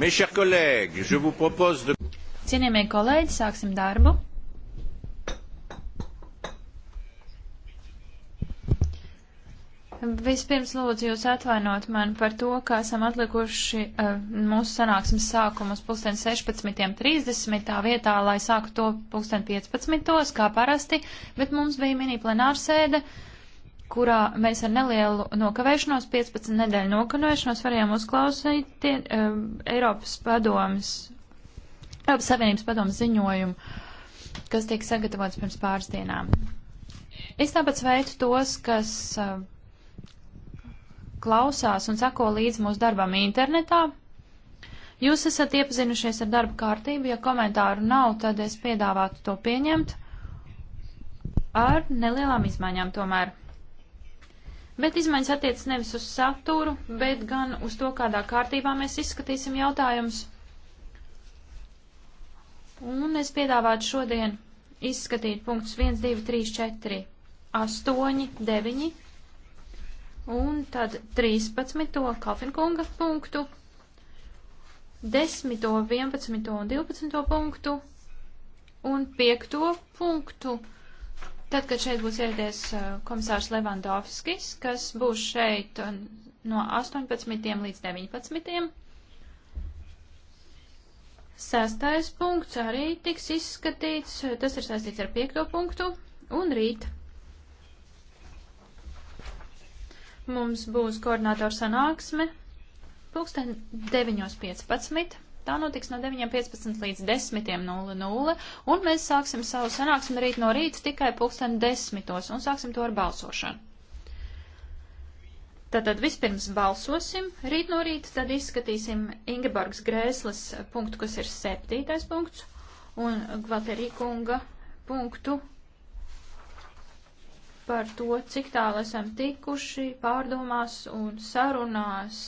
Mes chers collègues, je vous propose de... Cienījamie kolēģi, sāksim darbu. Vispirms lūdzu jūs atvainot man par to, ka esam atlikuši uh, mūsu sanāksmes sākumu uz pulksten 16.30. tā vietā, lai sāku to pulksten 15. kā parasti, bet mums bija mini plenārsēde. Uh, kurā mēs ar nelielu nokavēšanos, 15 nedēļu nokavēšanos, varējām uzklausīt tie, uh, um, Eiropas padomas, Eiropas Savienības padomas ziņojumu, kas tiek sagatavots pirms pāris dienām. Es tāpat sveicu tos, kas uh, klausās un sako līdz mūsu darbam internetā. Jūs esat iepazinušies ar darba kārtību, ja komentāru nav, tad es piedāvātu to pieņemt ar nelielām izmaiņām tomēr. Bet izmaiņas attiecas nevis uz saturu, bet gan uz to, kādā kārtībā mēs izskatīsim jautājumus. Un es piedāvātu šodien izskatīt punktus 1, 2, 3, 4, 8, 9 un tad 13. Kalfinkunga punktu, 10, 11 un 12 punktu un 5. punktu Tad, kad šeit būs ieradies uh, komisārs Levandovskis, kas būs šeit uh, no 18. līdz 19. Sastais punkts arī tiks izskatīts, tas ir saistīts ar piekto punktu, un rīt mums būs koordinātors sanāksme, pulksten 9.15. Tā notiks no 9.15 līdz 10.00, un mēs sāksim savu sanāksmi rīt no rīta tikai pulksten desmitos, un sāksim to ar balsošanu. Tātad vispirms balsosim rīt no rīta, tad izskatīsim Ingeborgs Grēslas punktu, kas ir septītais punkts, un Gvaterīkunga punktu par to, cik tālu esam tikuši pārdomās un sarunās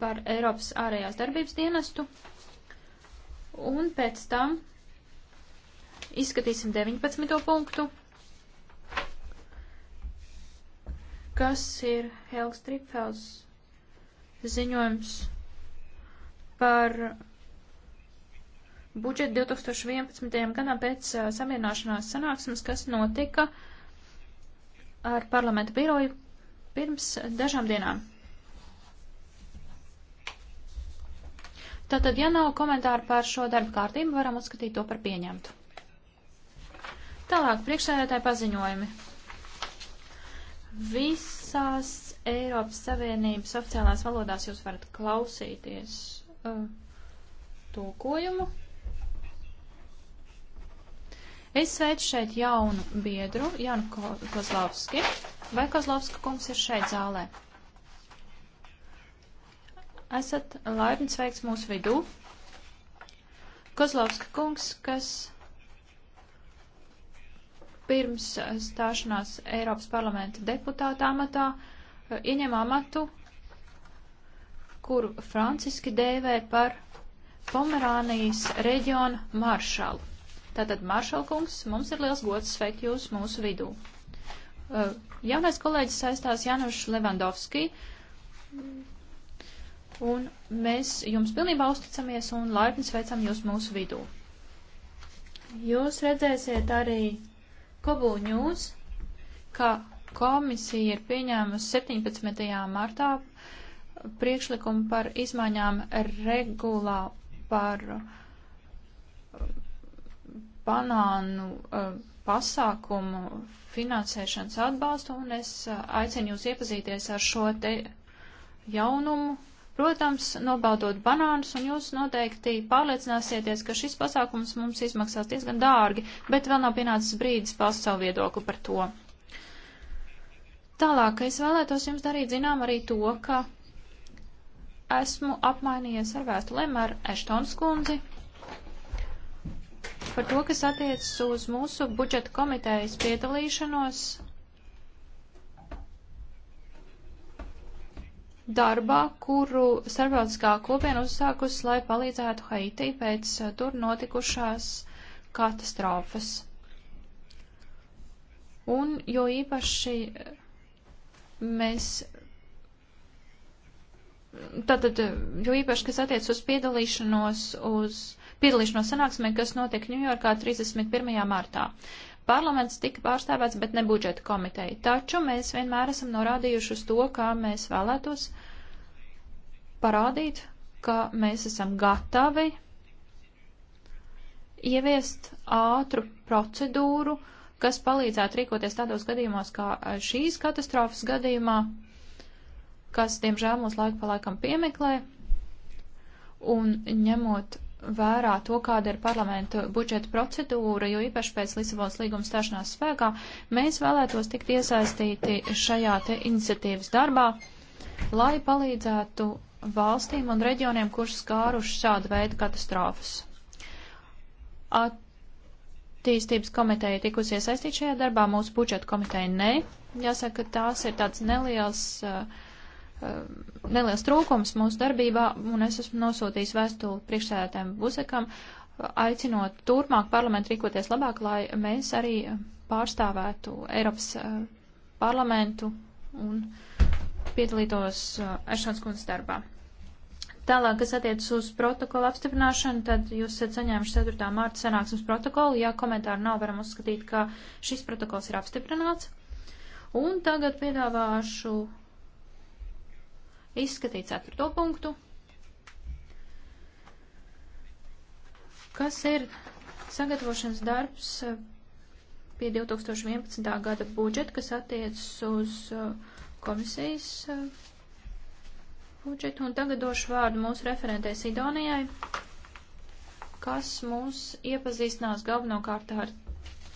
par Eiropas ārējās darbības dienestu. Un pēc tam izskatīsim 19. punktu, kas ir Helga Stripfels ziņojums par budžetu 2011. gadam pēc uh, samierināšanās sanāksmes, kas notika ar parlamenta biroju pirms dažām dienām. Tātad, ja nav komentāru par šo darba kārtību, varam uzskatīt to par pieņemtu. Tālāk, priekšsēdētāji paziņojumi. Visās Eiropas Savienības oficiālās valodās jūs varat klausīties uh, tulkojumu. Es sveicu šeit jaunu biedru, Janu Ko Kozlovski. Vai Kozlovska kungs ir šeit zālē? Esat laipni sveiks mūsu vidū. Kozlovska kungs, kas pirms stāšanās Eiropas parlamenta deputāta amatā eh, ieņem amatu, kuru franciski dēvē par Pomerānijas reģionu maršalu. Tātad, maršalkungs, mums ir liels gods sveikt jūs mūsu vidū. Eh, jaunais kolēģis saistās Janušs Levandovski, un mēs jums pilnībā uzticamies un laipni sveicam jūs mūsu vidū. Jūs redzēsiet arī Kobu ņūs, ka komisija ir pieņēmusi 17. martā priekšlikumu par izmaiņām regulā par uh, banānu uh, pasākumu finansēšanas atbalstu, un es uh, aicinu jūs iepazīties ar šo te jaunumu Protams, nobaudot banānus, un jūs noteikti pārliecināsieties, ka šis pasākums mums izmaksās diezgan dārgi, bet vēl nav pienācis brīdis paust savu viedokli par to. Tālāk, es vēlētos jums darīt zinām arī to, ka esmu apmainījies ar vēstulēm ar Eštons kundzi par to, kas attiecas uz mūsu budžeta komitejas piedalīšanos darbā, kuru starptautiskā kopiena uzsākusi, lai palīdzētu Haiti pēc eh, tur notikušās katastrofas. Un jo īpaši eh, mēs tātad, eh, jo īpaši, kas attiec uz piedalīšanos, uz piedalīšanos sanāksmē, kas notiek Ņujorkā 31. martā. Parlaments tika pārstāvēts, bet ne budžeta komiteja. Taču mēs vienmēr esam norādījuši uz to, kā mēs vēlētos parādīt, ka mēs esam gatavi ieviest ātru procedūru, kas palīdzētu rīkoties tādos gadījumos kā šīs katastrofas gadījumā, kas, diemžēl, mūs laiku pa laikam piemeklē, un ņemot vērā to, kāda ir parlamenta budžeta procedūra, jo īpaši pēc Lisabonas līguma stāšanās spēkā mēs vēlētos tikt iesaistīti šajā te iniciatīvas darbā, lai palīdzētu valstīm un reģioniem, kurus skāruši šāda veida katastrofas. Attīstības komiteja tikusi iesaistīta šajā darbā, mūsu budžeta komiteja ne. Jāsaka, tās ir tāds neliels uh, Um, neliels trūkums mūsu darbībā, un es esmu nosūtījis vēstuli priekšsēdētājiem Buzekam, aicinot turpmāk parlamentu rīkoties labāk, lai mēs arī pārstāvētu Eiropas uh, parlamentu un piedalītos uh, Ešons kundzes darbā. Tālāk, kas attiecas uz protokolu apstiprināšanu, tad jūs esat saņēmuši 4. mārta sanāksmes protokolu. Ja komentāri nav, varam uzskatīt, ka šis protokols ir apstiprināts. Un tagad piedāvāšu izskatīt ceturto punktu, kas ir sagatavošanas darbs eh, pie 2011. gada budžeta, kas attiecas uz eh, komisijas eh, budžetu. Un tagad došu vārdu mūsu referentē Sidonijai, kas mūs iepazīstinās galvenokārt ar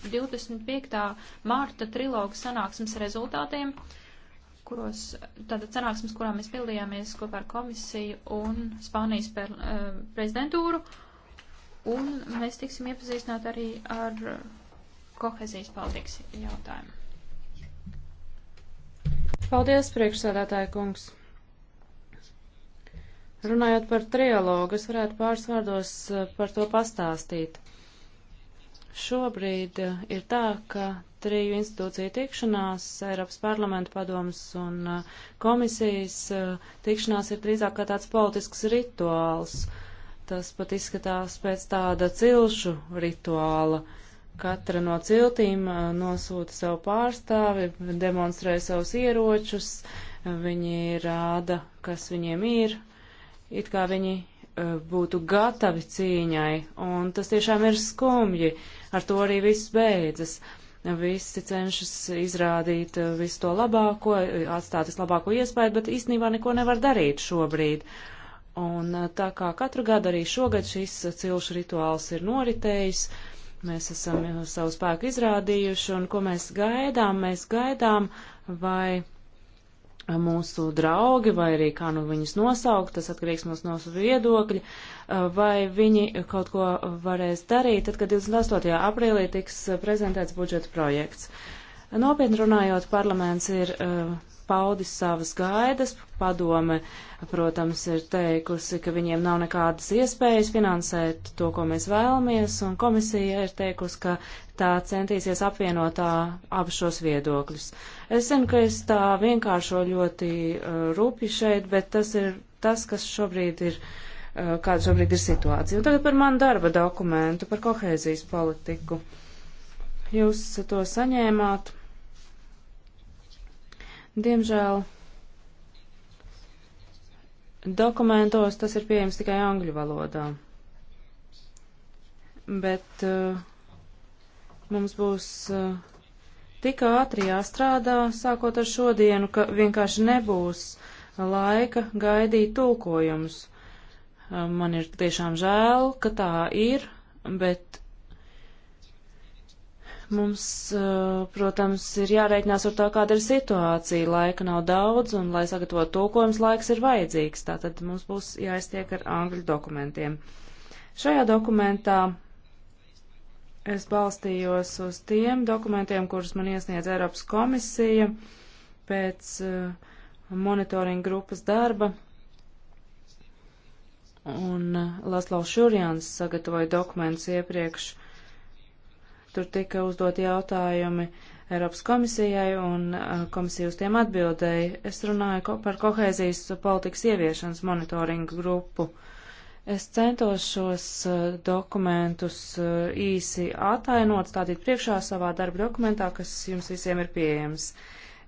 25. mārta trilogu sanāksmes rezultātiem. Uh, kuros, tātad sanāksmes, kurā mēs pildījāmies kopā ar komisiju un Spānijas per, uh, prezidentūru, un mēs tiksim iepazīstināt arī ar kohezijas politikas jautājumu. Paldies, priekšsēdētāja kungs. Runājot par trialogu, es varētu pāris vārdos eh, par to pastāstīt. Šobrīd eh, ir tā, ka triju institūciju tikšanās, Eiropas parlamenta padomas un uh, komisijas uh, tikšanās ir drīzāk kā tāds politisks rituāls. Tas pat izskatās pēc tāda cilšu rituāla. Katra no ciltīm uh, nosūta savu pārstāvi, demonstrē savus ieročus, viņi rāda, kas viņiem ir, it kā viņi būtu gatavi cīņai, un tas tiešām ir skumji, ar to arī viss beidzas. Uh, visi cenšas izrādīt eh, visu to labāko, atstāt vislabāko iespēju, bet īstenībā neko nevar darīt šobrīd. Un eh, tā kā katru gadu arī šogad šis cilšu rituāls ir noritējis, mēs esam savu spēku izrādījuši, un ko mēs gaidām? Mēs gaidām, vai mūsu draugi, vai arī kā nu viņus nosaukt, tas atkarīgs no mūsu viedokļa, vai viņi kaut ko varēs darīt, tad, kad 28. aprīlī tiks prezentēts budžeta projekts. Nopietni runājot, parlaments ir uh, paudis savas gaidas. Padome, protams, ir teikusi, ka viņiem nav nekādas iespējas finansēt to, ko mēs vēlamies, un komisija ir teikusi, ka tā centīsies apvienot abus šos viedokļus. Es zinu, ka es tā vienkāršo ļoti uh, rūpi šeit, bet tas ir tas, kas šobrīd ir, uh, kāda šobrīd ir situācija. Un tagad par manu darba dokumentu, par kohēzijas politiku. Jūs to saņēmāt. Diemžēl dokumentos tas ir pieejams tikai angļu valodā. Bet uh, mums būs uh, tik ātri jāstrādā, sākot ar šodienu, ka vienkārši nebūs laika gaidīt tulkojumus. Uh, man ir tiešām žēl, ka tā ir, bet Mums, eh, protams, ir jāreikinās ar to, kāda ir situācija. Laika nav daudz, un, lai sagatavotu tulkojums, laiks ir vajadzīgs. Tātad mums būs jāiztiek ar angļu dokumentiem. Šajā dokumentā es balstījos uz tiem dokumentiem, kurus man iesniedz Eiropas komisija pēc uh, monitoringa grupas darba. Un uh, eh, Laslavs Šurjāns sagatavoja dokumentus iepriekš Tur tika uzdot jautājumi Eiropas komisijai, un uh, komisija uz tiem atbildēja. Es runāju par kohēzijas politikas ieviešanas monitoringu grupu. Es centos šos uh, dokumentus uh, īsi atainot, stādīt priekšā savā darba dokumentā, kas jums visiem ir pieejams.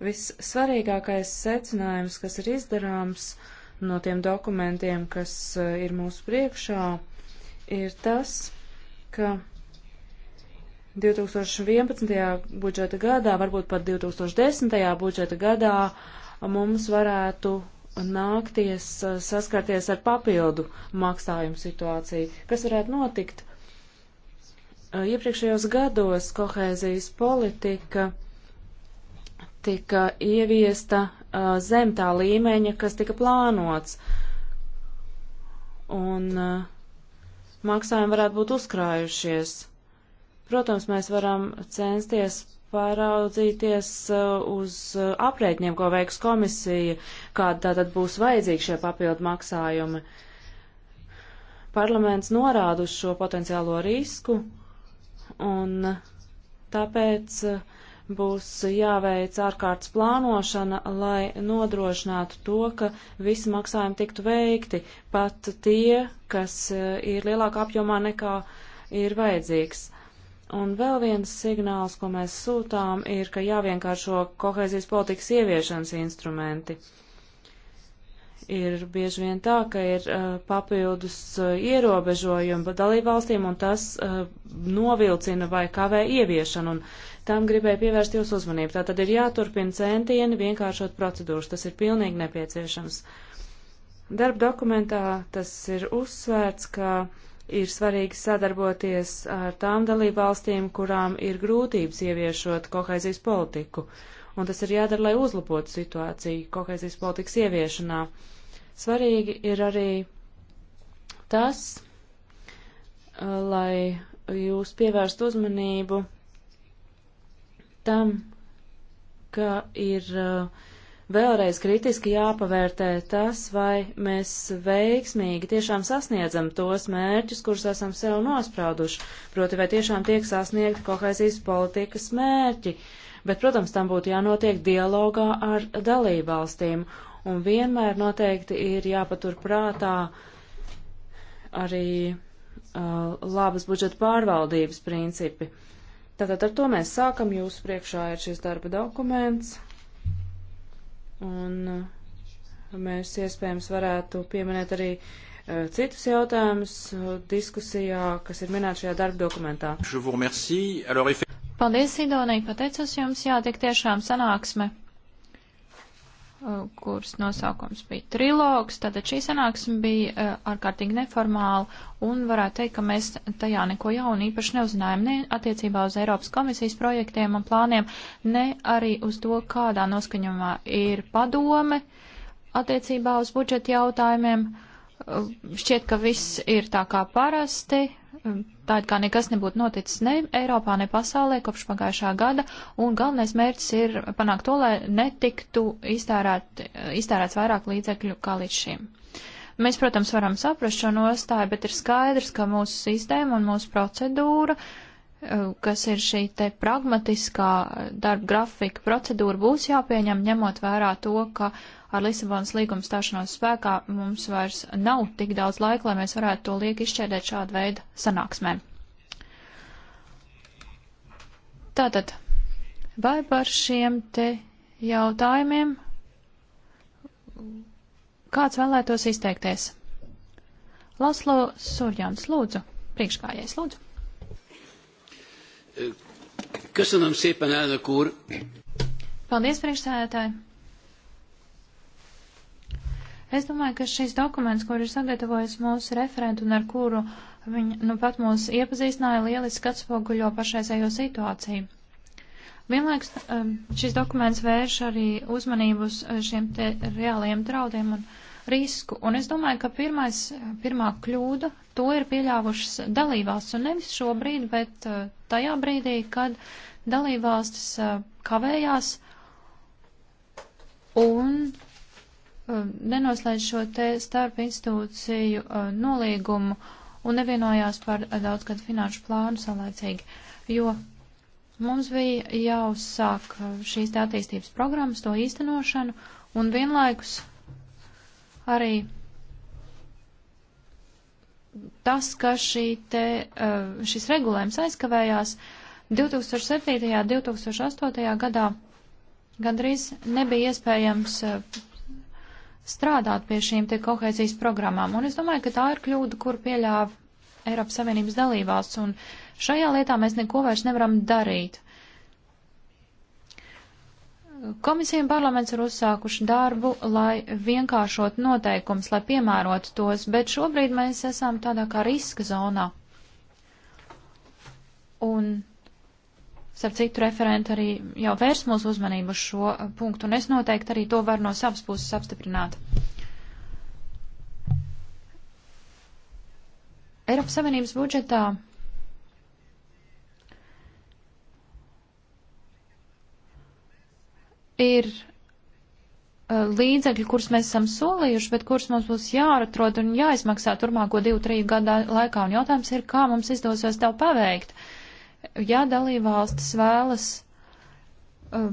Vissvarīgākais secinājums, kas ir izdarāms no tiem dokumentiem, kas ir mūsu priekšā, ir tas, ka 2011. budžeta gadā, varbūt pat 2010. budžeta gadā mums varētu nākties eh, saskarties ar papildu maksājumu situāciju. Kas varētu notikt? Eh, iepriekšējos gados kohēzijas politika tika ieviesta eh, zem tā līmeņa, kas tika plānots. Un maksājumi varētu būt uzkrājušies. Protams, mēs varam censties paraudzīties uh, uz uh, aprēķiniem, ko veiks komisija, kāda tātad būs vajadzīgi šie papildu maksājumi. Parlaments norāda uz šo potenciālo risku, un tāpēc uh, būs jāveic ārkārtas plānošana, lai nodrošinātu to, ka visi maksājumi tiktu veikti, pat tie, kas ir lielākā apjomā nekā ir vajadzīgs. Un vēl viens signāls, ko mēs sūtām, ir, ka jāvienkāršo kohēzijas politikas ieviešanas instrumenti. Ir bieži vien tā, ka ir uh, papildus uh, ierobežojumi dalībvalstīm, un tas uh, novilcina vai kavē ieviešanu, un tam gribēju pievērst jūsu uzmanību. Tā tad ir jāturpina centieni vienkāršot procedūras, tas ir pilnīgi nepieciešams. Darba dokumentā tas ir uzsvērts, ka uh, ir svarīgi sadarboties ar tām dalībvalstīm, kurām ir grūtības ieviešot kohēzijas politiku, un tas ir jādara, lai uzlabotu situāciju kohēzijas politikas ieviešanā. Svarīgi ir arī tas, lai jūs pievērst uzmanību tam, ka ir uh, vēlreiz kritiski jāpavērtē tas, vai mēs veiksmīgi tiešām sasniedzam tos mērķus, kurus esam sev nosprauduši, proti vai tiešām tiek sasniegti kohēzijas politikas mērķi, bet, protams, tam būtu jānotiek dialogā ar dalībvalstīm, un vienmēr noteikti ir jāpatur prātā arī uh, labas budžeta pārvaldības principi. Tātad ar to mēs sākam, jūsu priekšā ir šis darba dokuments. Un uh, mēs iespējams varētu pieminēt arī uh, citus jautājumus uh, diskusijā, kas ir minēti šajā darba dokumentā. Alors... Paldies, Sidonija, pateicos jums, jā, tik tiešām sanāksme Uh, kuras nosaukums bija trilogs, tātad šī sanāksme bija uh, ārkārtīgi neformāla un varētu teikt, ka mēs tajā neko jaunu īpaši neuzinājām ne attiecībā uz Eiropas komisijas projektiem un plāniem, ne arī uz to, kādā noskaņumā ir padome attiecībā uz budžeta jautājumiem. Uh, šķiet, ka viss ir tā kā parasti, tā it kā nekas nebūtu noticis ne Eiropā, ne pasaulē kopš pagājušā gada, un galvenais mērķis ir panākt to, lai netiktu iztērēt, iztērēts vairāk līdzekļu kā līdz šim. Mēs, protams, varam saprast šo nostāju, bet ir skaidrs, ka mūsu sistēma un mūsu procedūra, eh, kas ir šī te pragmatiskā darba grafika procedūra, būs jāpieņem ņemot vērā to, ka uh, ar Lisabonas līgumu stāšanos spēkā mums vairs nav tik daudz laika, lai mēs varētu to liek izšķērdēt šādu veidu sanāksmēm. Tātad, vai par šiem te jautājumiem kāds vēlētos izteikties? Laslo Surjans, lūdzu, priekškājais, lūdzu. Köszönöm szépen, elnök úr! Paldies, priekšsēdētāji! Es domāju, ka šis dokuments, kur ir sagatavojis mūsu referentu un ar kuru viņa nu pat mūs iepazīstināja, lieliski atspoguļo pašreizējo situāciju. Vienlaiks um, šis dokuments vērš arī uzmanību uz uh, šiem te reāliem draudiem un risku. Un es domāju, ka pirmais, pirmā kļūda to ir pieļāvušas dalībvalsts. Un nevis šobrīd, bet uh, tajā brīdī, kad dalībvalstis uh, kavējās un Um, nenoslēdz šo te starp institūciju uh, nolīgumu un nevienojās par uh, daudzgadu finanšu plānu saulēcīgi, jo mums bija jāuzsāk uh, šīs te attīstības programmas, to īstenošanu un vienlaikus arī tas, ka šī te, šis regulējums aizkavējās 2007. un 2008. gadā gandrīz nebija iespējams strādāt pie šīm te kohēzijas programmām. Un es domāju, ka tā ir kļūda, kur pieļāva Eiropas Savienības dalībās. Un šajā lietā mēs neko vairs nevaram darīt. Komisija un parlaments ir uzsākuši darbu, lai vienkāršot noteikums, lai piemērot tos, bet šobrīd mēs esam tādā kā riska zonā. Un Starp citu, referenti arī jau vērs mūsu uzmanību uz šo uh, punktu, un es noteikti arī to varu no savas puses apstiprināt. Eiropas Savienības budžetā ir uh, līdzekļi, kurus mēs esam solījuši, bet kurus mums būs jāatrod un jāizmaksā turmāko divu, triju gadu laikā. Un jautājums ir, kā mums izdosies tev paveikt. Uh, ja dalībvalstis vēlas uh,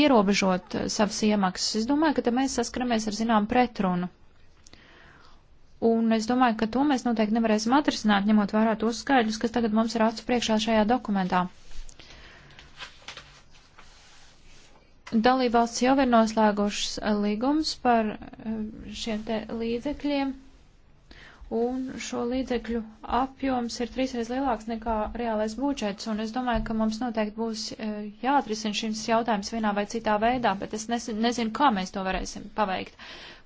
ierobežot uh, savas iemaksas, es domāju, ka te mēs saskaramies ar zinām pretrunu. Un es domāju, ka to mēs noteikti nevarēsim atrisināt, ņemot vērā tos skaidrus, kas tagad mums ir acu priekšā šajā dokumentā. Dalībvalsts jau ir noslēgušas uh, līgums par uh, šiem te līdzekļiem un šo līdzekļu apjoms ir trīsreiz lielāks nekā reālais budžets, un es domāju, ka mums noteikti būs e, jāatrisina šis jautājums vienā vai citā veidā, bet es nezinu, kā mēs to varēsim paveikt.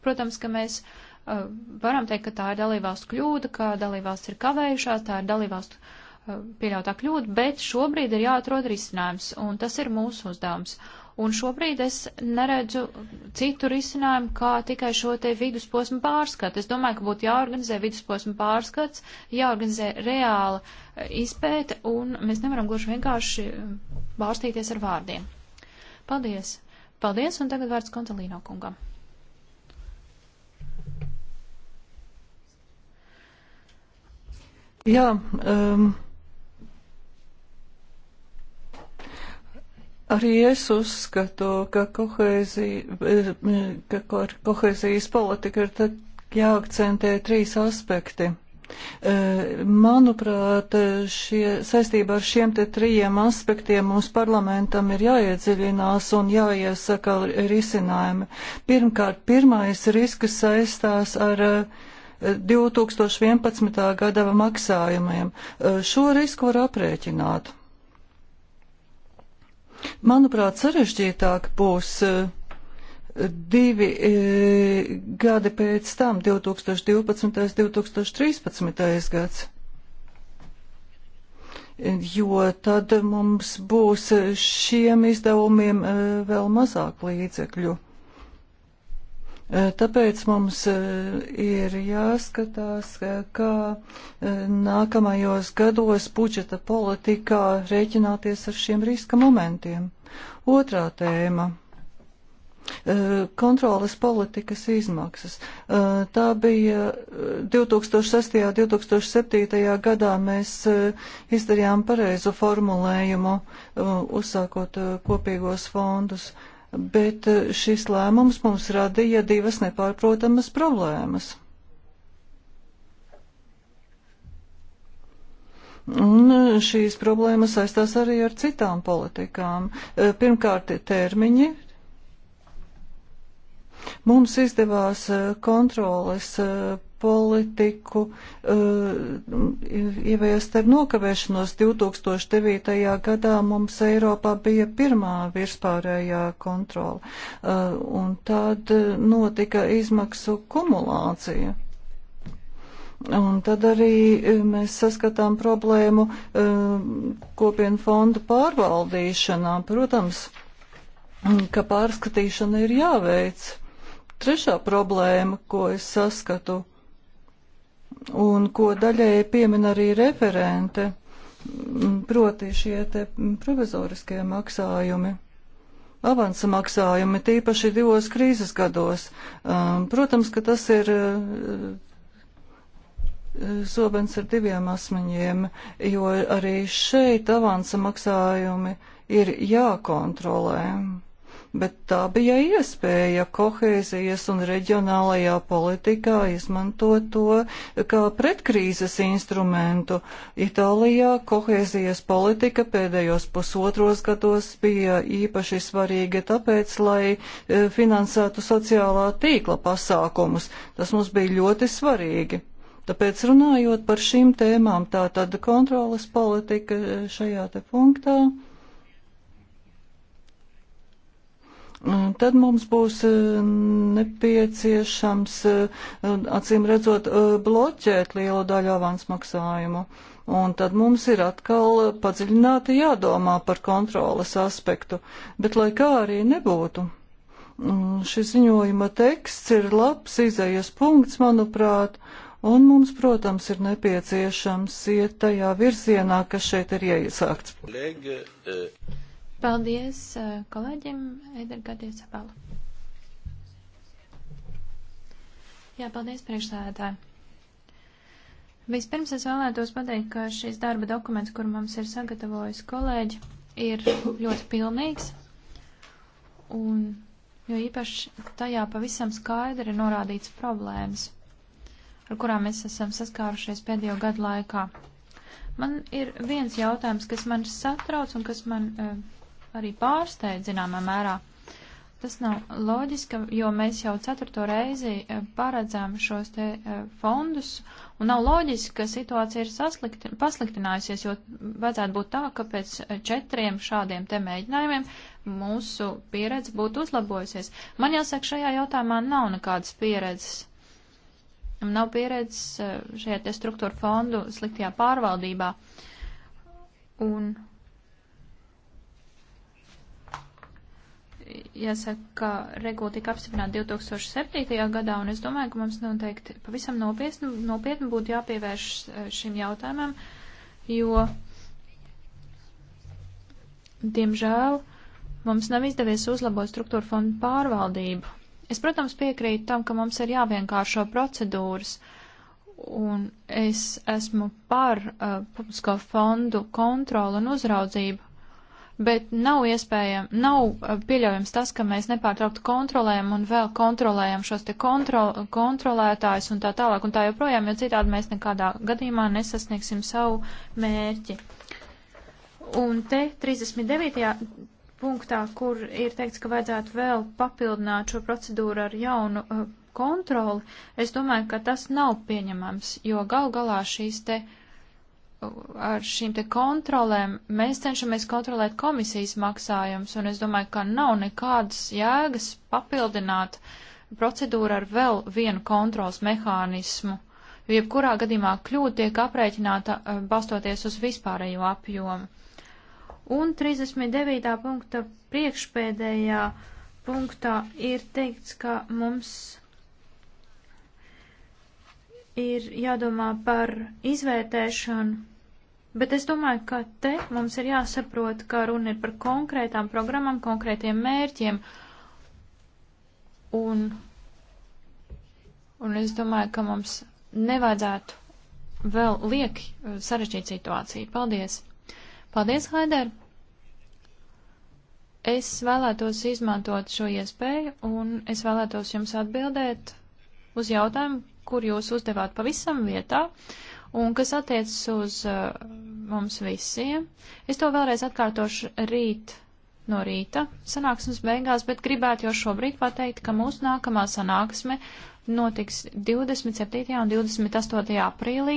Protams, ka mēs e, varam teikt, ka tā ir dalībvalstu kļūda, ka dalībvalsts ir kavējušās, tā ir dalībvalstu e, pieļautā kļūda, bet šobrīd ir jāatrod risinājums, un tas ir mūsu uzdevums un šobrīd es neredzu citu risinājumu, kā tikai šo te vidusposmu pārskatu. Es domāju, ka būtu jāorganizē vidusposmu pārskats, jāorganizē reāla e, izpēte, un mēs nevaram gluži vienkārši e, bārstīties ar vārdiem. Paldies! Paldies, un tagad vārds Kontalīno kungam. Jā, um, Arī es uzskatu, ka, kohēzija, ka ar kohēzijas politiku ir jāakcentē trīs aspekti. E, manuprāt, šie, saistībā ar šiem te trījiem aspektiem mums parlamentam ir jāiedziļinās un jāiesaka risinājumi. Pirmkārt, pirmais risks saistās ar 2011. E, gada maksājumiem. E, šo risku var aprēķināt. Manuprāt, sarežģītāk būs eh, divi eh, gadi pēc tam, 2012. un 2013. gads jo tad mums būs šiem izdevumiem eh, vēl mazāk līdzekļu. Eh, tāpēc mums eh, ir jāskatās, kā eh, nākamajos gados budžeta politikā rēķināties ar šiem riska momentiem. Otrā tēma kontrolas politikas izmaksas. Tā bija 2006. un 2007. gadā mēs izdarījām pareizu formulējumu, uzsākot kopīgos fondus bet eh, šis lēmums mums radīja divas nepārprotamas problēmas. Un eh, šīs problēmas saistās arī ar citām politikām. Eh, pirmkārt, termiņi. Mums izdevās kontroles politiku eh, ieviest ar nokavēšanos. 2009. gadā mums Eiropā bija pirmā virspārējā kontrola, eh, un tad notika izmaksu kumulācija. Un tad arī eh, mēs saskatām problēmu kopienu fondu pārvaldīšanā. Protams, ka pārskatīšana ir jāveic. Trešā problēma, ko es saskatu, un ko daļēji piemin arī referente, proti šie te provizoriskie maksājumi avansa maksājumi, tīpaši divos krīzes gados. Um, protams, ka tas ir uh, zobens uh, ar diviem asmeņiem, jo arī šeit avansa maksājumi ir jākontrolē bet tā bija iespēja kohēzijas un reģionālajā politikā izmantot to kā pretkrīzes instrumentu. Itālijā kohēzijas politika pēdējos pusotros gados bija īpaši svarīga tāpēc, lai e, finansētu sociālā tīkla pasākumus. Tas mums bija ļoti svarīgi. Tāpēc runājot par šīm tēmām, tā tad kontrolas politika e, šajā te punktā. Mm, tad mums būs eh, nepieciešams, eh, acīm redzot, eh, bloķēt lielu daļu avans maksājumu. Un tad mums ir atkal padziļināti jādomā par kontroles aspektu. Bet lai kā arī nebūtu, mm, šis ziņojuma teksts ir labs izējas punkts, manuprāt, un mums, protams, ir nepieciešams iet tajā virzienā, kas šeit ir iesākts. Lēga, e... Paldies eh, kolēģim Eidergadie Sabala. Jā, paldies priekšsēdētāji. Vispirms es vēlētos pateikt, ka šis darba dokuments, kur mums ir sagatavojis kolēģi, ir ļoti pilnīgs. Un jo īpaši tajā pavisam skaidri norādīts problēmas, ar kurām mēs esam saskārušies pēdējo gadu laikā. Man ir viens jautājums, kas man satrauc un kas man uh, arī pārsteidz zināmā mērā. Tas nav loģiski, jo mēs jau ceturto reizi eh, paredzām šos te eh, fondus, un nav loģiski, ka situācija ir pasliktinājusies, jo vajadzētu būt tā, ka pēc eh, četriem šādiem te mēģinājumiem mūsu pieredze būtu uzlabojusies. Man jāsaka, šajā jautājumā nav nekādas pieredzes nav pieredzes šajā te struktūra fondu sliktajā pārvaldībā. Un jāsaka, ka regula tika apstiprināta 2007. gadā, un es domāju, ka mums noteikti pavisam nopietni, nu, nopietni būtu jāpievērš eh, šim jautājumam, jo, diemžēl, mums nav izdevies uzlabot struktūra fondu pārvaldību. Es, protams, piekrītu tam, ka mums ir jāvienkāršo procedūras, un es esmu par uh, publisko fondu kontrolu un uzraudzību, bet nav iespējams, nav uh, pieļaujams tas, ka mēs nepārtraukti kontrolējam un vēl kontrolējam šos te kontro, kontrolētājus un tā tālāk un tā joprojām, jo citādi mēs nekādā gadījumā nesasniegsim savu mērķi. Un te 39. punktā, kur ir teikts, ka vajadzētu vēl papildināt šo procedūru ar jaunu uh, kontroli, es domāju, ka tas nav pieņemams, jo gal galā šīs te uh, ar šīm te kontrolēm mēs cenšamies kontrolēt komisijas maksājumus, un es domāju, ka nav nekādas jēgas papildināt procedūru ar vēl vienu kontrols mehānismu, jo jebkurā gadījumā kļūda tiek aprēķināta eh, balstoties uz vispārējo apjomu. Un 39. punkta priekšpēdējā punktā ir teikts, ka mums ir jādomā par izvērtēšanu Bet es domāju, ka te mums ir jāsaprot, ka runa ir par konkrētām programmām, konkrētiem mērķiem. Un, un es domāju, ka mums nevajadzētu vēl lieki uh, sarežģīt situāciju. Paldies! Paldies, Haider! Es vēlētos izmantot šo iespēju un es vēlētos jums atbildēt uz jautājumu, kur jūs uzdevāt pavisam vietā. Uh, un kas attiecas uz uh, mums visiem. Es to vēlreiz atkārtošu rīt no rīta sanāksmes beigās, bet gribētu jau šobrīd pateikt, ka mūsu nākamā sanāksme notiks 27. un 28. aprīlī,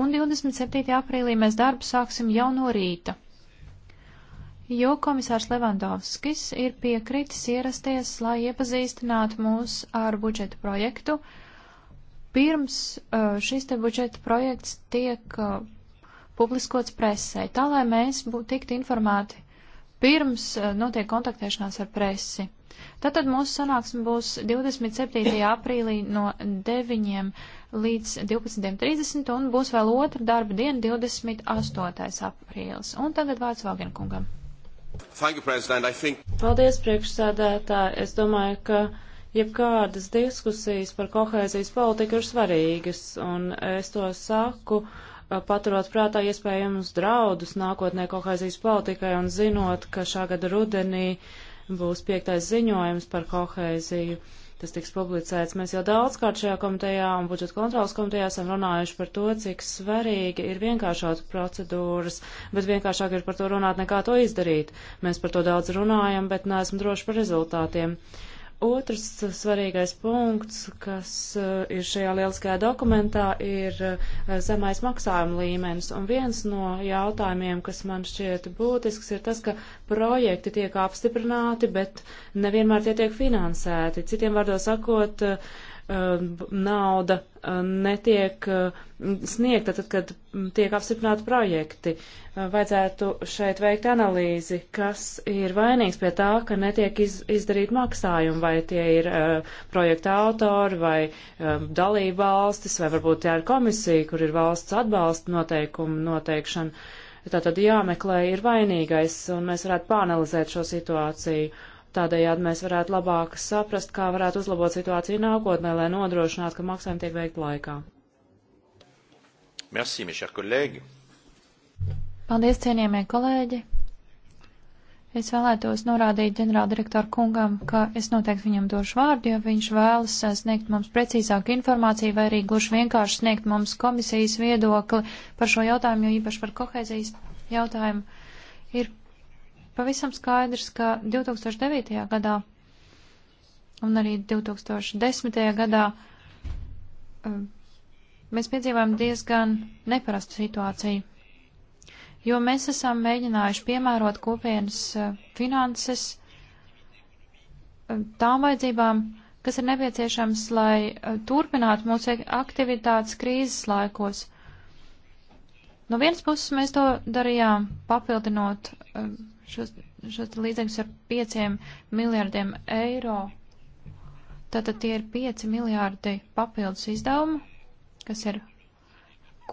un 27. aprīlī mēs darbu sāksim jau no rīta. Jo komisārs Levandovskis ir piekritis ierasties, lai iepazīstinātu mūs ar budžetu projektu, uh, pirms uh, šis te budžeta projekts tiek uh, publiskots presē, tā lai mēs būtu tikti informēti pirms uh, notiek kontaktēšanās ar presi. Tātad mūsu sanāksme būs 27. aprīlī no 9 līdz 12.30 un būs vēl otra darba diena 28. aprīlis. Un tagad vārds Vāgenkungam. Think... Paldies, priekšsēdētāji. Es domāju, ka jebkādas diskusijas par kohēzijas politiku ir svarīgas, un es to saku paturot prātā iespējamus draudus nākotnē kohēzijas politikai un zinot, ka šā gada rudenī būs piektais ziņojums par kohēziju. Tas tiks publicēts. Mēs jau daudzkārt šajā komitejā un budžeta kontrolas komitejā esam runājuši par to, cik svarīgi ir vienkāršot procedūras, bet vienkāršāk ir par to runāt nekā to izdarīt. Mēs par to daudz runājam, bet neesam droši par rezultātiem. Uh, Otrs svarīgais punkts, kas eh, ir šajā lieliskajā dokumentā, ir eh, zemais maksājuma līmenis. Un viens no jautājumiem, kas man šķiet būtisks, ir tas, ka projekti tiek apstiprināti, bet nevienmēr tie tiek finansēti. Citiem vārdos sakot, eh, nauda netiek sniegta tad, kad tiek apstiprināti projekti. Vajadzētu šeit veikt analīzi, kas ir vainīgs pie tā, ka netiek iz, izdarīt maksājumi, vai tie ir uh, projekta autori, vai uh, dalība valstis, vai varbūt tā ir komisija, kur ir valsts atbalsta noteikumu noteikšana. Tātad jāmeklē ir vainīgais, un mēs varētu pāanalizēt šo situāciju. Uh, Tādējādi mēs varētu labāk saprast, kā varētu uzlabot situāciju nākotnē, lai nodrošinātu, ka maksājumi tiek veikti laikā. Merci, mes chers collègues. Paldies, cienījamie kolēģi. Es vēlētos norādīt ģenerāldirektoru kungam, ka es noteikti viņam došu vārdu, jo viņš vēlas sniegt mums precīzāku informāciju vai arī gluži vienkārši sniegt mums komisijas viedokli par šo jautājumu, jo īpaši par kohēzijas jautājumu ir pavisam skaidrs, ka 2009. gadā un arī 2010. gadā um, mēs piedzīvājam diezgan neparastu situāciju, jo mēs esam mēģinājuši piemērot kopienas uh, finanses um, tām vajadzībām, kas ir nepieciešams, lai uh, turpinātu mūsu aktivitātes krīzes laikos. No vienas puses mēs to darījām, papildinot um, šos, šos līdzekļus ar 5 miljārdiem eiro. Tātad tie ir 5 miljārdi papildus izdevumu, kas ir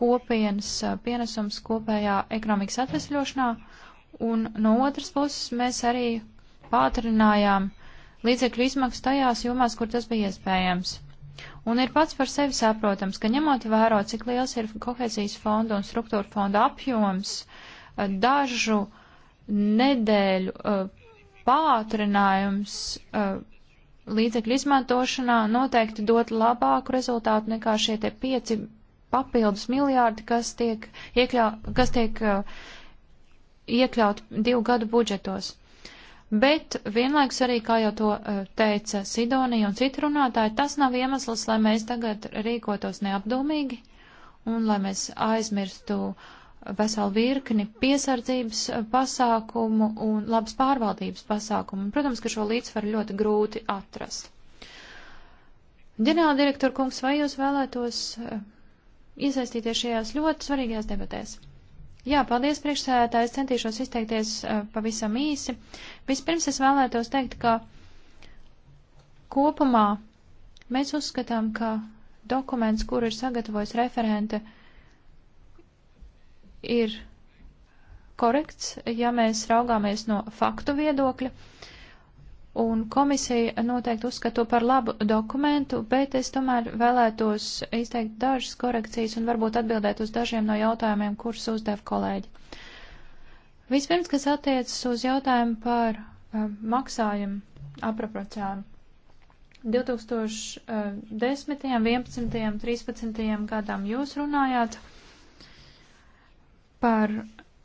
kopienas pienesums kopējā ekonomikas atvesļošanā, un no otras puses mēs arī pātrinājām līdzekļu izmaksu tajās jomās, kur tas bija iespējams. Un ir pats par sevi saprotams, ka ņemot vērā, cik liels ir kohēzijas fonda un struktūra fonda apjoms, dažu uh, nedēļu uh, pātrinājums uh, līdzekļu izmantošanā noteikti dot labāku rezultātu nekā šie te pieci papildus miljārdi, kas tiek, iekļau, kas tiek uh, iekļaut divu gadu budžetos. Bet vienlaikus arī, kā jau to teica Sidonija un citi runātāji, tas nav iemesls, lai mēs tagad rīkotos neapdomīgi un lai mēs aizmirstu uh, veselu virkni piesardzības pasākumu un labas pārvaldības pasākumu. Un, protams, ka šo līdzsvaru ļoti grūti atrast. Ģenerāla direktora kungs, vai jūs vēlētos eh, iesaistīties šajās ļoti svarīgajās debatēs? Jā, paldies priekšsēdētājs, centīšos izteikties eh, pavisam īsi. Vispirms es vēlētos teikt, ka kopumā mēs uzskatām, ka dokuments, kuru ir sagatavojis referente, uh, ir korekts, ja mēs raugāmies no faktu viedokļa. Un komisija noteikti uzskata to par labu dokumentu, bet es tomēr vēlētos izteikt dažas korekcijas un varbūt atbildēt uz dažiem no jautājumiem, kurus uzdev kolēģi. Vispirms, kas attiecas uz jautājumu par uh, maksājumu aproprocēnu. 2010., 11., 13. gadam jūs runājāt par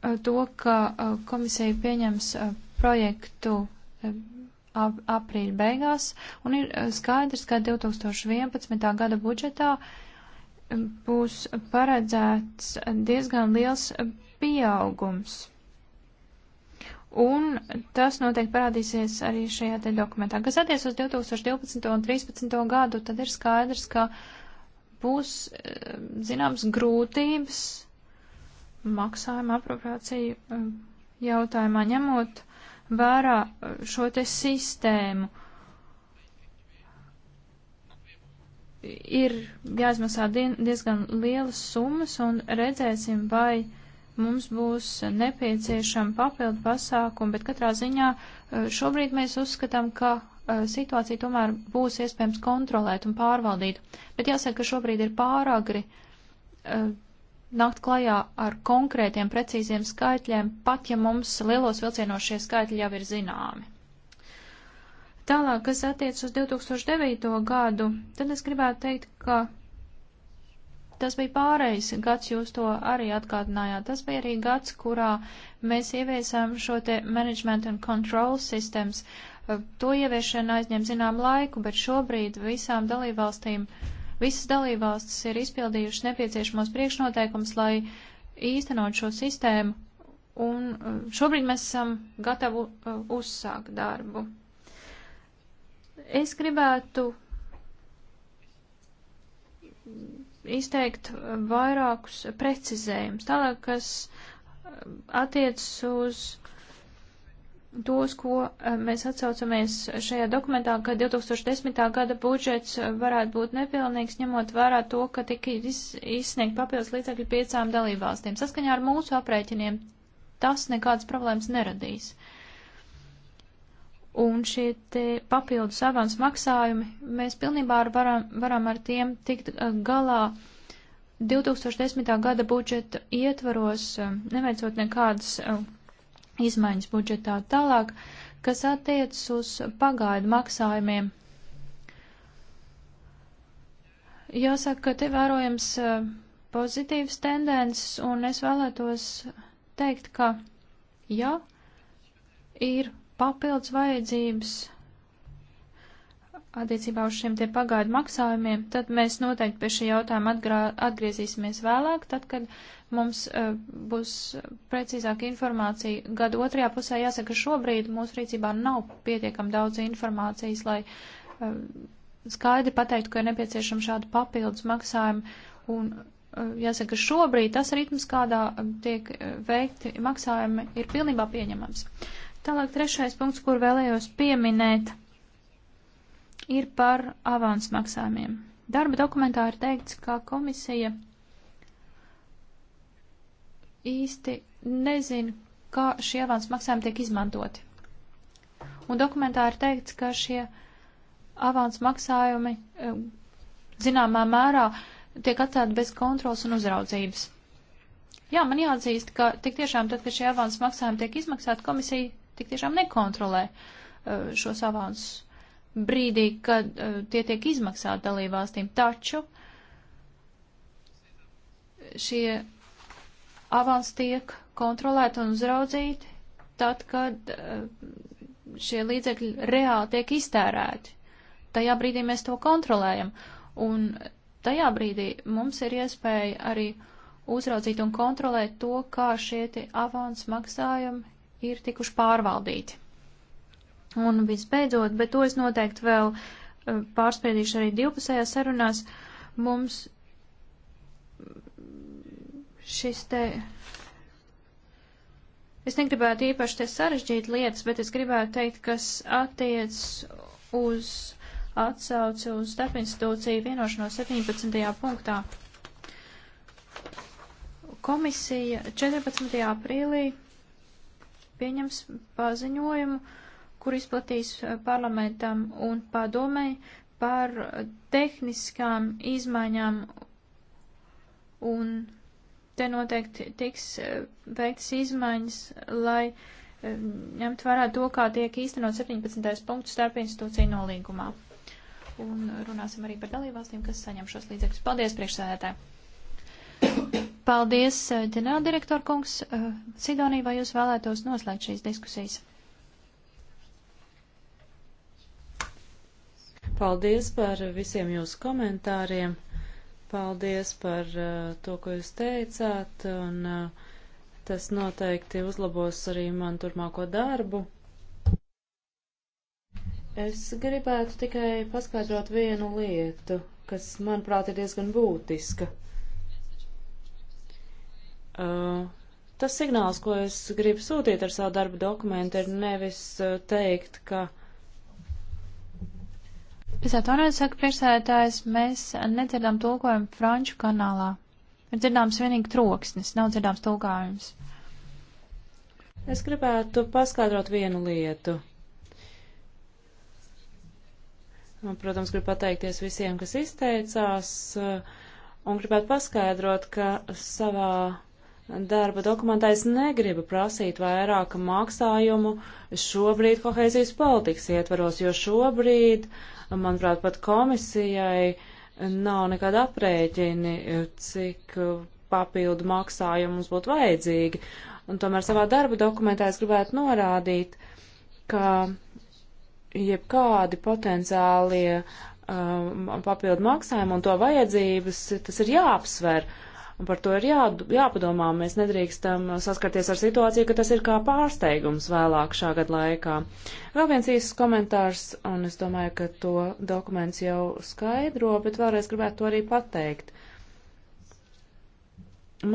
eh, to, ka eh, komisija pieņems eh, projektu aprīļa beigās, un ir skaidrs, ka 2011. gada budžetā būs paredzēts diezgan liels pieaugums. Un tas noteikti parādīsies arī šajā te dokumentā. Kas attiec uz 2012. un 2013. gadu, tad ir skaidrs, ka būs zināms grūtības maksājuma apropriāciju um, jautājumā, ņemot vērā uh, šo te sistēmu. Ir jāizmaksā diezgan lielas summas un redzēsim, vai mums būs nepieciešama papildu pasākuma, bet katrā ziņā uh, šobrīd mēs uzskatām, ka uh, situācija tomēr būs iespējams kontrolēt un pārvaldīt. Bet jāsaka, ka šobrīd ir pāragri nākt klajā ar konkrētiem, precīziem skaitļiem, pat ja mums lielos vilcienos šie skaitļi jau ir zināmi. Tālāk, kas attiec uz 2009. gadu, tad es gribētu teikt, ka tas bija pārējais gads, jūs to arī atgādinājāt. Tas bija arī gads, kurā mēs ieviesām šo te management and control systems. To ieviešana aizņem zinām laiku, bet šobrīd visām dalībvalstīm uh, Visas dalībvalstis ir izpildījušas nepieciešamos priekšnoteikums, lai īstenot šo sistēmu, un uh, šobrīd mēs esam gatavi uh, uzsākt darbu. Es gribētu izteikt vairākus precizējumus, tālāk, kas uh, attiecas uz tos, ko eh, mēs atsaucamies šajā dokumentā, ka 2010. gada budžets eh, varētu būt nepilnīgs, ņemot vērā to, ka tika izsniegt papildus līdzekļi piecām dalībvalstīm. Saskaņā ar mūsu aprēķiniem tas nekādas problēmas neradīs. Un šie te papildus avans maksājumi, mēs pilnībā ar varam, varam ar tiem tikt eh, galā 2010. gada budžeta ietvaros, neveicot nekādas izmaiņas budžetā tālāk, kas attiecas uz pagaidu maksājumiem. Jāsaka, ka te vērojams e, pozitīvas tendences, un es vēlētos teikt, ka, ja ir papildus vajadzības attiecībā uz šiem te pagaidu maksājumiem, tad mēs noteikti pie šī jautājuma atgrā, atgriezīsimies vēlāk, tad, kad mums uh, būs precīzāka informācija. Gada otrajā pusē jāsaka, šobrīd mūsu rīcībā nav pietiekam daudz informācijas, lai uh, skaidri pateiktu, ka ir nepieciešama šāda papildus maksājuma. Un, uh, jāsaka, šobrīd tas ritms, kādā tiek veikti maksājumi, ir pilnībā pieņemams. Tālāk trešais punkts, kur vēlējos pieminēt ir par avans maksājumiem. Darba dokumentā ir teikts, ka komisija īsti nezina, kā šie avans maksājumi tiek izmantoti. Un dokumentā ir teikts, ka šie avans maksājumi um, zināmā mērā tiek atstāti bez kontrols un uzraudzības. Jā, man jāatzīst, ka tik tiešām tad, kad šie avans maksājumi tiek izmaksāti, komisija tik tiešām nekontrolē uh, šos avansus brīdī, kad uh, tie tiek izmaksāti dalībvalstīm. Taču šie avans tiek kontrolēti un uzraudzīti tad, kad uh, šie līdzekļi reāli tiek iztērēti. Tajā brīdī mēs to kontrolējam. Un tajā brīdī mums ir iespēja arī uzraudzīt un kontrolēt to, kā šie avans maksājumi ir tikuši pārvaldīti. Un visbeidzot, bet to es noteikti vēl eh, pārspēdīšu arī divpusējā sarunās, mums šis te. Es negribētu īpaši te sarežģīt lietas, bet es gribētu teikt, kas attiec uz atsauci uz starpinstitūciju vienošanos 17. punktā. Komisija 14. aprīlī pieņems paziņojumu kur izplatīs eh, parlamentam un padomei par tehniskām izmaiņām un te noteikti tiks eh, veikts izmaiņas, lai eh, ņemt vērā to, kā tiek īstenot 17. punktu starp institūciju nolīgumā. Un runāsim arī par dalībvalstīm, kas saņem šos līdzekļus. Paldies, priekšsēdētāji! Paldies, ģenerāldirektor kungs! Sidonī, vai jūs vēlētos noslēgt šīs diskusijas? Paldies par visiem jūsu komentāriem. Paldies par uh, to, ko jūs teicāt, un uh, tas noteikti uzlabos arī man turpmāko darbu. Es gribētu tikai paskaidrot vienu lietu, kas, manuprāt, ir diezgan būtiska. Uh, tas signāls, ko es gribu sūtīt ar savu darbu dokumentu, ir nevis uh, teikt, ka uh, Es atvainojos, saka priekšsēdētājs, mēs nedzirdām tulkojumu franču kanālā. Ir dzirdāms vienīgi troksnis, nav dzirdāms tulkājums. Es gribētu paskaidrot vienu lietu. Un, protams, gribu pateikties visiem, kas izteicās, un gribētu paskaidrot, ka savā darba dokumentā es negribu prasīt vairāk maksājumu šobrīd kohēzijas politikas ietvaros, jo šobrīd uh, manuprāt, pat komisijai nav nekāda aprēķini, cik papildu maksājumu mums būtu vajadzīgi. Un tomēr savā darba dokumentā es gribētu norādīt, ka jebkādi potenciālie um, papildu maksājumi un to vajadzības, tas ir jāapsver. Uh, Un par to ir jā, jāpadomā. Mēs nedrīkstam saskarties ar situāciju, ka tas ir kā pārsteigums vēlāk šā gada laikā. Vēl viens īsts komentārs, un es domāju, ka to dokuments jau skaidro, bet vēlreiz gribētu to arī pateikt.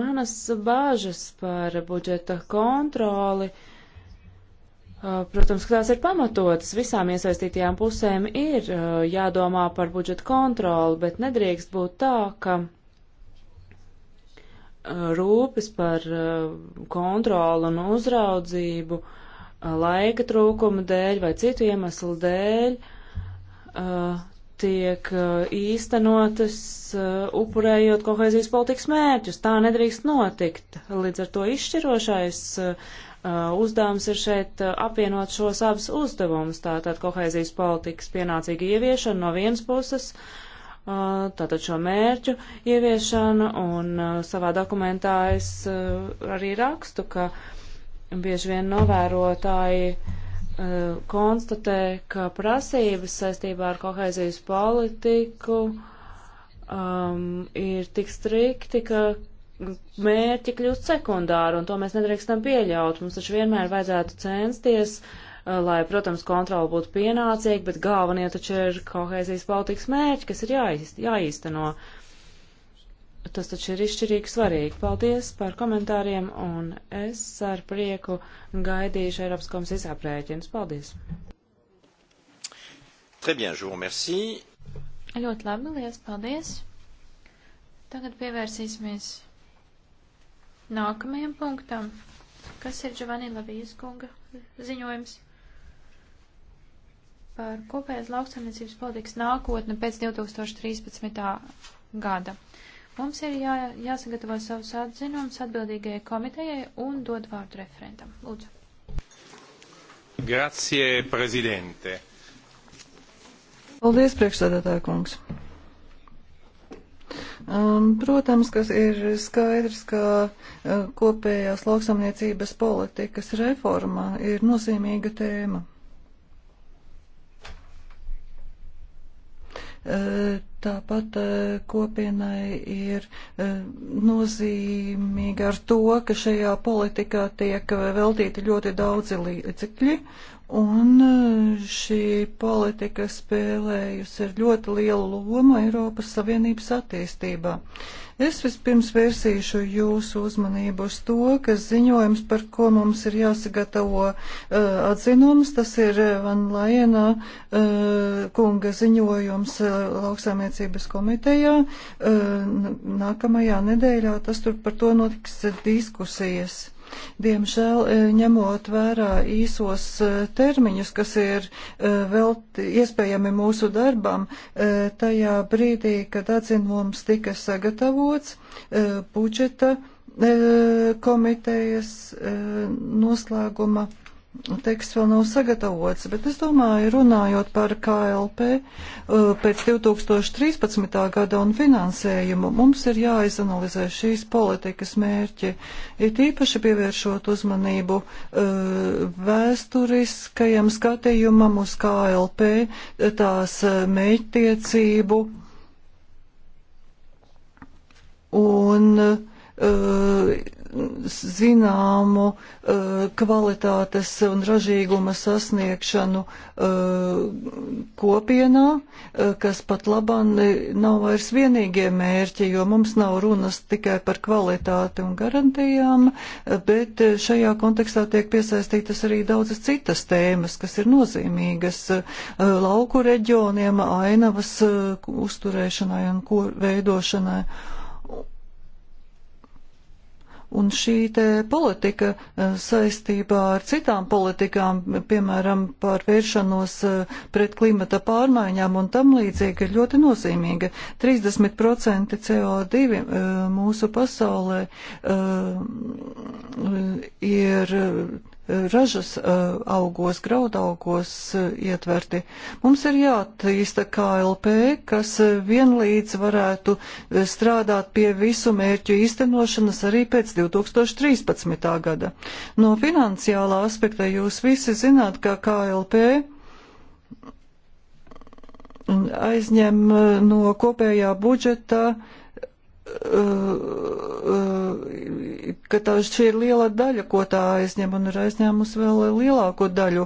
Manas bāžas par budžeta kontroli. Protams, ka tās ir pamatotas. Visām iesaistītajām pusēm ir jādomā par budžeta kontroli, bet nedrīkst būt tā, ka rūpes par uh, kontrolu un uzraudzību uh, laika trūkuma dēļ vai citu iemeslu dēļ uh, tiek īstenotas upurējot kohēzijas politikas mērķus. Tā nedrīkst notikt. Līdz ar to izšķirošais uzdevums ir šeit apvienot šos abus uzdevumus, tātad kohēzijas politikas pienācīga ieviešana no vienas puses tātad šo mērķu ieviešanu, un savā dokumentā es arī rakstu, ka bieži vien novērotāji konstatē, ka prasības saistībā ar kohēzijas politiku um, ir tik strikti, ka mērķi kļūst sekundāri, un to mēs nedrīkstam pieļaut. Mums taču vienmēr vajadzētu censties uh, Eh, lai, protams, kontrola būtu pienācīga, bet galvenie taču ir kohēzijas politikas mērķi, kas ir jāiz, jāīsteno. Tas taču ir izšķirīgi svarīgi. Paldies par komentāriem, un es ar prieku gaidīšu Eiropas komisijas aprēķinus. Paldies! Très bien, je vous remercie. Ļoti labi, liels paldies. Tagad pievērsīsimies nākamajam punktam, kas ir Giovanni Lavijas kunga ziņojums par kopējās lauksaimniecības politikas nākotni pēc 2013. gada. Mums ir jā, jāsagatavo savus atzinumus atbildīgajai komitejai un dod vārdu referentam. Lūdzu. Grazie, prezidente. Paldies, priekšsēdētāja kungs. Um, protams, ka ir skaidrs, ka uh, kopējās lauksamniecības politikas reforma ir nozīmīga tēma. Tāpat eh, kopienai ir eh, nozīmīgi ar to, ka šajā politikā tiek eh, veltīti ļoti daudzi līdzekļi Un eh, šī politika spēlējusi ar ļoti lielu lomu Eiropas Savienības attīstībā. Es vispirms vērsīšu jūsu uzmanību uz to, ka ziņojums, par ko mums ir jāsagatavo uh, atzinums, tas ir Van Lajena uh, kunga ziņojums uh, lauksaimniecības komitejā. Uh, nākamajā nedēļā tas tur par to notiks diskusijas. Diemžēl, eh, ņemot vērā īsos eh, termiņus, kas ir eh, vēl iespējami mūsu darbam, tajā brīdī, kad atzinums tika sagatavots, budžeta komitejas noslēguma teksts vēl nav sagatavots, bet es domāju, runājot par KLP eh, pēc 2013. gada un finansējumu, mums ir jāizanalizē šīs politikas mērķi, it īpaši pievēršot uzmanību eh, vēsturiskajam skatījumam uz KLP, tās eh, mērķtiecību un zināmu eh, kvalitātes un ražīguma sasniegšanu eh, kopienā, eh, kas pat labam nav vairs vienīgie mērķi, jo mums nav runas tikai par kvalitāti un garantijām, bet šajā kontekstā tiek piesaistītas arī daudzas citas tēmas, kas ir nozīmīgas lauku reģioniem, ainavas uzturēšanai un veidošanai. Un šī te politika eh, saistībā ar citām politikām, piemēram, par vēršanos eh, pret klimata pārmaiņām un tam līdzīgi, ir ļoti nozīmīga. 30% CO2 eh, mūsu pasaulē ir ražas augos, graudaugos ietverti. Mums ir jātīsta KLP, kas vienlīdz varētu strādāt pie visu mērķu īstenošanas arī pēc 2013. gada. No finansiālā aspekta jūs visi zināt, ka KLP aizņem no kopējā budžeta uh, ka tā šī ir liela daļa, ko tā aizņem un ir aizņēmusi vēl lielāko daļu.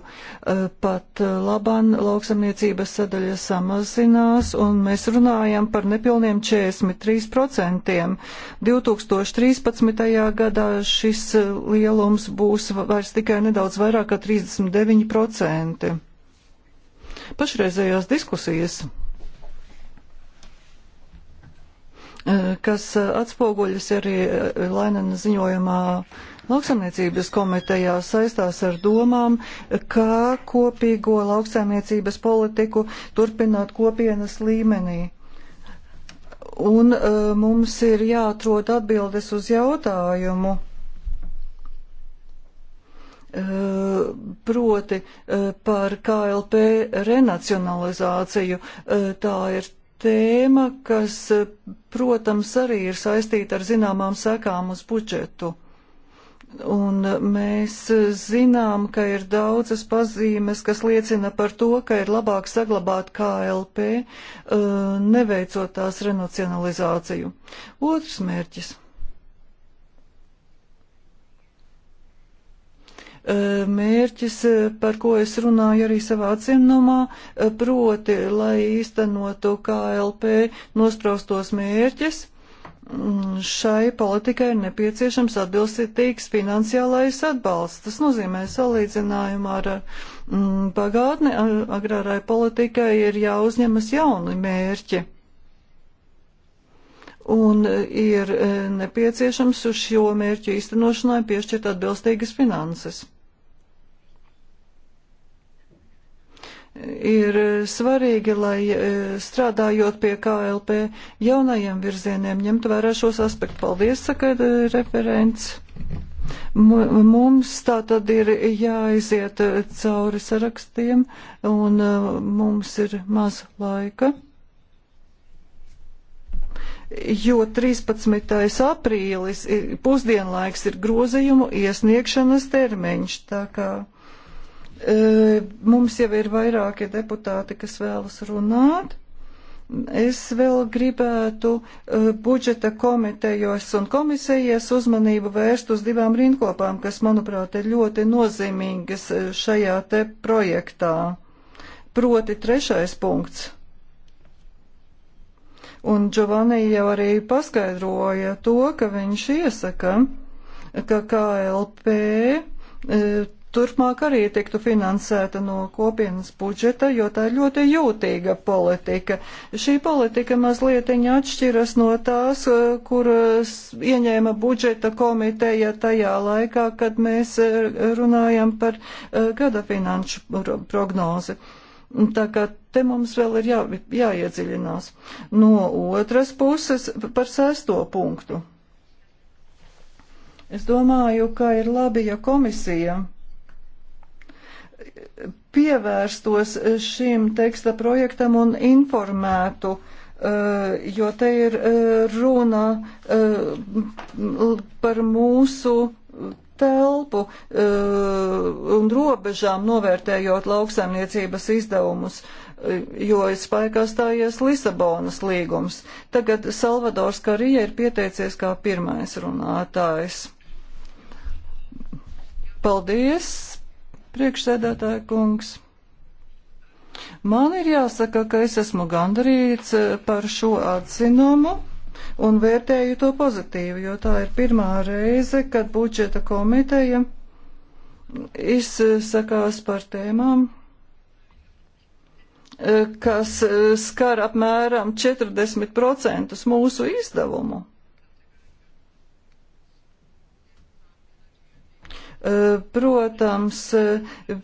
Eh, pat eh, labāk lauksamniecības sadaļa samazinās un mēs runājam par nepilniem 43%. 2013. gadā šis eh, lielums būs vairs tikai nedaudz vairāk kā 39%. Pašreizējās diskusijas Eh, kas eh, atspoguļas arī eh, Lainana ziņojumā lauksaimniecības komitejā saistās ar domām, kā kopīgo lauksaimniecības politiku turpināt kopienas līmenī. Un uh, mums ir jāatrod atbildes uz jautājumu. Uh, proti uh, par KLP renacionalizāciju. Uh, tā ir tēma, kas, protams, arī ir saistīta ar zināmām sekām uz budžetu. Un mēs zinām, ka ir daudzas pazīmes, kas liecina par to, ka ir labāk saglabāt KLP, uh, neveicot tās renacionalizāciju. Otrs mērķis E, mērķis, e, par ko es runāju arī savā atzinumā, e, proti, lai īstenotu KLP nospraustos mērķis. Mm, šai politikai ir nepieciešams atbilstīgs finansiālais atbalsts. Tas nozīmē salīdzinājumā ar mm, pagātni agrārai politikai ir jāuzņemas jauni mērķi un e, ir e, nepieciešams uz šo mērķu īstenošanai piešķirt atbilstīgas finanses. ir e, svarīgi, lai strādājot pie KLP jaunajiem virzieniem, ņemt vērā šos aspektus. Paldies, saka referents. Mums tā tad ir jāiziet cauri sarakstiem, un mums ir maz laika jo 13. aprīlis ir, pusdienlaiks ir grozījumu iesniegšanas termiņš. Tā kā e, mums jau ir vairāki deputāti, kas vēlas runāt. Es vēl gribētu uh, budžeta komitejos un komisijas uzmanību vērst uz divām rindkopām, kas, manuprāt, ir ļoti nozīmīgas e, šajā te projektā. Proti trešais punkts Un Giovanni jau arī paskaidroja to, ka viņš iesaka, ka KLP e, turpmāk arī tiktu finansēta no kopienas budžeta, jo tā ir ļoti jūtīga politika. Šī politika mazliet atšķiras no tās, e, kuras ieņēma budžeta komiteja tajā laikā, kad mēs e, runājam par gada finanšu prognozi. Tā kā te mums vēl ir jā, jāiedziļinās. No otras puses par sesto punktu. Es domāju, ka ir labi, ja komisija pievērstos šim teksta projektam un informētu, eh, jo te ir eh, runa eh, par mūsu telpu eh, un robežām novērtējot lauksaimniecības izdevumus eh, jo ir spēkā stājies Lisabonas līgums. Tagad Salvadors Karija ir pieteicies kā pirmais runātājs. Paldies, priekšsēdētāja kungs! Man ir jāsaka, ka es esmu gandarīts eh, par šo atzinumu un vērtēju to pozitīvi, jo tā ir pirmā reize, kad budžeta komiteja izsakās par tēmām, eh, kas eh, skar apmēram 40% mūsu izdevumu. Eh, protams,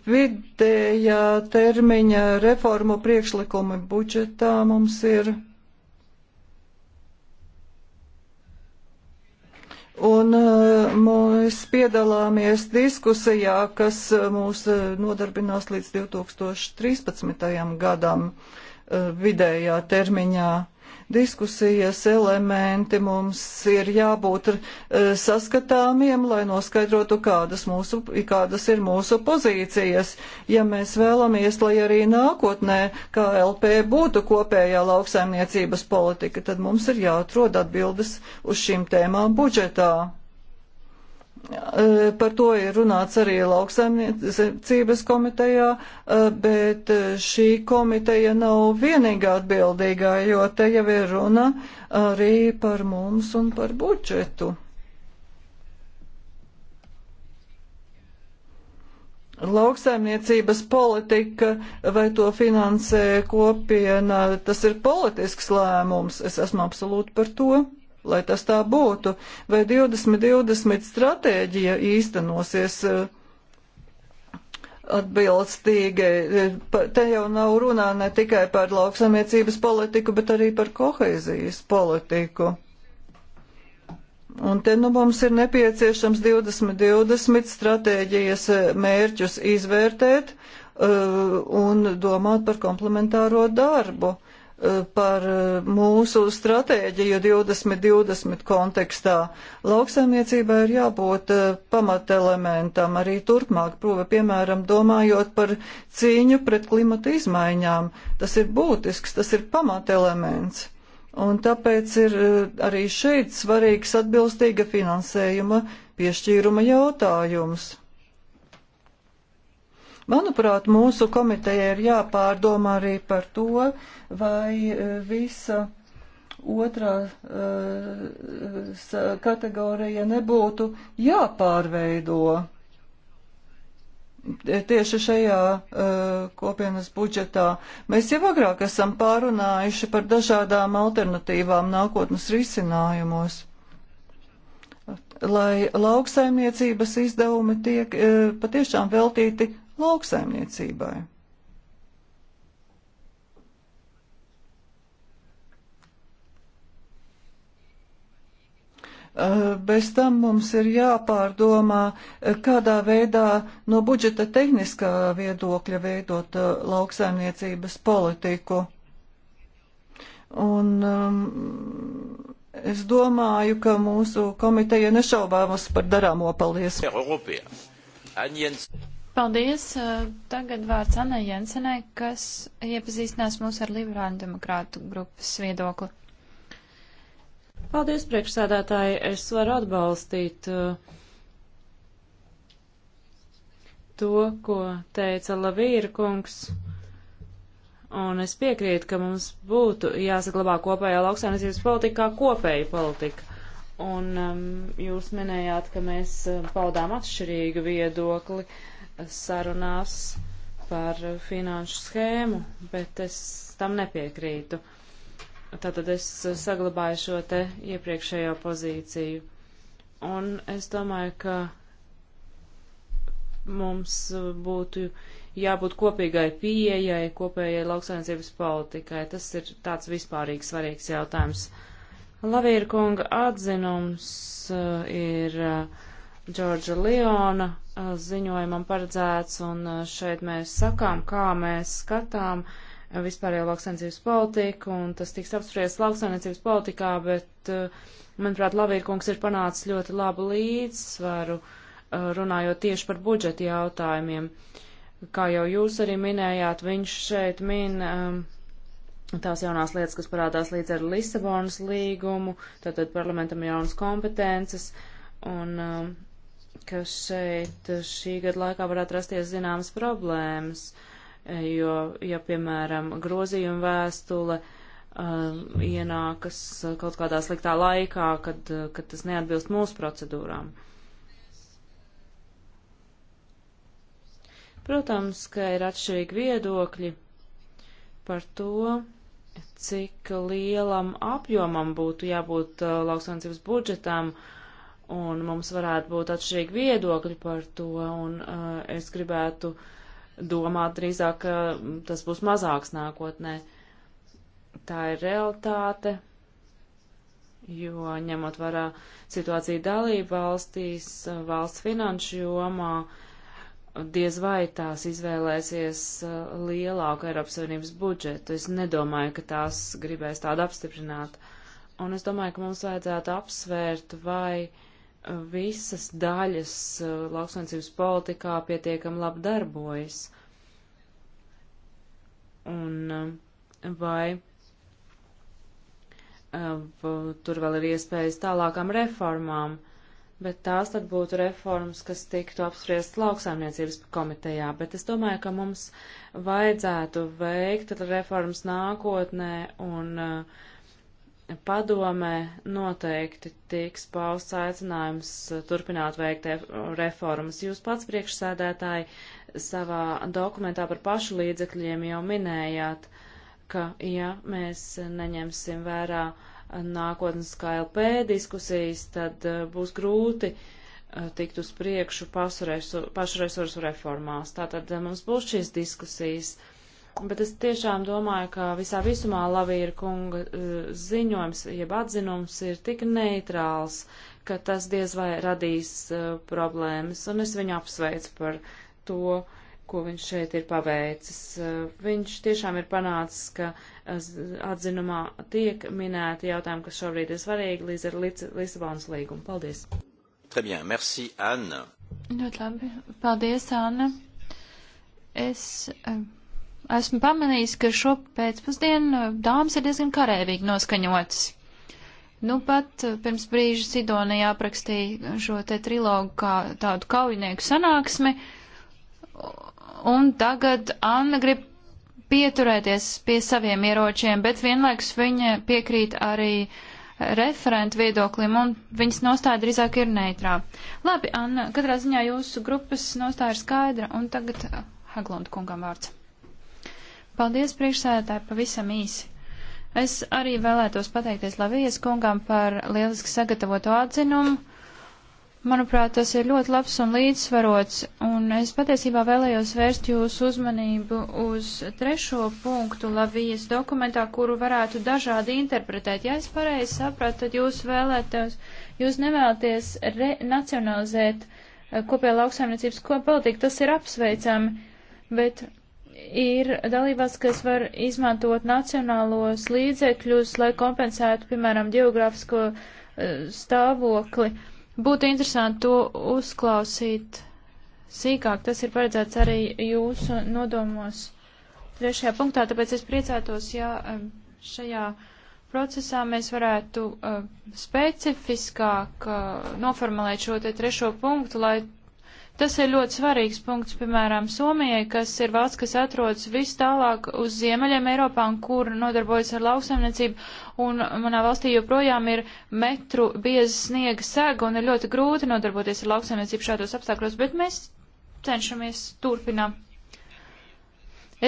vidējā termiņa reformu priekšlikumi budžetā mums ir Un eh, mēs piedalāmies diskusijā, kas eh, mūs eh, nodarbinās līdz 2013. gadam vidējā termiņā diskusijas elementi mums ir jābūt eh, saskatāmiem, lai noskaidrotu, kādas, mūsu, kādas ir mūsu pozīcijas. Ja mēs vēlamies, lai arī nākotnē KLP būtu kopējā lauksaimniecības politika, tad mums ir jāatrod atbildes uz šīm tēmām budžetā. Eh, par to ir runāts arī lauksaimniecības komitejā, eh, bet eh, šī komiteja nav vienīgā atbildīgā, jo te jau ir runa arī par mums un par budžetu. Lauksaimniecības politika vai to finansē kopiena, tas ir politisks lēmums. Es esmu absolūti par to lai tas tā būtu, vai 2020 stratēģija īstenosies eh, atbilstīgi. Eh, te jau nav runā ne tikai par lauksamiecības politiku, bet arī par kohēzijas politiku. Un te nu mums ir nepieciešams 2020 stratēģijas eh, mērķus izvērtēt uh, un domāt par komplementāro darbu. Uh, par eh, mūsu stratēģiju 2020 kontekstā. Lauksaimniecībā ir jābūt eh, pamatelementam arī turpmāk, prova, piemēram, domājot par cīņu pret klimata izmaiņām. Tas ir būtisks, tas ir pamatelements. Un tāpēc ir eh, arī šeit svarīgs atbilstīga finansējuma piešķīruma jautājums. Manuprāt, mūsu komiteja ir jāpārdomā arī par to, vai e, visa otrā uh, kategorija nebūtu jāpārveido. E, tieši šajā uh, kopienas budžetā mēs jau agrāk esam pārunājuši par dažādām alternatīvām nākotnes risinājumos lai lauksaimniecības izdevumi tiek e, patiešām veltīti lauksaimniecībai. Eh, bez tam mums ir jāpārdomā, eh, kādā veidā no budžeta tehniskā viedokļa veidot eh, lauksaimniecības politiku. Un um, es domāju, ka mūsu komiteja nešaubāmas par darāmo paldies. Eiropie. Paldies! Tagad vārds Anai Jensenai, kas iepazīstinās mūs ar liberāļu demokrātu grupas viedokli. Paldies, priekšsēdētāji! Es varu atbalstīt uh, to, ko teica Lavīra kungs. Un es piekrītu, ka mums būtu jāsaglabā kopējā lauksainicības politika kā kopēja politika. Un um, jūs minējāt, ka mēs uh, paudām atšķirīgu viedokli. Uh, sarunās par finanšu schēmu, bet es tam nepiekrītu. Tātad es saglabāju šo te iepriekšējo pozīciju. Un es domāju, ka mums būtu jābūt kopīgai pieejai, kopējai lauksainicības politikai. Tas ir tāds vispārīgs svarīgs jautājums. Lavīra kunga atzinums uh, ir uh, Džordža Liona ziņojumam paredzēts, un šeit mēs sakām, kā mēs skatām vispārējo lauksaimniecības politiku, un tas tiks apspriests lauksaimniecības politikā, bet, manuprāt, Lavīrkungs ir panācis ļoti labu līdzsvaru, runājot tieši par budžeta jautājumiem. Kā jau jūs arī minējāt, viņš šeit min um, tās jaunās lietas, kas parādās līdz ar Lisabonas līgumu, tātad parlamentam jaunas kompetences, un um, ka šeit šī gada laikā varētu rasties zināmas problēmas, jo, ja, piemēram, grozījuma vēstule uh, ienākas kaut kādā sliktā laikā, kad, kad tas neatbilst mūsu procedūrām. Protams, ka ir atšķirīgi viedokļi par to, cik lielam apjomam būtu jābūt uh, lauksaimniecības budžetam uh, un mums varētu būt atšķirīgi viedokļi par to, un uh, es gribētu domāt drīzāk, ka mm, tas būs mazāks nākotnē. Tā ir realitāte, jo ņemot vērā situāciju dalību valstīs, uh, valsts finanšu jomā, diez vai tās izvēlēsies uh, lielāku Eiropas Savienības budžetu. Es nedomāju, ka tās gribēs tādu apstiprināt. Un es domāju, ka mums vajadzētu apsvērt, vai uh, visas daļas uh, lauksaimniecības politikā pietiekam labi darbojas. Un uh, vai uh, tur vēl ir iespējas tālākām reformām, bet tās tad būtu reformas, kas tiktu apspriest lauksaimniecības komitejā. Bet es domāju, ka mums vajadzētu veikt reformas nākotnē un uh, padomē noteikti tiks pausts aicinājums eh, turpināt veikt e, reformas. Jūs pats priekšsēdētāji savā dokumentā par pašu līdzekļiem jau minējāt, ka ja mēs neņemsim vērā nākotnes KLP diskusijas, tad eh, būs grūti eh, tikt uz priekšu pašu resursu reformās. Tātad mums būs šīs diskusijas. Uh, Bet es tiešām domāju, ka visā visumā Lavīra kunga eh, ziņojums, jeb atzinums ir tik neitrāls, ka tas diez vai radīs uh, problēmas, un es viņu apsveicu par to, ko viņš šeit ir paveicis. Uh, viņš tiešām ir panācis, ka atzinumā tiek minēti jautājumi, kas šobrīd ir svarīgi līdz ar Lisabonas līgumu. Paldies! Très bien, merci, Anna. Ļoti labi. Paldies, Anna. Es. Uh esmu pamanījis, ka šo pēcpusdienu eh, dāmas ir diezgan karēvīgi noskaņotas. Nu, pat eh, pirms brīža Sidonija aprakstīja šo te trilogu kā tādu kaujinieku sanāksmi, un tagad Anna grib pieturēties pie saviem ieročiem, bet vienlaikus viņa piekrīt arī referentu viedoklim, un viņas nostāja drīzāk ir neitrā. Labi, Anna, katrā ziņā jūsu grupas nostāja ir skaidra, un tagad eh, Haglund kungam vārds. Paldies, priekšsēdētāji, pavisam īsi. Es arī vēlētos pateikties Lavijas kungam par lieliski sagatavotu atzinumu. Manuprāt, tas ir ļoti labs un līdzsvarots, un es patiesībā vēlējos vērst jūsu uzmanību uz trešo punktu Lavijas dokumentā, kuru varētu dažādi interpretēt. Ja es pareizi sapratu, tad jūs vēlētos, jūs nevēlaties renacionalizēt eh, kopējā lauksaimniecības politiku, tas ir apsveicami, bet ir dalībās, kas var izmantot nacionālos līdzekļus, lai kompensētu, piemēram, geogrāfisko uh, stāvokli. Būtu interesanti to uzklausīt sīkāk. Tas ir paredzēts arī jūsu nodomos trešajā punktā, tāpēc es priecātos, ja eh, šajā procesā mēs varētu uh, specifiskāk uh, noformulēt šo te trešo punktu, lai Tas ir ļoti svarīgs punkts, piemēram, Somijai, kas ir valsts, kas atrodas vis tālāk uz ziemeļiem Eiropā un kur nodarbojas ar lauksaimniecību. Un manā valstī joprojām ir metru bieza sniega sega un ir ļoti grūti nodarboties ar lauksaimniecību šādos apstākļos, bet mēs cenšamies turpināt.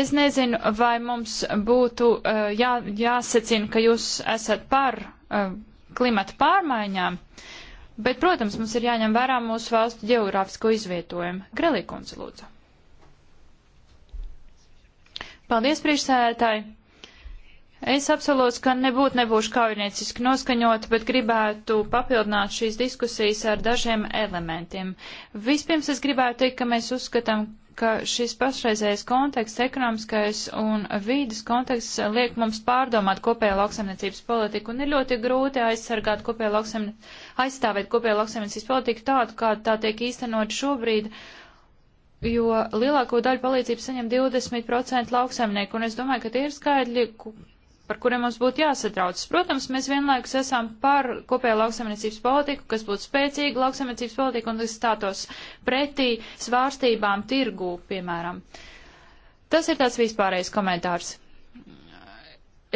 Es nezinu, vai mums būtu uh, jā, jāsacina, ka jūs esat par uh, klimata pārmaiņām. Uh, Bet, protams, mums ir jāņem vērā mūsu valstu ģeogrāfisko izvietojumu. Grelīkundze, lūdzu. Paldies, priekšsēdētāji! Es apsolos, ka nebūtu nebūšu kaujinieciski noskaņota, bet gribētu papildināt šīs diskusijas ar dažiem elementiem. Vispirms es gribētu teikt, ka mēs uzskatām, ka šis pašreizējais konteksts, ekonomiskais un vīdes konteksts liek mums pārdomāt kopējo lauksaimniecības politiku un ir ļoti grūti aizsargāt kopējo lauksaimniecības, aizstāvēt kopējo lauksaimniecības politiku tādu, kā tā tiek īstenot šobrīd, jo lielāko daļu palīdzību saņem 20% lauksaimnieku un es domāju, ka tie ir skaidri, par kuriem mums būtu jāsatraucas. Protams, mēs vienlaikus esam par kopējo lauksaimniecības politiku, kas būtu spēcīga lauksaimniecības politika un kas stātos pretī svārstībām tirgū, piemēram. Tas ir tāds vispārējais komentārs.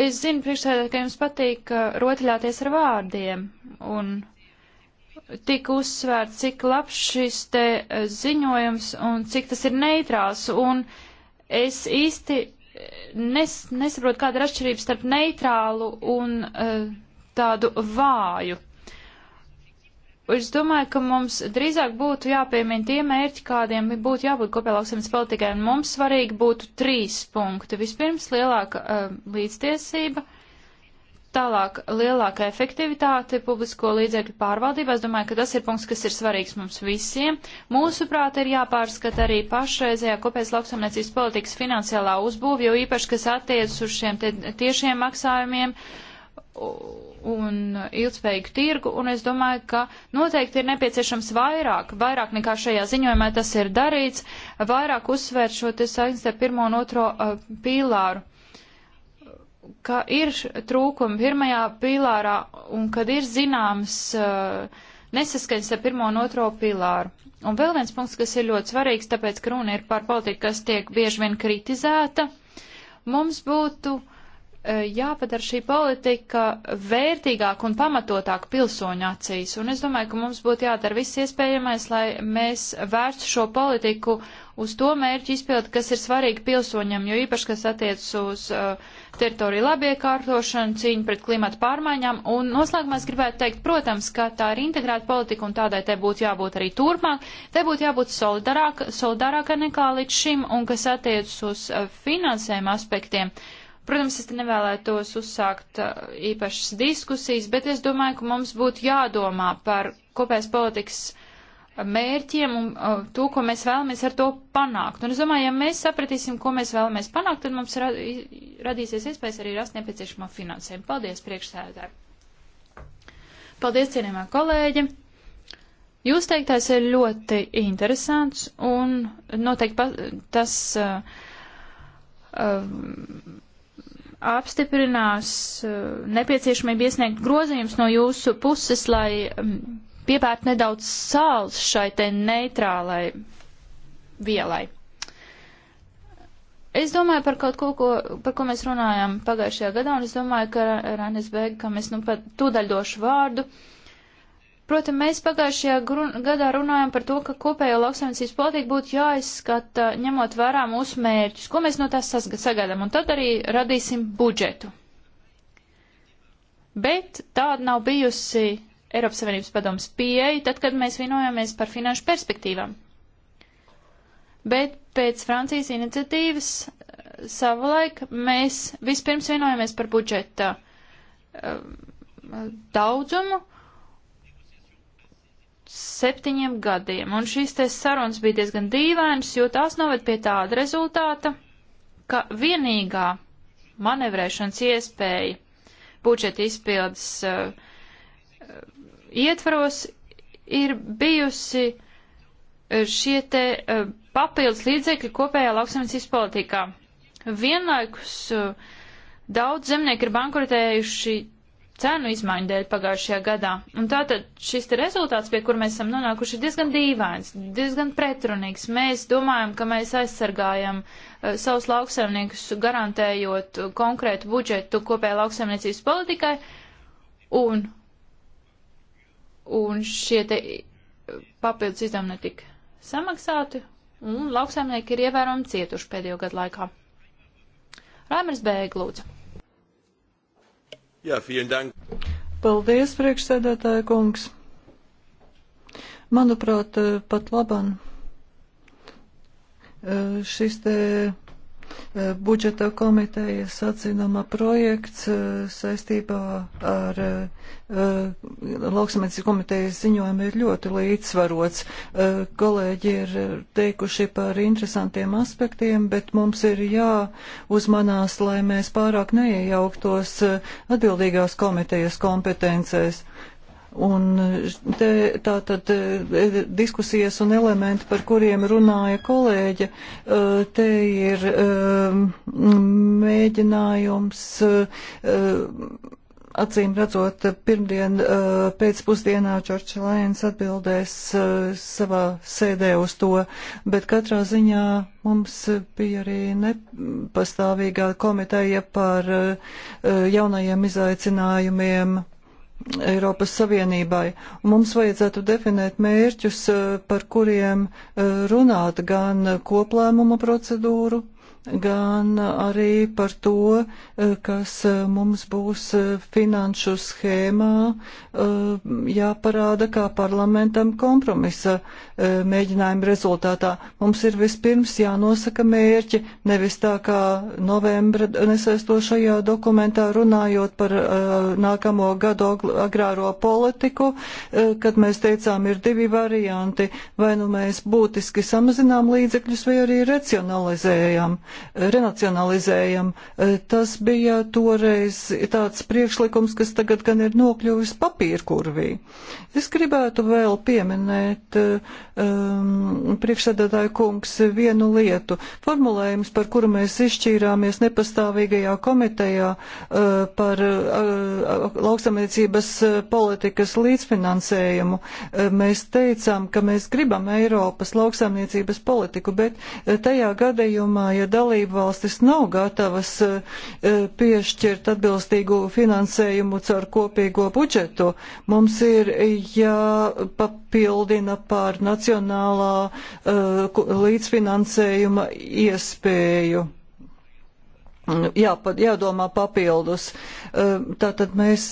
Es zinu, priekšsēdētāji, ka jums patīk rotaļāties ar vārdiem un tik uzsvērt, cik labs šis te eh, ziņojums un cik tas ir neitrāls. Un es īsti nes, nesaprotu, kāda ir atšķirība starp neitrālu un uh, tādu vāju. Es domāju, ka mums drīzāk būtu jāpiemina tie mērķi, kādiem būtu jābūt kopējā lauksaimnes politikai, un mums svarīgi būtu trīs punkti. Vispirms lielāka uh, līdztiesība, Tālāk, lielāka efektivitāte publisko līdzekļu pārvaldībā. Es domāju, ka tas ir punkts, kas ir svarīgs mums visiem. Mūsuprāt, ir jāpārskata arī pašreizējā kopējas lauksamniecības politikas finansiālā uzbūve, jo īpaši, kas attiecas uz šiem tiešiem maksājumiem un ilgspējīgu tirgu, un es domāju, ka noteikti ir nepieciešams vairāk, vairāk nekā šajā ziņojumā tas ir darīts, vairāk uzsvērt šo te saistē pirmo un otro uh, pīlāru ka ir trūkumi pirmajā pīlārā un kad ir zināms uh, nesaskaņas ar pirmo un otro pīlāru. Un vēl viens punkts, kas ir ļoti svarīgs, tāpēc, ka runa ir par politiku, kas tiek bieži vien kritizēta, mums būtu uh, Eh, jāpadara šī politika vērtīgāk un pamatotāk pilsoņu acīs. Un es domāju, ka mums būtu jādara viss iespējamais, lai mēs vērstu šo politiku uz to mērķu izpildu, kas ir svarīgi pilsoņam, jo īpaši, kas attiec uz uh, teritoriju labiekārtošanu, cīņu pret klimatu pārmaiņām. Un noslēgumā es gribētu teikt, protams, ka tā ir integrēta politika un tādai te būtu jābūt arī turpmāk. Te būtu jābūt solidarākai solidārāk, nekā līdz šim un kas attiec uz uh, eh, finansējuma aspektiem. Uh, Protams, es te nevēlētos uzsākt uh, īpašas diskusijas, bet es domāju, ka mums būtu jādomā par kopējas politikas uh, mērķiem un uh, to, ko mēs vēlamies ar to panākt. Un es domāju, ja mēs sapratīsim, ko mēs vēlamies panākt, tad mums radīsies iespējas arī rast nepieciešamo finansējumu. Paldies, priekšsēdētāji! Paldies, cienījumā kolēģi! Jūs teiktais ir ļoti interesants un noteikti tas. Uh, uh, apstiprinās eh, nepieciešamību iesniegt grozījums no jūsu puses, lai mm, pievērt nedaudz sāls šai te neitrālai vielai. Es domāju par kaut ko, ko, par ko mēs runājām pagājušajā gadā, un es domāju, ka Ranis Bēga, ka mēs nu pat tūdaļ došu vārdu. Uh, Protams, mēs pagājušajā gadā runājam par to, ka kopējo lauksaimniecības politiku būtu jāizskata ņemot vērā mūsu mērķus, ko mēs no tās sagaidām, un tad arī radīsim budžetu. Bet tāda nav bijusi Eiropas Savienības padomas pieeja, tad, kad mēs vienojāmies par finanšu perspektīvām. Bet pēc Francijas iniciatīvas eh, savulaik mēs vispirms vienojāmies par budžeta eh, daudzumu, septiņiem gadiem, un šīs te sarunas bija diezgan dīvainas, jo tās noved pie tāda rezultāta, ka vienīgā manevrēšanas iespēja budžeta izpildes uh, ietvaros ir bijusi eh, šie te uh, papildus līdzekļi kopējā lauksamniecības politikā. Vienlaikus uh, daudz zemnieki ir bankrotējuši cenu izmaiņu dēļ pagājušajā gadā. Un tātad šis te rezultāts, pie kur mēs esam nonākuši, ir diezgan dīvains, diezgan pretrunīgs. Mēs domājam, ka mēs aizsargājam uh, savus lauksaimniekus, garantējot uh, konkrētu budžetu kopējai lauksaimniecības politikai, un, un šie te papildus izdevumi netika samaksāti, un lauksaimnieki ir ievērojami cietuši pēdējo gadu laikā. Raimers Bēg, lūdzu. Jā, vielen dank. Paldies, priekšsēdētāja kungs. Manuprāt, eh, pat laban eh, šis te Eh, budžeta komitejas atzinuma projekts eh, saistībā ar eh, lauksamēcības komitejas ziņojumu ir ļoti līdzsvarots. Kolēģi ir teikuši par interesantiem aspektiem, bet mums ir jāuzmanās, lai mēs pārāk neiejauktos atbildīgās komitejas kompetencēs Un te tātad e, diskusijas un elementi, par kuriem runāja kolēģe, e, te ir e, mēģinājums Acīm redzot, pirmdien pēcpusdienā Čorčs Lēns atbildēs savā sēdē uz to, bet katrā ziņā mums bija arī nepastāvīgā komiteja par jaunajiem izaicinājumiem Eiropas Savienībai. Mums vajadzētu definēt mērķus, eh, par kuriem eh, runāt gan koplēmuma procedūru gan arī par to, eh, kas eh, mums būs eh, finanšu schēmā jāparāda kā parlamentam kompromisa mēģinājuma rezultātā. Mums ir vispirms jānosaka mērķi, nevis tā kā novembra nesaistošajā dokumentā runājot par nākamo gadu agrāro politiku, kad mēs teicām, ir divi varianti, vai nu mēs būtiski samazinām līdzekļus, vai arī racionalizējam renacionalizējam. E, tas bija toreiz tāds priekšlikums, kas tagad gan ir nokļuvis papīrkurvī. Es gribētu vēl pieminēt, e, um, priekšsēdētāju kungs, vienu lietu. Formulējums, par kuru mēs izšķīrāmies nepastāvīgajā komitejā uh, par uh, lauksamniecības politikas līdzfinansējumu, uh, mēs teicām, ka mēs gribam Eiropas lauksamniecības politiku, bet tajā gadījumā, ja daudz dalībvalstis nav gatavas eh, piešķirt atbilstīgu finansējumu caur kopīgo budžetu. Mums ir jāpapildina par nacionālā eh, līdzfinansējuma iespēju. Jā, jādomā papildus. Eh, tātad mēs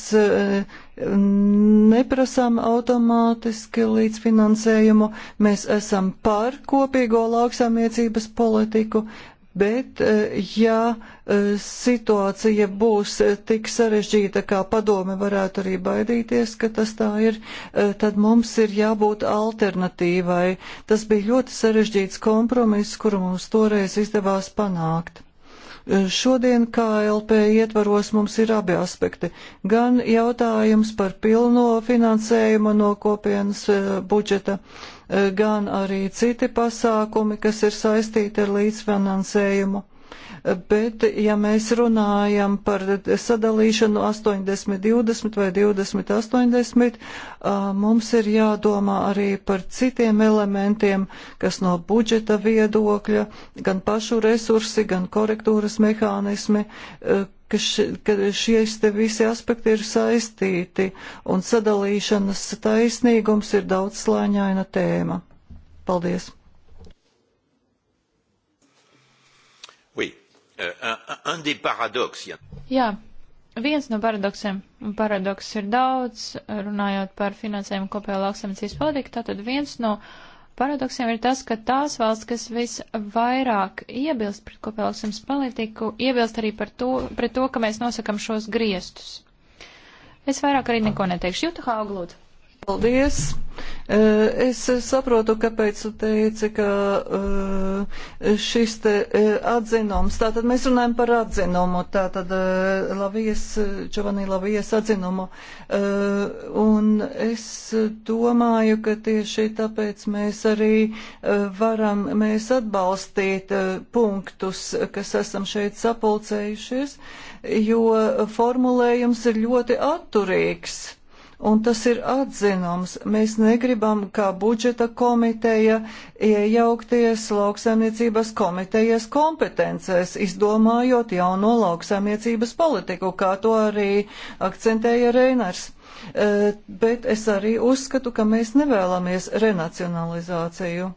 neprasām automātiski līdzfinansējumu, mēs esam par kopīgo lauksaimniecības politiku, Bet, eh, ja eh, situācija būs eh, tik sarežģīta, kā padome varētu arī baidīties, ka tas tā ir, tad mums ir jābūt alternatīvai. Tas bija ļoti sarežģīts kompromiss, kuru mums toreiz izdevās panākt. Šodien KLP ietvaros mums ir abi aspekti - gan jautājums par pilno finansējumu no kopienas budžeta, gan arī citi pasākumi, kas ir saistīti ar līdzfinansējumu bet ja mēs runājam par sadalīšanu 80-20 vai 20-80, mums ir jādomā arī par citiem elementiem, kas no budžeta viedokļa, gan pašu resursi, gan korektūras mehānismi, ka, š, ka šies te visi aspekti ir saistīti, un sadalīšanas taisnīgums ir daudzslāņaina tēma. Paldies! Eh, un des paradoxes. Jā, viens no paradoksiem, un paradoksus ir daudz, runājot par finansējumu kopējo lauksamniecības politiku, tātad viens no paradoksiem ir tas, ka tās valsts, kas visvairāk iebilst pret kopējo lauksamniecības politiku, iebilst arī par to, pret to, ka mēs nosakam šos griestus. Es vairāk arī neko neteikšu. Jūta Hauglūda. Paldies! Es saprotu, kāpēc tu teici, ka šis te atzinums, tātad mēs runājam par atzinumu, tātad Lavijas, Čovanī Lavijas atzinumu, un es domāju, ka tieši tāpēc mēs arī varam, mēs atbalstīt punktus, kas esam šeit sapulcējušies, jo formulējums ir ļoti atturīgs un tas ir atzinums. Mēs negribam, kā budžeta komiteja, iejaukties lauksaimniecības komitejas kompetencēs, izdomājot jauno lauksaimniecības politiku, kā to arī akcentēja Reinars. E, bet es arī uzskatu, ka mēs nevēlamies renacionalizāciju.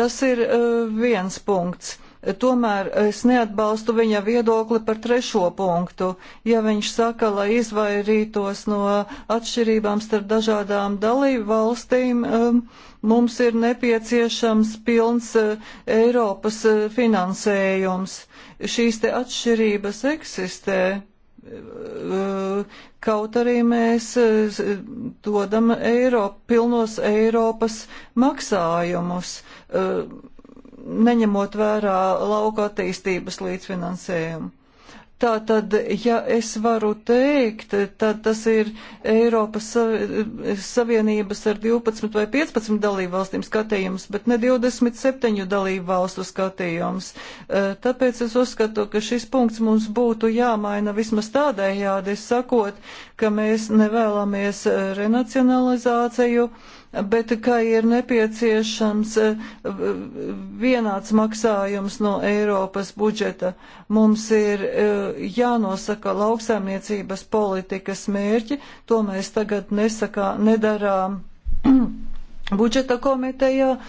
Tas ir e, viens punkts. Tomēr es neatbalstu viņa viedokli par trešo punktu. Ja viņš saka, lai izvairītos no atšķirībām starp dažādām dalību valstīm, um, mums ir nepieciešams pilns uh, Eiropas uh, finansējums. Šīs te atšķirības eksistē uh, kaut arī mēs dodam Eiropu, pilnos Eiropas maksājumus neņemot vērā lauka attīstības līdzfinansējumu. Tā tad, ja es varu teikt, tad tas ir Eiropas Savienības ar 12 vai 15 dalību valstīm skatījums, bet ne 27 dalību valstu skatījums. E, tāpēc es uzskatu, ka šis punkts mums būtu jāmaina vismaz tādējādi, sakot, ka mēs nevēlamies renacionalizāciju bet ka ir nepieciešams eh, vienāds maksājums no Eiropas budžeta. Mums ir eh, jānosaka lauksaimniecības politikas mērķi, to mēs tagad nesakā, nedarām. budžeta komitejā, uh,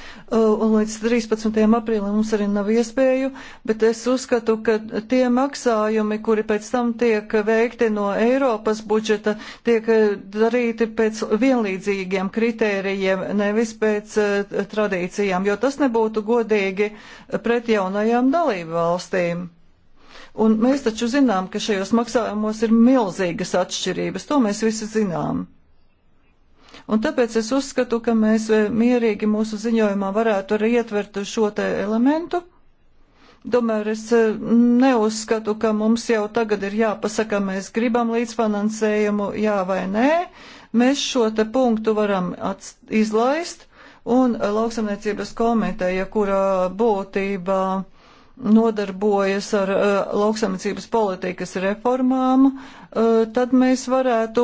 un līdz 13. aprīlim mums arī nav iespēju, bet es uzskatu, ka tie maksājumi, kuri pēc tam tiek veikti no Eiropas budžeta, tiek uh, darīti pēc vienlīdzīgiem kritērijiem, nevis pēc uh, tradīcijām, jo tas nebūtu godīgi pret jaunajām dalību valstīm. Un mēs taču zinām, ka šajos maksājumos ir milzīgas atšķirības, to mēs visi zinām. Un tāpēc es uzskatu, ka mēs eh, mierīgi mūsu ziņojumā varētu arī ietvert šo te elementu. Tomēr es eh, neuzskatu, ka mums jau tagad ir jāpasaka, mēs gribam līdzfinansējumu, jā vai nē. Mēs šo te punktu varam izlaist, un eh, lauksamniecības komiteja, kura būtībā nodarbojas ar uh, eh, lauksamniecības politikas reformām, uh, tad mēs varētu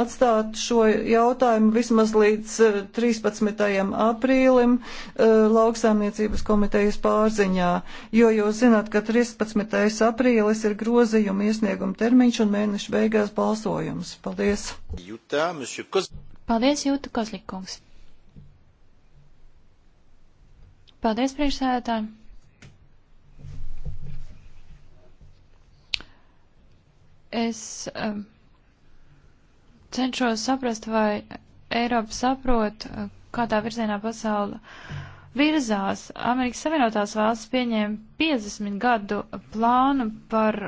atstāt šo jautājumu vismaz līdz uh, eh, 13. aprīlim uh, lauksamniecības komitejas pārziņā, jo jūs zināt, ka 13. aprīlis ir grozījuma iesnieguma termiņš un mēneša beigās balsojums. Paldies! Jūtā, Paldies, Jūta Kozlikungs! Paldies, priekšsēdētāji! Es um, cenšos saprast, vai Eiropa saprot, uh, kādā virzienā pasaule virzās. Amerikas Savienotās valsts pieņēma 50 gadu plānu par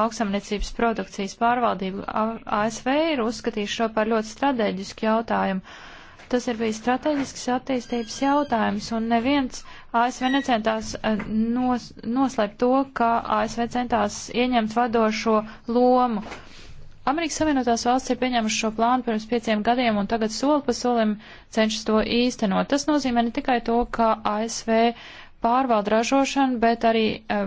lauksamniecības produkcijas pārvaldību. ASV ir uzskatījuši šo par ļoti strateģisku jautājumu. Tas ir bijis strateģisks attīstības jautājums, un neviens ASV necentās e, nos, noslēpt to, ka ASV centās ieņemt vadošo lomu. Amerikas Savienotās valsts ir pieņēmuši šo plānu pirms pieciem gadiem un tagad soli pa solim cenšas to īstenot. Tas nozīmē ne tikai to, ka ASV pārvalda ražošanu, bet arī uh,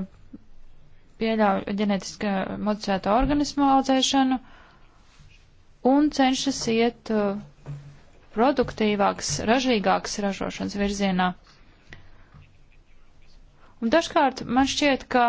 pieļauj ģenētiski e, modificēto organismu audzēšanu un cenšas iet uh, produktīvāks, ražīgāks ražošanas virzienā. Un dažkārt man šķiet, ka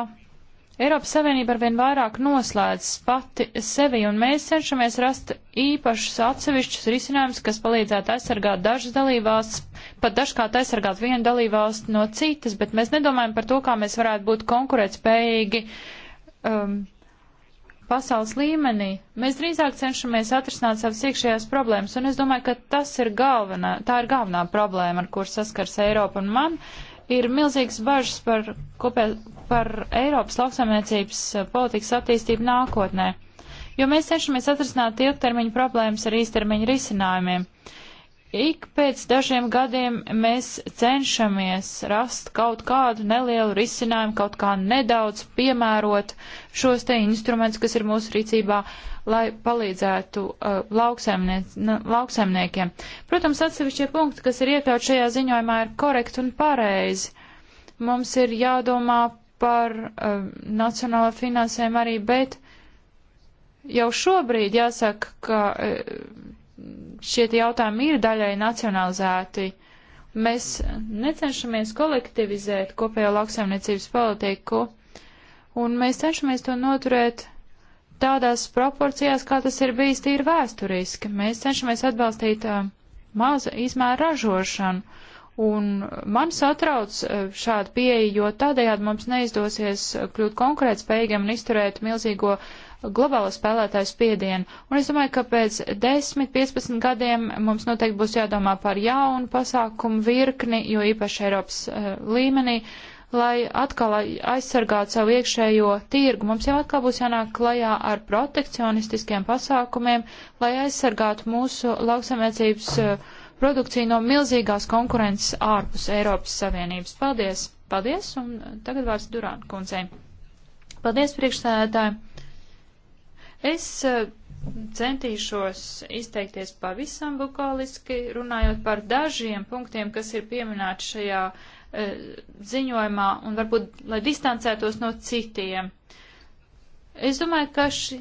Eiropas Savienība arvien vairāk noslēdz pati sevi, un mēs cenšamies rast īpašus atsevišķus risinājumus, kas palīdzētu aizsargāt dažas dalībvalstis, pat dažkārt aizsargāt vienu dalībvalsti no citas, bet mēs nedomājam par to, kā mēs varētu būt konkurētspējīgi um, pasaules līmenī. Mēs drīzāk cenšamies atrisināt savas iekšējās problēmas, un es domāju, ka tas ir galvenā, tā ir galvenā problēma, ar kur saskars Eiropa un man. Uh, Ir milzīgs bažas par, kopē, par Eiropas lauksaimniecības eh, politikas attīstību nākotnē, jo mēs cenšamies atrisināt ilgtermiņa problēmas ar īstermiņa risinājumiem. Ik pēc dažiem gadiem mēs cenšamies rast kaut kādu nelielu risinājumu, kaut kā nedaudz piemērot šos te instrumentus, kas ir mūsu rīcībā, lai palīdzētu uh, nu, lauksaimniekiem. Protams, atsevišķie punkti, kas ir iekļaut šajā ziņojumā, ir korekti un pareizi. Mums ir jādomā par uh, nacionālo finansēm arī, bet jau šobrīd jāsaka, ka uh, šie jautājumi ir daļai nacionalizēti. Mēs necenšamies kolektivizēt kopējo lauksaimniecības politiku, un mēs cenšamies to noturēt tādās proporcijās, kā tas ir bijis tīri vēsturiski. Mēs cenšamies atbalstīt maza izmēra ražošanu. Un man satrauc šāda pieeja, jo tādējādi mums neizdosies kļūt konkurētspējīgiem un izturēt milzīgo globālo spēlētāju spiedienu. Un es domāju, ka pēc 10-15 gadiem mums noteikti būs jādomā par jaunu pasākumu virkni, jo īpaši Eiropas uh, līmenī. Uh, lai atkal aizsargātu savu iekšējo tirgu. Mums jau atkal būs jānāk klajā ar protekcionistiskiem pasākumiem, lai aizsargātu mūsu lauksamniecības eh, produkciju no milzīgās konkurences ārpus Eiropas Savienības. Paldies! Paldies! Un tagad vārds Durāna kundzei. Paldies, priekšsēdētāji! Es eh, centīšos izteikties pavisam bukaliski, runājot par dažiem punktiem, kas ir pieminēti šajā uh, E, ziņojumā un varbūt, lai distancētos no citiem. Es domāju, ka ši,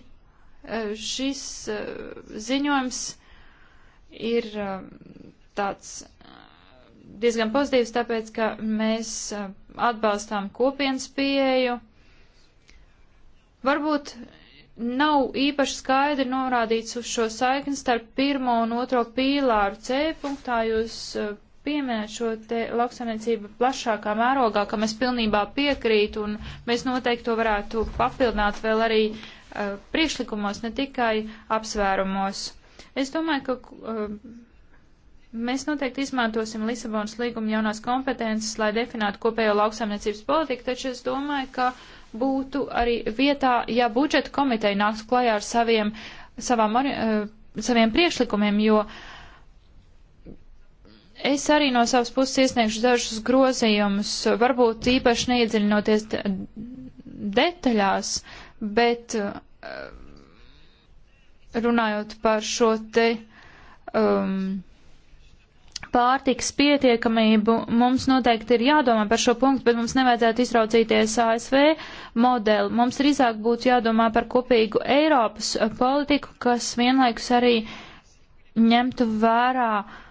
e, šis e, ziņojums ir tāds diezgan pozitīvs, tāpēc, ka mēs atbalstām kopienas pieeju. Varbūt nav īpaši skaidri norādīts uz šo saikni starp pirmo un otro pīlāru C punktā. Jūs pieminēt šo te lauksaimniecību plašākā mērogā, ka mēs pilnībā piekrītu un mēs noteikti to varētu papildināt vēl arī uh, priekšlikumos, ne tikai apsvērumos. Es domāju, ka uh, mēs noteikti izmantosim Lisabonas līguma jaunās kompetences, lai definētu kopējo lauksaimniecības politiku, taču es domāju, ka būtu arī vietā, ja budžeta komiteja nāks klajā ar saviem, savām, uh, saviem priekšlikumiem, jo uh, Es arī no savas puses iesniegšu dažus grozījumus, varbūt īpaši neiedziļinoties detaļās, bet eh, runājot par šo te um, pārtiks pietiekamību, mums noteikti ir jādomā par šo punktu, bet mums nevajadzētu izraucīties ASV modeli. Mums drīzāk būtu jādomā par kopīgu Eiropas politiku, kas vienlaikus arī ņemtu vērā uh,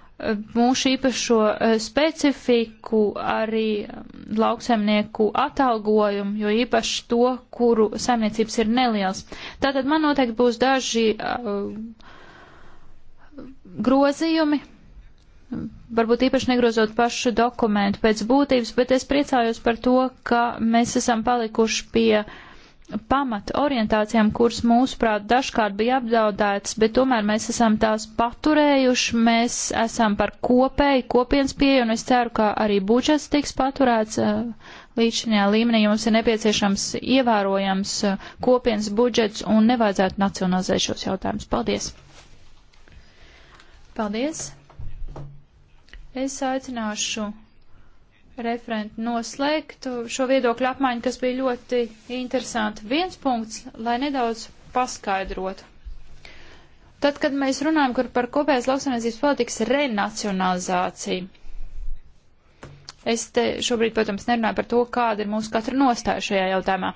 mūsu īpašo eh, specifiku, arī mm, lauksaimnieku atalgojumu, jo īpaši to, kuru saimniecības ir neliels. Tātad man noteikti būs daži eh, grozījumi, varbūt īpaši negrozot pašu dokumentu pēc būtības, bet es priecājos par to, ka mēs esam palikuši pie uh, pamata orientācijām, kuras mūsuprāt dažkārt bija apdaudētas, bet tomēr mēs esam tās paturējuši, mēs esam par kopēju kopienas pieeju, un es ceru, ka arī budžets tiks paturēts līdz šajā līmenī. Mums ir nepieciešams ievērojams kopienas budžets un nevajadzētu nacionalizēt šos jautājumus. Paldies! Paldies! Es aicināšu referenti noslēgt šo viedokļu apmaiņu, kas bija ļoti interesanti. Viens punkts, lai nedaudz paskaidrotu. Tad, kad mēs runājam par kopējās lauksaimniecības politikas renacionalizāciju, es te šobrīd, protams, nerunāju par to, kāda ir mūsu katra nostāja šajā jautājumā,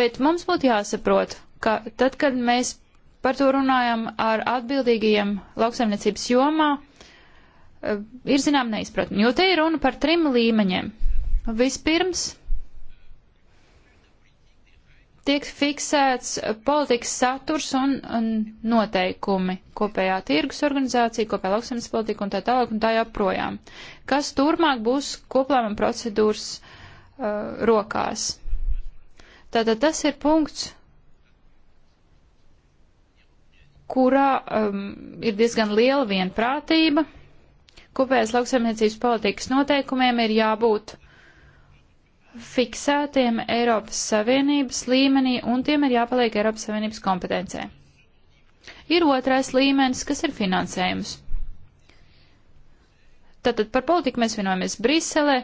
bet mums būtu jāsaprot, ka tad, kad mēs par to runājam ar atbildīgajiem lauksaimniecības jomā, Eh, ir zinām neizpratni, jo te ir runa par trim līmeņiem. Vispirms tiek fiksēts politikas saturs un, un noteikumi kopējā tirgus organizācija, kopējā lauksaimnes politika un tā tālāk un tā joprojām, kas turmāk būs koplēma procedūras uh, rokās. Tātad tas ir punkts, kurā um, ir diezgan liela vienprātība Kopējās lauksaimniecības politikas noteikumiem ir jābūt fiksētiem Eiropas Savienības līmenī un tiem ir jāpaliek Eiropas Savienības kompetencē. Ir otrais līmenis, kas ir finansējums. Tātad par politiku mēs vienojamies Briselē.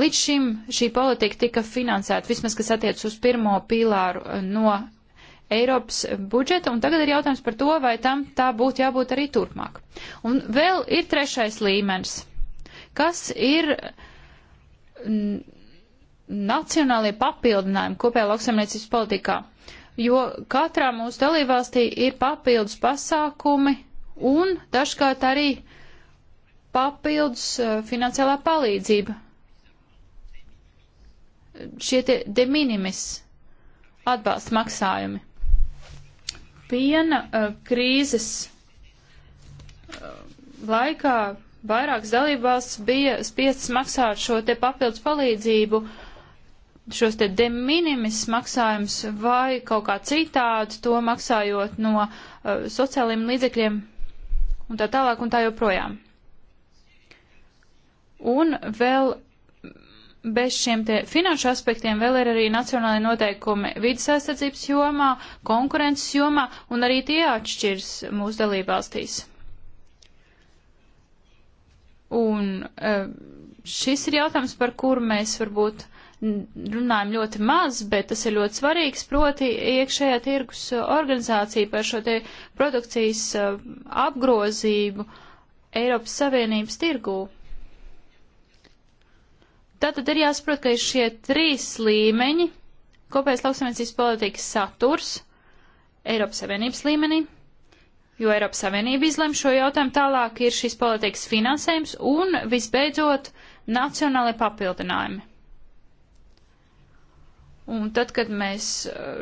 Līdz šim šī politika tika finansēta, vismaz kas attiec uz pirmo pīlāru eh, no Eiropas budžeta, un tagad ir jautājums par to, vai tam tā būtu jābūt arī turpmāk. Un vēl ir trešais līmenis, kas ir nacionālie papildinājumi kopējā lauksaimniecības politikā, jo katrā mūsu dalībvalstī ir papildus pasākumi un dažkārt arī papildus e, finansiālā palīdzība. Šie de minimis atbalsta maksājumi piena eh, krīzes eh, laikā vairākas dalībvalstis bija spiestas maksāt šo te papildus palīdzību, šos te de minimis maksājums vai kaut kā citādi to maksājot no uh, eh, sociāliem līdzekļiem un tā tālāk un tā joprojām. Un vēl bez šiem te finanšu aspektiem vēl ir arī nacionālai noteikumi vidas aizsardzības jomā, konkurences jomā, un arī tie atšķirs mūsu dalībvalstīs. Un eh, šis ir jautājums, par kuru mēs varbūt runājam ļoti maz, bet tas ir ļoti svarīgs, proti iekšējā tirgus organizācija par šo te produkcijas eh, apgrozību Eiropas Savienības tirgū. Tātad ir jāsaprot, ka ir šie trīs līmeņi - kopējais lauksaimniecības politikas saturs Eiropas Savienības līmenī, jo Eiropas Savienība izlem šo jautājumu tālāk ir šīs politikas finansējums un visbeidzot nacionālai papildinājumi. Un tad, kad mēs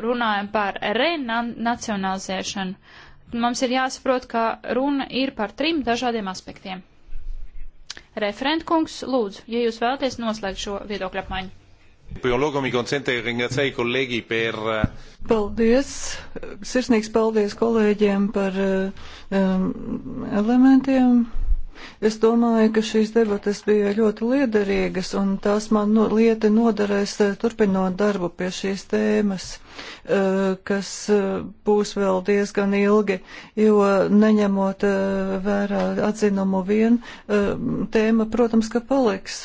runājam par renacionalizēšanu, mums ir jāsaprot, ka runa ir par trim dažādiem aspektiem. Referentkungs, lūdzu, ja jūs vēlaties noslēgt šo viedokļu apmaiņu. Eh, paldies! Sirsnīgs paldies kolēģiem par eh, um, elementiem Es domāju, ka šīs debates bija ļoti liederīgas, un tās man no, lieta noderēs eh, turpinot darbu pie šīs tēmas, eh, kas eh, būs vēl diezgan ilgi, jo neņemot vērā atzinumu vien, tēma, protams, ka paliks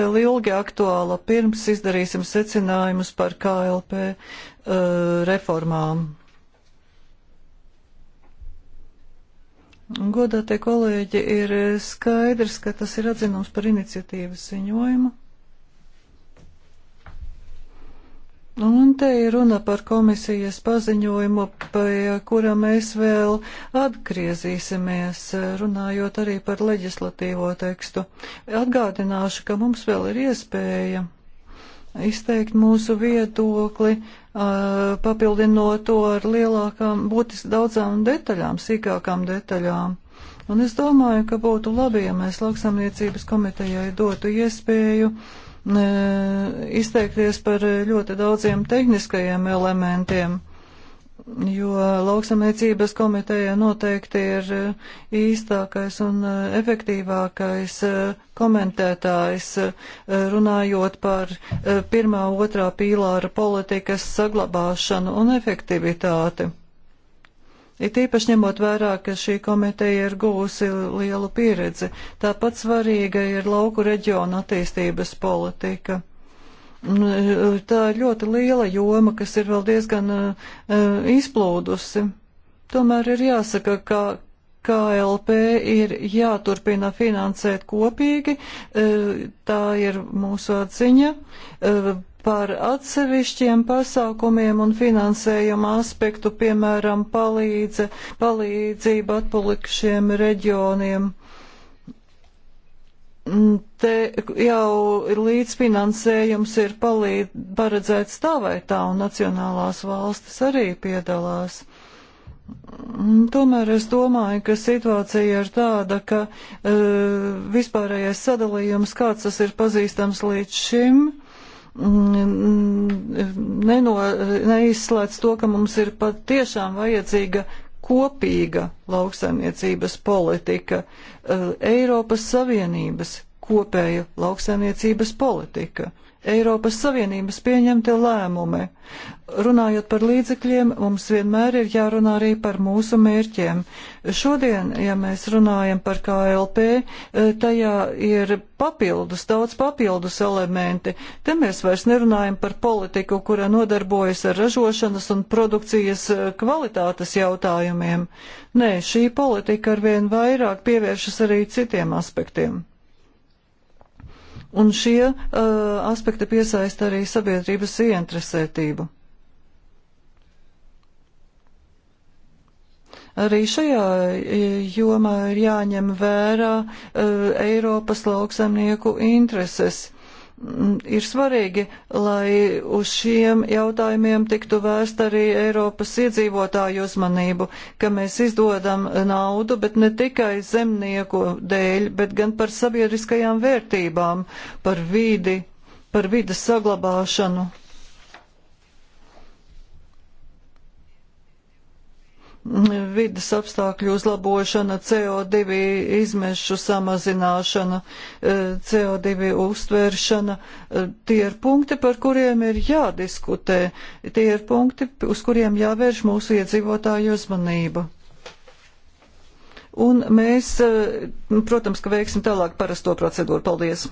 vēl ilgi aktuāla, pirms izdarīsim secinājumus par KLP reformām. Godātie kolēģi, ir skaidrs, ka tas ir atzinums par iniciatīvas ziņojumu. Un te ir runa par komisijas paziņojumu, pie kura mēs vēl atgriezīsimies, runājot arī par leģislatīvo tekstu. Atgādināšu, ka mums vēl ir iespēja izteikt mūsu viedokli, papildinot to ar lielākām, būtiski daudzām detaļām, sīkākām detaļām. Un es domāju, ka būtu labi, ja mēs lauksamniecības komitejai dotu iespēju izteikties par ļoti daudziem tehniskajiem elementiem jo lauksamniecības komiteja noteikti ir eh, īstākais un eh, efektīvākais eh, komentētājs, runājot par pirmā, otrā pīlāra politikas saglabāšanu un efektivitāti. It īpaši ņemot vērā, ka šī komiteja ir gūsi lielu pieredzi, tāpat svarīga ir lauku reģiona attīstības politika. Tā ir ļoti liela joma, kas ir vēl diezgan uh, izplūdusi. Tomēr ir jāsaka, ka KLP ir jāturpina finansēt kopīgi, uh, tā ir mūsu atziņa. Uh, par atsevišķiem pasākumiem un finansējuma aspektu, piemēram, palīdze, palīdzība atpalikšiem reģioniem. Mm, te jau ir līdzfinansējums ir palīd, paredzēts tā vai tā, un nacionālās valstis arī piedalās. Mm, tomēr es domāju, ka situācija ir tāda, ka e, vispārējais sadalījums, kāds tas ir pazīstams līdz šim, mm, neno, neizslēdz to, ka mums ir patiešām vajadzīga kopīga lauksaimniecības politika, eh, Eiropas Savienības kopēja lauksaimniecības politika. Eiropas Savienības pieņemtie lēmumi. Runājot par līdzekļiem, mums vienmēr ir jārunā arī par mūsu mērķiem. Šodien, ja mēs runājam par KLP, eh, tajā ir papildus, daudz papildus elementi. Te mēs vairs nerunājam par politiku, kura nodarbojas ar ražošanas un produkcijas eh, kvalitātes jautājumiem. Nē, šī politika arvien vairāk pievēršas arī citiem aspektiem. Un šie uh, aspekti piesaista arī sabiedrības ieinteresētību. Arī šajā e, jomā ir jāņem vērā uh, Eiropas lauksaimnieku intereses Mm, ir svarīgi, lai uz šiem jautājumiem tiktu vērst arī Eiropas iedzīvotāju uzmanību, ka mēs izdodam naudu, bet ne tikai zemnieku dēļ, bet gan par sabiedriskajām vērtībām, par vidi, par vidas saglabāšanu. vidas apstākļu uzlabošana, CO2 izmešu samazināšana, eh, CO2 uztvēršana. Eh, tie ir punkti, par kuriem ir jādiskutē. Tie ir punkti, uz kuriem jāvērš mūsu iedzīvotāju uzmanība. Un mēs, eh, protams, ka veiksim tālāk parasto procedūru. Paldies!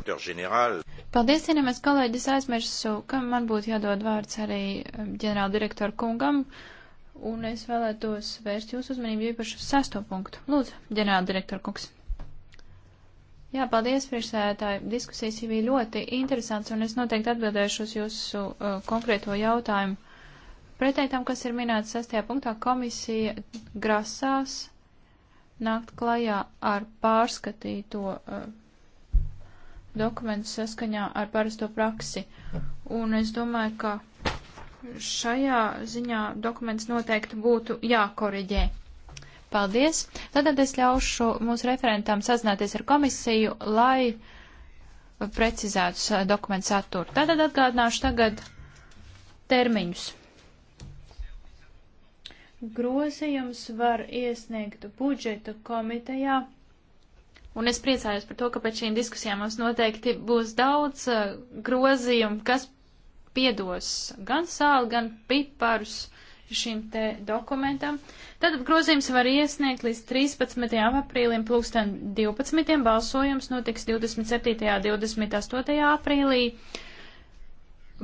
Paldies, cienījamies kolēģis, aizmirsu, ka man būtu jādod vārds arī ģenerāldirektoru kungam un es vēlētos vērst jūsu uzmanību īpaši uz sesto punktu. Lūdzu, ģenerāla direktora kungs. Jā, paldies, priekšsēdētāji. Diskusijas jau bija ļoti interesants, un es noteikti atbildēšu uz jūsu uh, konkrēto jautājumu. Pretēji tam, kas ir minēts sestajā punktā, komisija grasās nākt klajā ar pārskatīto uh, dokumentu saskaņā ar parasto praksi. Un es domāju, ka šajā ziņā dokuments noteikti būtu jākoriģē. Paldies. Tagad es ļaušu mūsu referentam sazināties ar komisiju, lai precizētu dokumentu saturu. Tātad atgādināšu tagad termiņus. Grozījums var iesniegt budžeta komitejā. Un es priecājos par to, ka pēc šīm diskusijām mums noteikti būs daudz eh, grozījumu, kas piedos gan sāli, gan piparus šim te dokumentam. Tad grozījums var iesniegt līdz 13. aprīlim plūksten 12. balsojums notiks 27. un 28. aprīlī.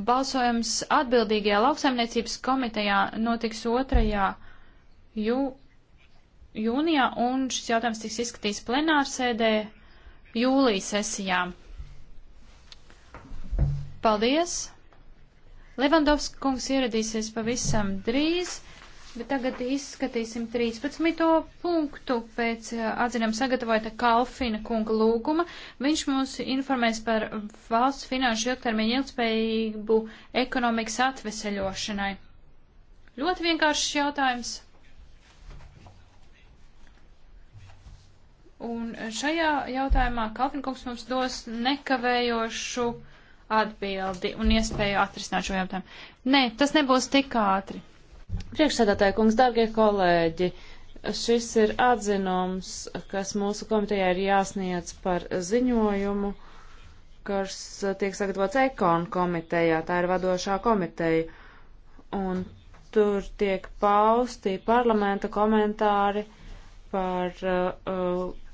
Balsojums atbildīgajā lauksaimniecības komitejā notiks 2. Jū, jūnijā un šis jautājums tiks izskatīts plenārsēdē jūlijas sesijā. Paldies! Levandovska kungs ieradīsies pavisam drīz, bet tagad izskatīsim 13. punktu pēc eh, atzinām sagatavota Kalfina kunga lūguma. Viņš mums informēs par valsts finanšu ilgtermiņa ilgspējību ekonomikas atveseļošanai. Ļoti vienkāršs jautājums. Un šajā jautājumā Kalvinkungs mums dos nekavējošu atbildi un iespēju atrisināt šo jautājumu. Nē, tas nebūs tik ātri. Priekšsēdētāji kungs, dārgie kolēģi, šis ir atzinums, kas mūsu komitejā ir jāsniedz par ziņojumu, kas tiek sagatavots ekonu komitejā, tā ir vadošā komiteja. Un tur tiek pausti parlamenta komentāri par uh, uh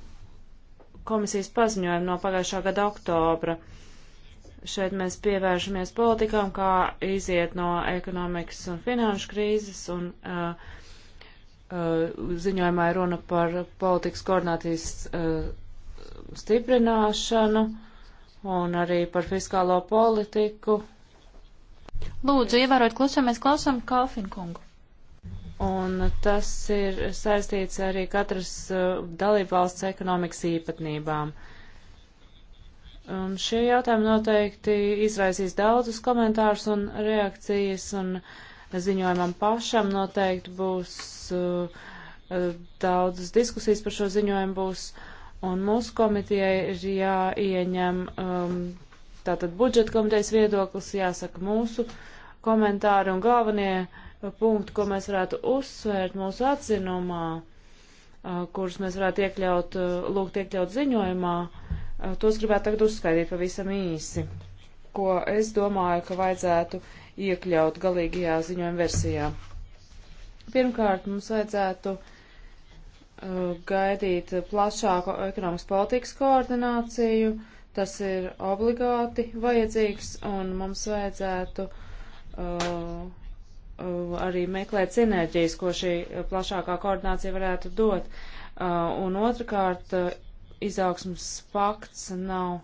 komisijas paziņojumu no pagājušā gada oktobra. Uh, Šeit mēs pievēršamies politikām, kā iziet no ekonomikas un finanšu krīzes, un uh, uh, ziņojumā ir runa par politikas koordinācijas uh, stiprināšanu un arī par fiskālo politiku. Lūdzu, ievērot klusam, mēs klausām Kalfinkungu. Un tas ir saistīts arī katras uh, dalībvalsts ekonomikas īpatnībām. Uh, Un šie jautājumi noteikti izraisīs daudzus komentārus un reakcijas, un ziņojumam pašam noteikti būs uh, uh daudzas diskusijas par šo ziņojumu būs, un mūsu komitejai ir jāieņem um, tātad budžeta komitejas viedoklis, jāsaka mūsu komentāri un galvenie uh, punkti, ko mēs varētu uzsvērt mūsu atzinumā, uh, kurus mēs varētu iekļaut, uh, lūgt iekļaut ziņojumā. Uh, Eh, tos gribētu tagad uzskaidīt pavisam īsi, ko es domāju, ka vajadzētu iekļaut galīgajā ziņojuma versijā. Pirmkārt, mums vajadzētu eh, gaidīt plašāku ekonomikas politikas koordināciju, tas ir obligāti vajadzīgs, un mums vajadzētu uh, uh, arī meklēt sinerģijas, ko šī plašākā koordinācija varētu dot. Uh, un otrkārt, izaugsmas pakts nav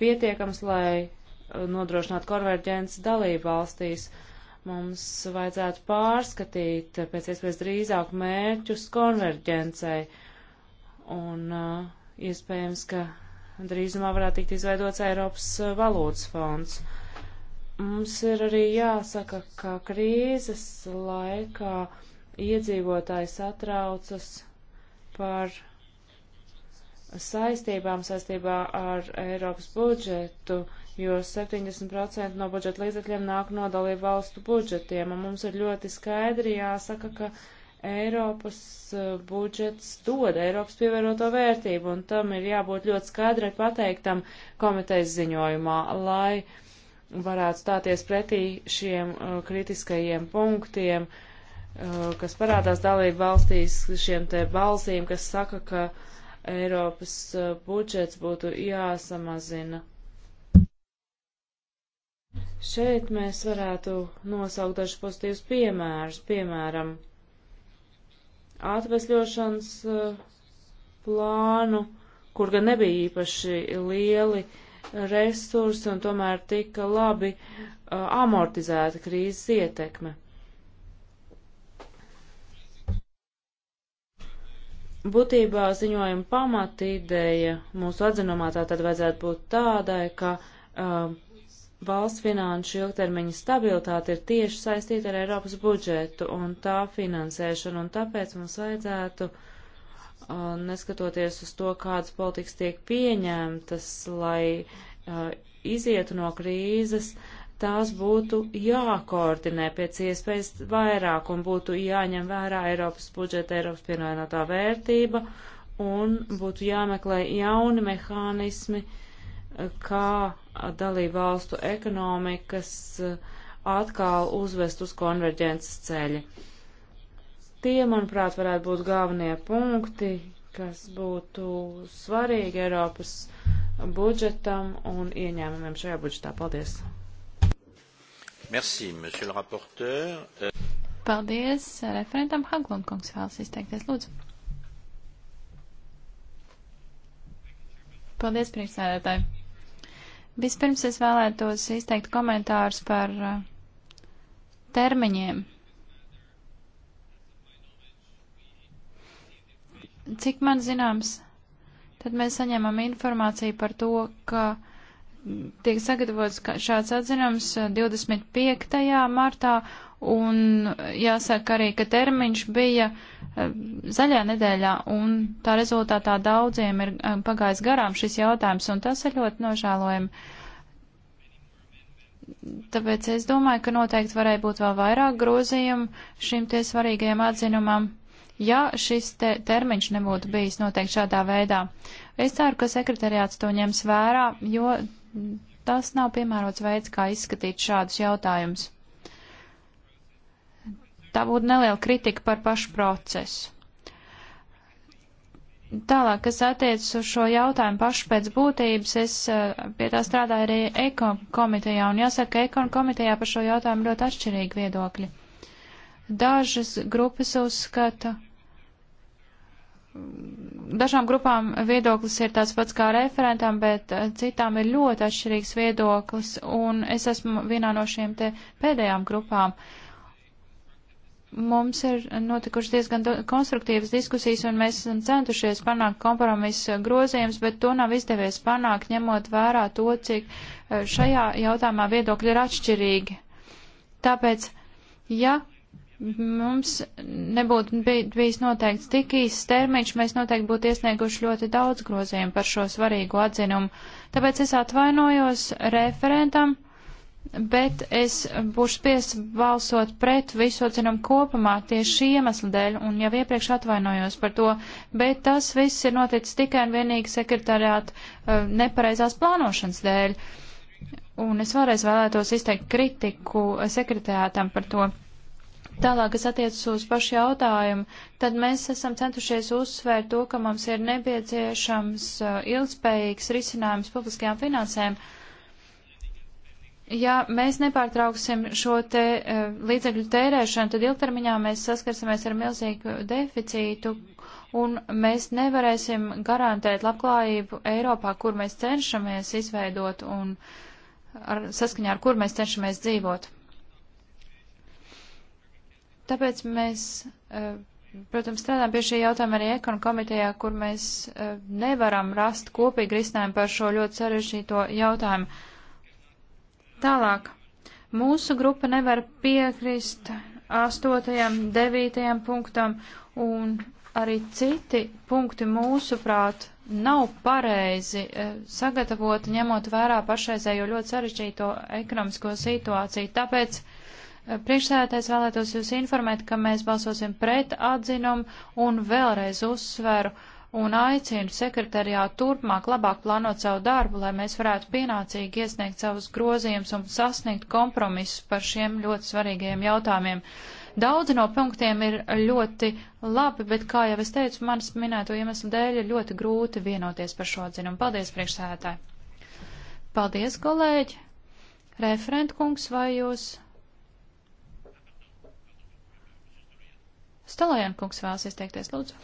pietiekams, lai uh, nodrošinātu konverģences dalību valstīs. Mums vajadzētu pārskatīt uh, pēc iespējas drīzāk mērķus konverģencei, un uh, iespējams, ka drīzumā varētu tikt izveidots Eiropas uh, valūtas fonds. Mums ir arī jāsaka, ka krīzes laikā iedzīvotāji satraucas par saistībām saistībā ar Eiropas budžetu, jo 70% no budžeta līdzekļiem nāk no dalību valstu budžetiem, un mums ir ļoti skaidri jāsaka, ka Eiropas uh, budžets dod Eiropas pievēroto vērtību, un tam ir jābūt ļoti skaidri pateiktam komitejas ziņojumā, lai varētu stāties pretī šiem uh, kritiskajiem punktiem, uh, kas parādās dalību valstīs, šiem te balsīm, kas saka, ka uh, Eiropas eh, budžets būtu jāsamazina. Šeit mēs varētu nosaukt dažus pozitīvus piemērus, piemēram, atvesļošanas eh, plānu, kur gan nebija īpaši lieli resursi un tomēr tika labi eh, amortizēta krīzes ietekme. Būtībā ziņojuma pamatīdeja mūsu atzinumā tā tad vajadzētu būt tādai, ka uh, valsts finanšu ilgtermiņa stabilitāte ir tieši saistīta ar Eiropas budžetu un tā finansēšanu, un tāpēc mums vajadzētu, uh, neskatoties uz to, kādas politikas tiek pieņemtas, lai uh, izietu no krīzes, uh, tās būtu jākoordinē pēc iespējas vairāk un būtu jāņem vērā Eiropas budžeta, Eiropas pievienotā vērtība un būtu jāmeklē jauni mehānismi, eh, kā dalību valstu ekonomikas eh, atkal uzvest uz konverģences ceļa. Tie, manuprāt, varētu būt galvenie punkti, kas būtu svarīgi Eiropas budžetam un ieņēmumiem šajā budžetā. Paldies! Merci, monsieur le rapporteur. Euh, Paldies referentam Haglundkungs vēlas izteikties, lūdzu. Paldies, priekšsēdētāji. Vispirms es vēlētos izteikt komentārus par uh, termiņiem. Cik man zināms, tad mēs saņemam informāciju par to, ka tiek sagatavots šāds atzinums 25. Eh, martā, un jāsaka arī, ka termiņš bija eh, zaļā nedēļā, un tā rezultātā daudziem ir eh, pagājis garām šis jautājums, un tas ir ļoti nožēlojami. Tāpēc es domāju, ka noteikti varēja būt vēl vairāk grozījumu šim tie svarīgajam atzinumam ja šis te termiņš nebūtu bijis noteikti šādā veidā. Es ceru, ka sekretariāts to ņems vērā, jo tas nav piemērots veids, kā izskatīt šādus jautājumus. Tā būtu neliela kritika par pašu procesu. Tālāk, kas attiecas uz šo jautājumu pašu pēc būtības, es eh, pie tā strādāju arī ekon komitejā, un jāsaka, ka ekon komitejā par šo jautājumu ļoti atšķirīgi viedokļi. Dažas grupas uzskata, dažām grupām viedoklis ir tāds pats kā referentam, bet eh, citām ir ļoti atšķirīgs viedoklis, un es esmu vienā no šiem te pēdējām grupām. Mums ir notikušas diezgan konstruktīvas diskusijas, un mēs esam centušies panākt kompromisa grozījums, bet to nav izdevies panākt, ņemot vērā to, cik eh, šajā jautājumā viedokļi ir atšķirīgi. Tāpēc, ja mums nebūtu bijis noteikts tik īsts termiņš, mēs noteikti būtu iesnieguši ļoti daudz grozījumu par šo svarīgu atzinumu. Tāpēc es atvainojos referentam, bet es būšu spiests balsot pret visu atzinumu kopumā tieši šī iemesla dēļ, un jau iepriekš atvainojos par to, bet tas viss ir noticis tikai un vienīgi sekretariāta eh, nepareizās plānošanas dēļ. Un es vēlreiz vēlētos izteikt kritiku sekretariātam par to. Tālāk, kas attiecas uz pašu jautājumu, tad mēs esam centušies uzsvērt to, ka mums ir nepieciešams uh, ilgspējīgs risinājums publiskajām finansēm. Ja mēs nepārtrauksim šo te uh, līdzekļu tērēšanu, tad ilgtermiņā mēs saskarsimies ar milzīgu deficītu, un mēs nevarēsim garantēt labklājību Eiropā, kur mēs cenšamies izveidot un ar, saskaņā ar kur mēs cenšamies dzīvot. Tāpēc mēs, eh, protams, strādājam pie šī jautājuma arī ekonu komitejā, kur mēs eh, nevaram rast kopīgi risinājumu par šo ļoti sarežģīto jautājumu. Tālāk. Mūsu grupa nevar piekrist 8., 9. punktam un arī citi punkti mūsuprāt nav pareizi eh, sagatavoti ņemot vērā pašreizējo ļoti sarežģīto ekonomisko situāciju. Tāpēc Eh, priekšsēdētājs vēlētos jūs informēt, ka mēs balsosim pret atzinumu un vēlreiz uzsveru un aicinu sekretariātu turpmāk labāk plānot savu darbu, lai mēs varētu pienācīgi iesniegt savus grozījumus un sasniegt kompromisus par šiem ļoti svarīgiem jautājumiem. Daudzi no punktiem ir ļoti labi, bet, kā jau es teicu, manas minēto iemeslu dēļ ir ļoti grūti vienoties par šo dzinumu. Paldies, priekšsēdētāji! Paldies, kolēģi! Referentkungs, vai jūs Stalajan kungs vēlas izteikties, lūdzu.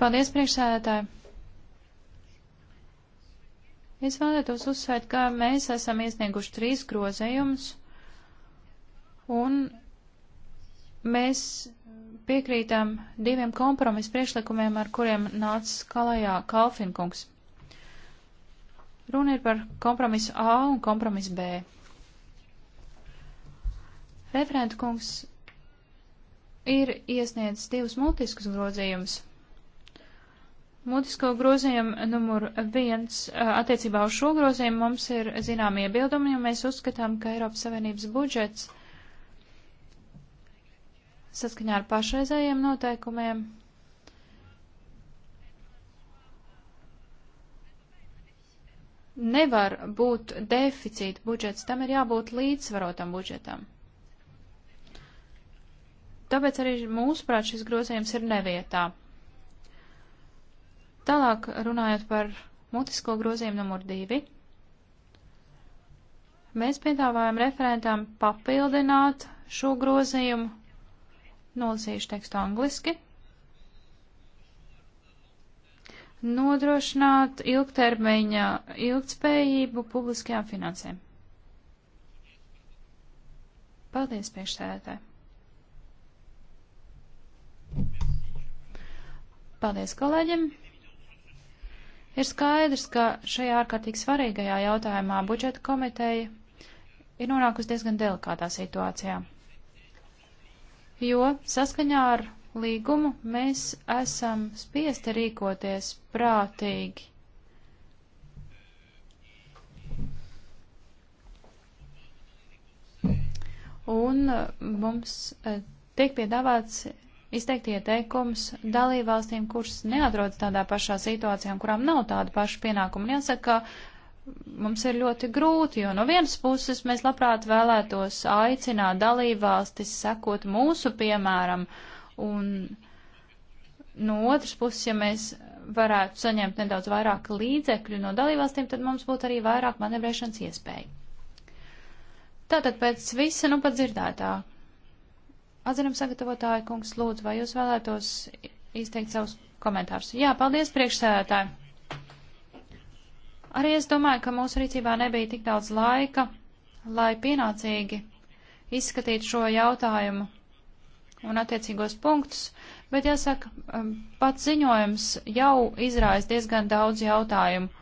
Paldies, priekšsēdētāji. Es vēlētos uzsvērt, ka mēs esam iesnieguši trīs grozējumus, un mēs piekrītam diviem kompromisu priekšlikumiem, ar kuriem nāca kalajā Kalfinkungs. Runa ir par kompromisu A un kompromisu B. Referenta kungs ir iesniedzis divus multiskus grozījumus. Mutisko grozījumu numur viens attiecībā uz šo grozījumu mums ir zinām iebildumi, jo mēs uzskatām, ka Eiropas Savienības budžets saskaņā ar pašreizējiem noteikumiem nevar būt deficīta budžets, tam ir jābūt līdzsvarotam budžetam. Tāpēc arī mūsuprāt šis grozījums ir nevietā. Tālāk runājot par mutisko grozījumu numur divi, mēs piedāvājam referentām papildināt šo grozījumu, nolasīšu tekstu angliski, nodrošināt ilgtermiņa ilgtspējību publiskajām finansēm. Paldies, priekšsēdētāji! Paldies kolēģim! Ir skaidrs, ka šajā ārkārtīgi svarīgajā jautājumā budžeta komiteja ir nonākusi diezgan delikātā situācijā. Jo saskaņā ar līgumu mēs esam spiesti rīkoties prātīgi. Un uh, mums uh, tiek piedāvāts izteikt ieteikums dalībvalstīm, kuras neatrodas tādā pašā situācijā un kurām nav tāda paša pienākuma. Jāsaka, mums ir ļoti grūti, jo no vienas puses mēs labprāt vēlētos aicināt dalībvalstis sekot mūsu piemēram, un no otras puses, ja mēs varētu saņemt nedaudz vairāk līdzekļu no dalībvalstīm, tad mums būtu arī vairāk manevrēšanas iespēju. Tātad pēc visa nu pat dzirdētā Atzinam sagatavotāju kungs, lūdzu, vai jūs vēlētos izteikt savus komentārus? Jā, paldies priekšsēdētāji. Arī es domāju, ka mūsu rīcībā nebija tik daudz laika, lai pienācīgi izskatītu šo jautājumu un attiecīgos punktus, bet jāsaka, um, pats ziņojums jau izrājas diezgan daudz jautājumu.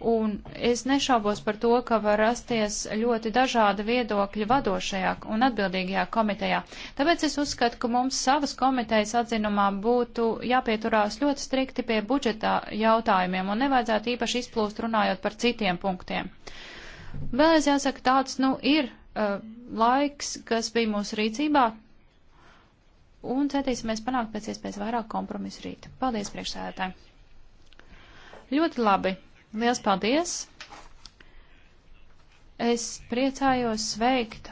Un es nešaubos par to, ka var rasties ļoti dažāda viedokļa vadošajā un atbildīgajā komitejā. Tāpēc es uzskatu, ka mums savas komitejas atzinumā būtu jāpieturās ļoti strikti pie budžetā jautājumiem un nevajadzētu īpaši izplūst runājot par citiem punktiem. Vēlreiz jāsaka, tāds nu ir uh, laiks, kas bija mūsu rīcībā, un centīsimies panākt pēc iespējas vairāk kompromisu rīt. Paldies priekšsēdētāji! Ļoti labi! Liels paldies! Es priecājos sveikt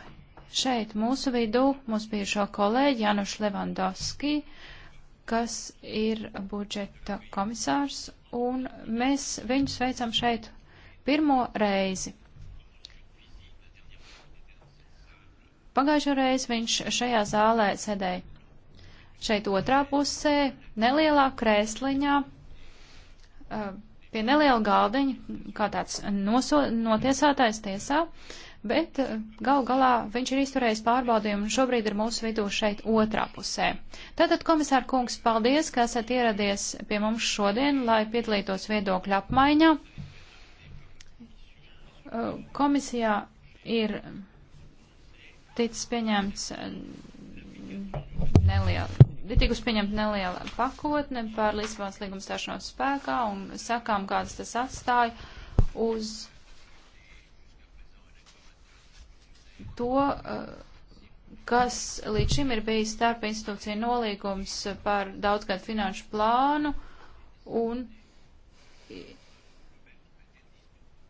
šeit mūsu vidū mūsu bijušo kolēģi Janušu Levandovski, kas ir budžeta komisārs, un mēs viņu sveicam šeit pirmo reizi. Pagājušo reizi viņš šajā zālē sēdēja šeit otrā pusē, nelielā krēsliņā, pie neliela galdiņa, kā tāds noso, notiesātais tiesā, bet eh, gal galā viņš ir izturējis pārbaudījumu un šobrīd ir mūsu vidū šeit otrā pusē. Tātad, komisār kungs, paldies, ka esat ieradies pie mums šodien, lai piedalītos viedokļu apmaiņā. Eh, komisijā ir ticis pieņemts eh, neliela ir tikus pieņemta neliela pakotne par Lisbonas līguma stāšanos spēkā un sakām, kādas tas atstāja uz to, eh, kas līdz šim ir bijis starp institūciju nolīgums par daudzgadu finanšu plānu un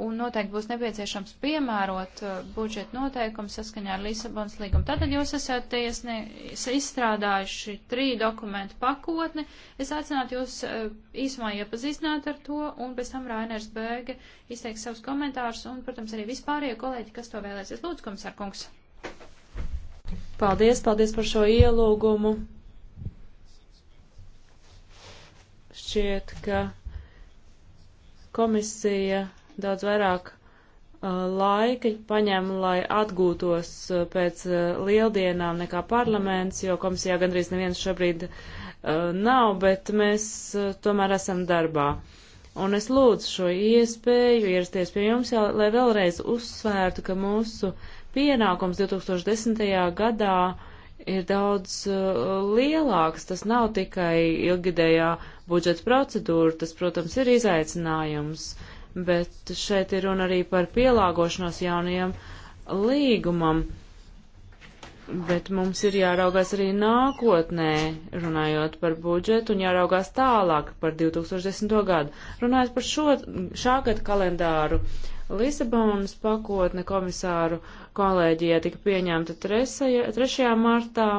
un noteikti būs nepieciešams piemērot uh, budžeta noteikumu saskaņā ar Lisabonas līgumu. Tātad jūs esat tiesni, es izstrādājuši trī dokumentu pakotni. Es aicinātu jūs uh, īsumā iepazīstināt ar to, un pēc tam Rainers Bēga izteiks savus komentārus, un, protams, arī vispārējie kolēģi, kas to vēlēsies. Lūdzu, komisārkungs. Paldies, paldies par šo ielūgumu. Šķiet, ka komisija daudz vairāk uh, laika paņem, lai atgūtos uh, pēc uh, lieldienām nekā parlaments, jo komisijā gandrīz neviens šobrīd nav, bet mēs tomēr esam darbā. Un es lūdzu šo iespēju ierasties pie jums, lai vēlreiz uzsvērtu, ka mūsu pienākums 2010. gadā ir daudz lielāks. Tas nav tikai ilgadējā budžeta procedūra, tas, protams, ir izaicinājums. Uh, bet šeit ir runa arī par pielāgošanos jaunajam līgumam. Bet mums ir jāraugās arī nākotnē, runājot par budžetu, un jāraugās tālāk par 2010. gadu. Runājot par šo, šā gada kalendāru, Lisabonas pakotne komisāru kolēģijā tika pieņemta 3. martā,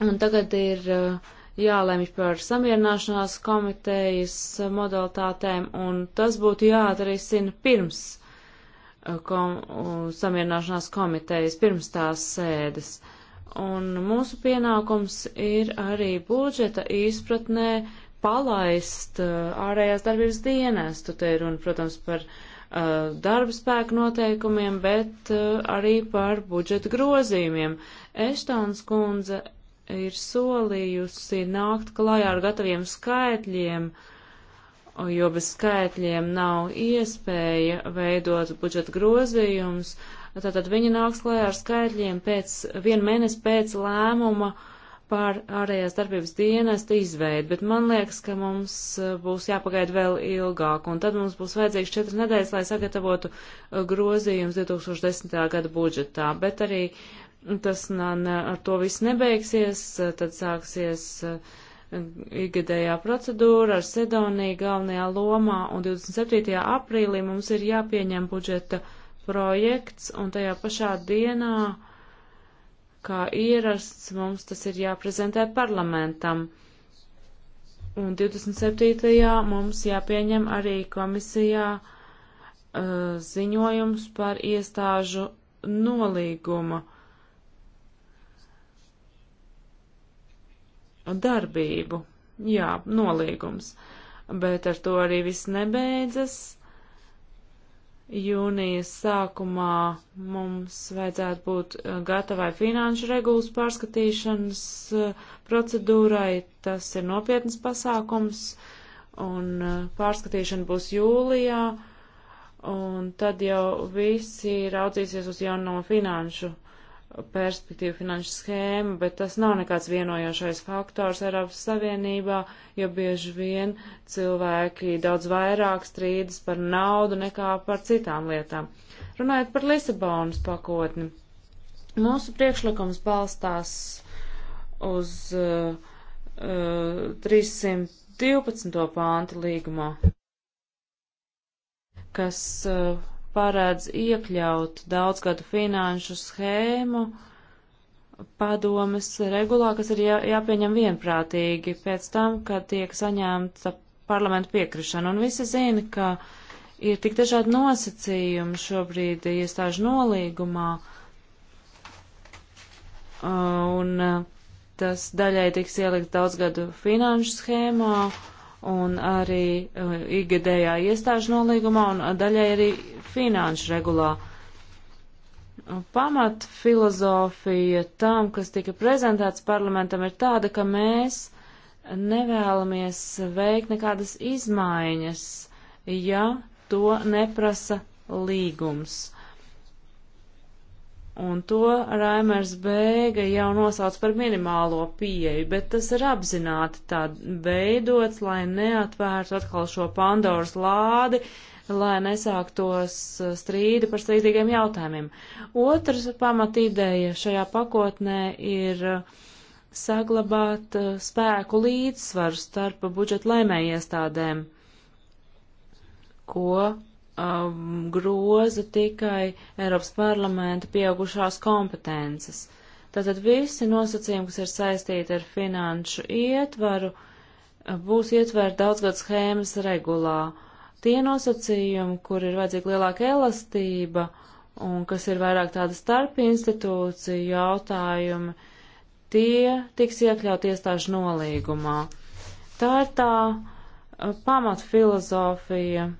un tagad ir uh, jālemj par samierināšanās komitejas modalitātēm, un tas būtu jāatrisina pirms uh, kom, uh, samierināšanās komitejas, pirms tās sēdes. Un mūsu pienākums ir arī budžeta izpratnē palaist uh, ārējās darbības dienestu. Te ir runa, protams, par darba spēku noteikumiem, bet arī par budžeta grozījumiem. Eštons kundze ir solījusi nākt klajā ar gataviem skaitļiem, jo bez skaitļiem nav iespēja veidot budžeta grozījumus. Tātad viņi nāks klajā ar skaitļiem pēc vienu mēnesi pēc lēmuma par ārējās darbības dienestu izveidu, bet man liekas, ka mums uh, būs jāpagaida vēl ilgāk, un tad mums būs vajadzīgs četras nedēļas, lai sagatavotu uh, grozījums 2010. gada budžetā, bet arī uh, tas nā, ne, eh, ar to viss nebeigsies, eh, tad sāksies eh, ikgadējā procedūra ar Sedoniju galvenajā lomā, un 27. aprīlī mums ir jāpieņem budžeta projekts, un tajā pašā dienā, kā ierasts, mums tas ir jāprezentē parlamentam. Un 27. mums jāpieņem arī komisijā uh, ziņojums par iestāžu nolīguma uh, darbību. Jā, nolīgums. Bet ar to arī viss nebeidzas. Jūnijas sākumā mums vajadzētu būt eh, gatavai finanšu regulas pārskatīšanas eh, procedūrai. Tas ir nopietnas pasākums, un eh, pārskatīšana būs jūlijā, un tad jau visi raudzīsies uz jauno finanšu perspektīvu finanšu schēmu, bet tas nav nekāds vienojošais faktors Eiropas Savienībā, jo bieži vien cilvēki daudz vairāk strīdas par naudu nekā par citām lietām. Runājot par Lisabonas pakotni, mūsu priekšlikums balstās uz uh, uh, 312. pānta līgumā, kas uh, paredz iekļaut daudzgadu finanšu schēmu padomes regulā, kas ir jā, jāpieņem vienprātīgi pēc tam, kad tiek saņemta parlamenta piekrišana. Un visi zina, ka ir tik dažādi nosacījumi šobrīd iestāžu nolīgumā, uh, un uh, tas daļai tiks ielikt daudzgadu finanšu schēmā un arī uh, ikgadējā iestāžu nolīgumā un daļai arī finanšu regulā. Pamat filozofija tam, kas tika prezentēts parlamentam, ir tāda, ka mēs nevēlamies veikt nekādas izmaiņas, ja to neprasa līgums. Un to Raimers Bēga jau nosauc par minimālo pieeju, bet tas ir apzināti tā veidots, lai neatvērtu atkal šo Pandoras lādi, lai nesāktos uh, strīdi par strīdīgiem jautājumiem. Otrs pamat ideja šajā pakotnē ir uh, saglabāt uh, spēku līdzsvaru starp budžeta lēmējiestādēm, ko um, groza tikai Eiropas parlamenta pieaugušās kompetences. Tātad visi nosacījumi, kas ir saistīti ar finanšu ietvaru, uh, būs ietverti daudzgad schēmas regulā. Tie nosacījumi, kur ir vajadzīga lielāka elastība un kas ir vairāk tāda starp institūciju jautājumi, tie tiks iekļaut iestāžu nolīgumā. Tā ir tā uh, pamatfilozofija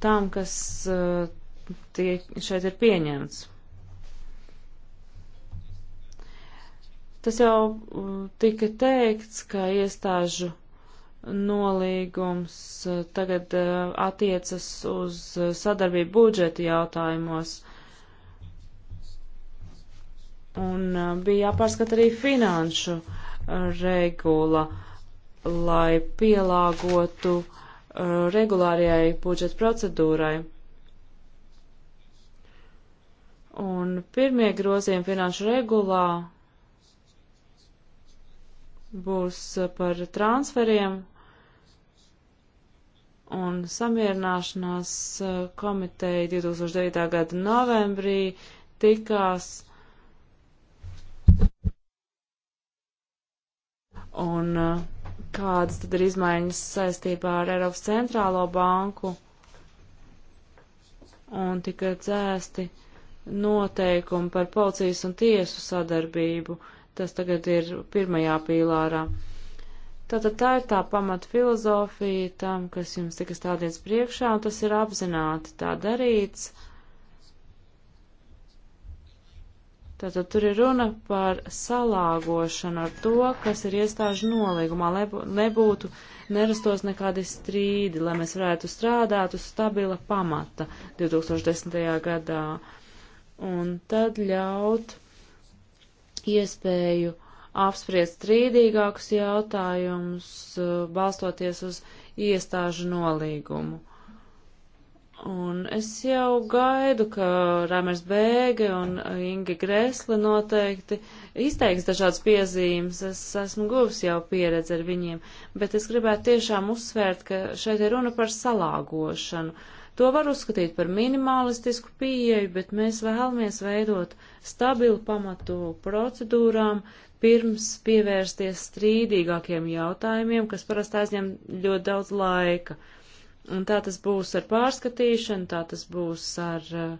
tam, kas uh, tie šeit ir pieņemts. Tas jau uh, tika teikts, ka iestāžu nolīgums uh, tagad attiecas uz sadarbību budžeta jautājumos. Un bija jāpārskat arī finanšu regula, lai pielāgotu uh, Uh, regulārajai budžeta procedūrai. Un pirmie grozījumi finanšu regulā būs par transferiem un samierināšanās uh, komiteja 2009. gada novembrī tikās un uh, kādas tad ir izmaiņas saistībā ar Eiropas centrālo banku un tika dzēsti noteikumi par policijas un tiesu sadarbību. Tas tagad ir pirmajā pīlārā. Tātad tā ir tā pamata filozofija tam, kas jums tika stādīts priekšā, un tas ir apzināti tā darīts Tātad tur ir runa par salāgošanu ar to, kas ir iestāžu nolīgumā, lai nebūtu, nerastos nekādi strīdi, lai mēs varētu strādāt uz stabila pamata 2010. gadā. Un tad ļaut iespēju apspriest strīdīgākus jautājumus, balstoties uz iestāžu nolīgumu. Un es jau gaidu, ka Rāmers Bēge un Inga Gresle noteikti izteiks dažādas piezīmes. Es esmu guvis jau pieredzi ar viņiem, bet es gribētu tiešām uzsvērt, ka šeit ir runa par salāgošanu. To var uzskatīt par minimalistisku pieeju, bet mēs vēlamies veidot stabilu pamatu procedūrām, pirms pievērsties strīdīgākiem jautājumiem, kas parasti aizņem ļoti daudz laika. Uh, Un tā tas būs ar pārskatīšanu, tā tas būs ar uh,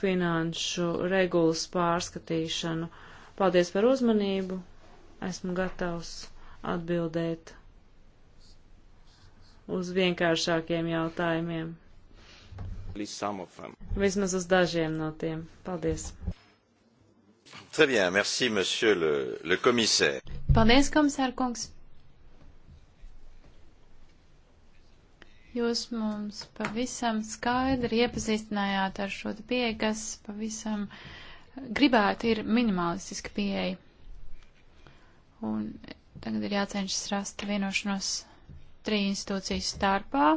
finanšu regulas pārskatīšanu. Paldies par uzmanību. Esmu gatavs atbildēt uz vienkāršākiem jautājumiem. Vismaz uz dažiem no tiem. Paldies. Très bien, merci, monsieur le, le commissaire. Paldies, komisār kungs. Jūs mums pavisam skaidri iepazīstinājāt ar šo pieeju, kas pavisam gribētu ir minimalistiska pieeja. Un tagad ir jācenšas rast vienošanos trīs institūciju starpā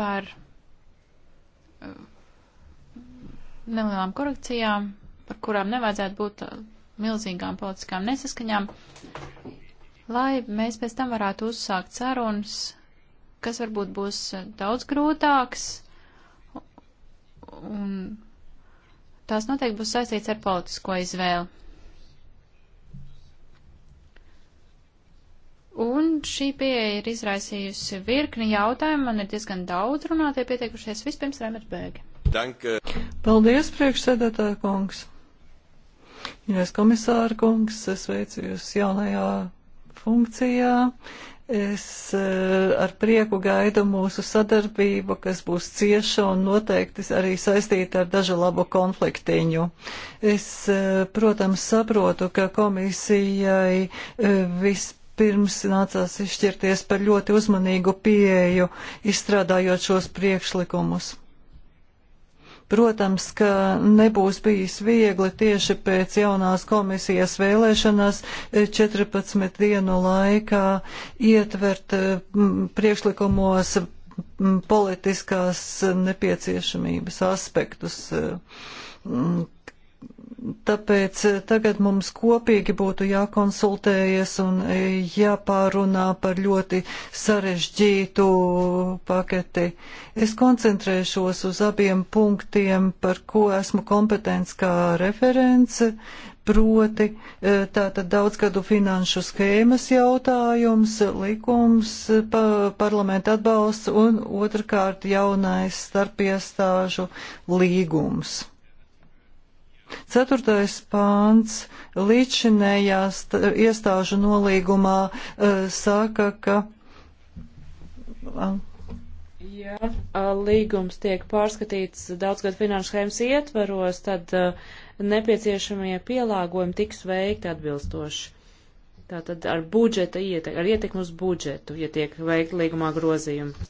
par uh, nelielām korekcijām, par kurām nevajadzētu būt uh, milzīgām politiskām nesaskaņām, lai mēs pēc tam varētu uzsākt sarunas kas varbūt būs daudz grūtāks, un tās noteikti būs saistīts ar politisko izvēli. Un šī pieeja ir izraisījusi virkni jautājumu, man ir diezgan daudz runātie pieteikušies. Vispirms Remers Bēgi. Danke. Paldies, priekšsēdētāja kungs. Mīļais komisāra kungs, es sveicu jūs jaunajā funkcijā. Es eh, ar prieku gaidu mūsu sadarbību, kas būs cieša un noteikti arī saistīta ar dažu labu konfliktiņu. Es, eh, protams, saprotu, ka komisijai eh, vispār pirms nācās izšķirties par ļoti uzmanīgu pieeju, izstrādājot šos priekšlikumus. Protams, ka nebūs bijis viegli tieši pēc jaunās komisijas vēlēšanās 14 e, dienu laikā ietvert e, priekšlikumos politiskās nepieciešamības aspektus e, Tāpēc eh, tagad mums kopīgi būtu jākonsultējas un eh, jāpārunā par ļoti sarežģītu paketi. Es koncentrēšos uz abiem punktiem, par ko esmu kompetents kā referents, proti eh, tātad daudzgadu finanšu schēmas jautājums, likums, pa, parlamenta atbalsts un otrkārt jaunais starpiestāžu līgums. Ceturtais pāns līdzinējās iestāžu nolīgumā uh, saka, ka. Uh, Ja līgums tiek pārskatīts daudzgad finanšu schēmas ietvaros, tad uh, nepieciešamie pielāgojumi tiks veikti atbilstoši. Tātad ar budžeta ietekmi, ar ietekmi uz budžetu, ja tiek veikt līgumā grozījumi.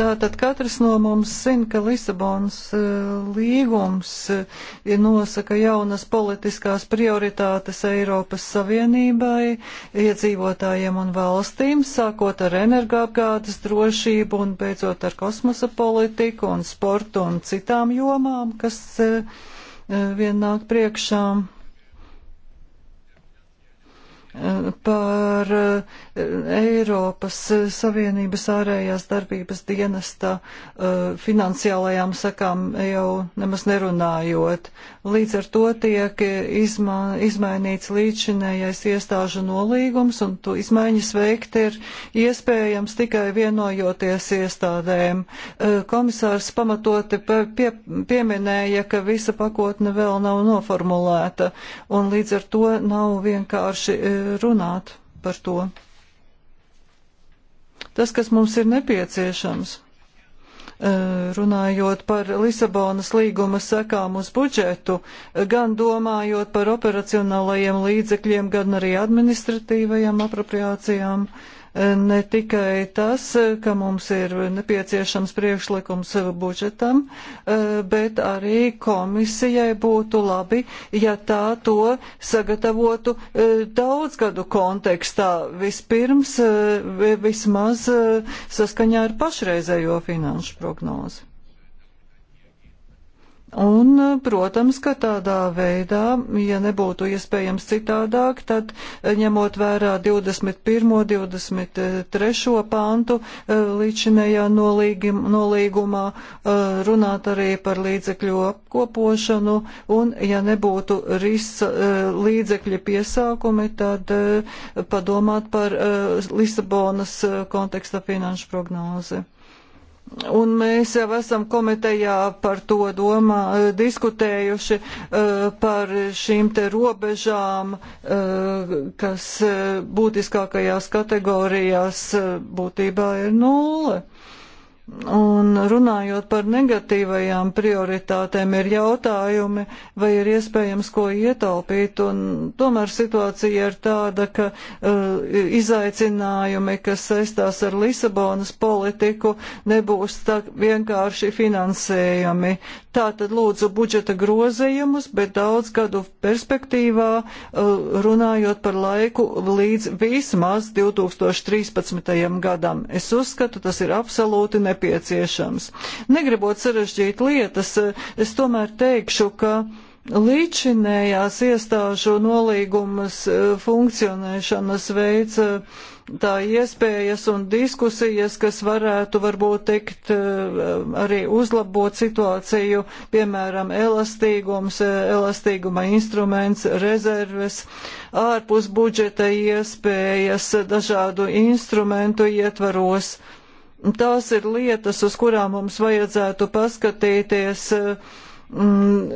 Tātad katrs no mums zina, ka Lisabonas uh, līgums uh, nosaka jaunas politiskās prioritātes Eiropas Savienībai, iedzīvotājiem un valstīm, sākot ar energoapgādes drošību un beidzot ar kosmosa politiku un sportu un citām jomām, kas uh, vien nāk priekšām par eh, Eiropas Savienības ārējās darbības dienesta eh, finansiālajām sakām jau nemaz nerunājot. Līdz ar to tiek izma izmainīts līdzinējais iestāžu nolīgums, un to izmaiņas veikt ir iespējams tikai vienojoties iestādēm. Eh, komisārs pamatoti pie pieminēja, ka visa pakotne vēl nav noformulēta, un līdz ar to nav vienkārši runāt par to. Tas, kas mums ir nepieciešams, eh, runājot par Lisabonas līguma sekām uz budžetu, gan domājot par operacionālajiem līdzekļiem, gan arī administratīvajām apropriācijām, uh, ne tikai tas, ka mums ir nepieciešams priekšlikums budžetam, bet arī komisijai būtu labi, ja tā to sagatavotu e, daudzgadu kontekstā vispirms e, vismaz e, saskaņā ar pašreizējo finanšu prognozi. Un, protams, ka tādā veidā, ja nebūtu iespējams citādāk, tad eh, ņemot vērā 21. 23. pantu līdzinējā nolīgumā, eh, runāt arī par līdzekļu apkopošanu, un, ja nebūtu ris, eh, līdzekļa piesākumi, tad padomāt par Lisabonas konteksta finanšu prognozi. Un mēs jau esam komitejā par to domā, diskutējuši eh, par šīm te robežām, eh, kas eh, būtiskākajās kategorijās būtībā ir nulle. Un runājot par negatīvajām prioritātēm, ir jautājumi, vai ir iespējams ko ietaupīt, un tomēr situācija ir tāda, ka uh, izaicinājumi, kas saistās ar Lisabonas politiku, nebūs tā vienkārši finansējami. Tātad lūdzu budžeta grozījumus, bet daudz gadu perspektīvā uh, runājot par laiku līdz vismaz 2013. gadam. Es uzskatu, tas ir absolūti nepieciešams nepieciešams. Negribot sarežģīt lietas, es tomēr teikšu, ka līdzinējās iestāžu nolīgumas e, funkcionēšanas veids, e, tā iespējas un diskusijas, kas varētu varbūt tikt e, arī uzlabot situāciju, piemēram, elastīgums, elastīguma instruments, rezerves, ārpus budžeta iespējas dažādu instrumentu ietvaros tās ir lietas, uz kurām mums vajadzētu paskatīties. Mm,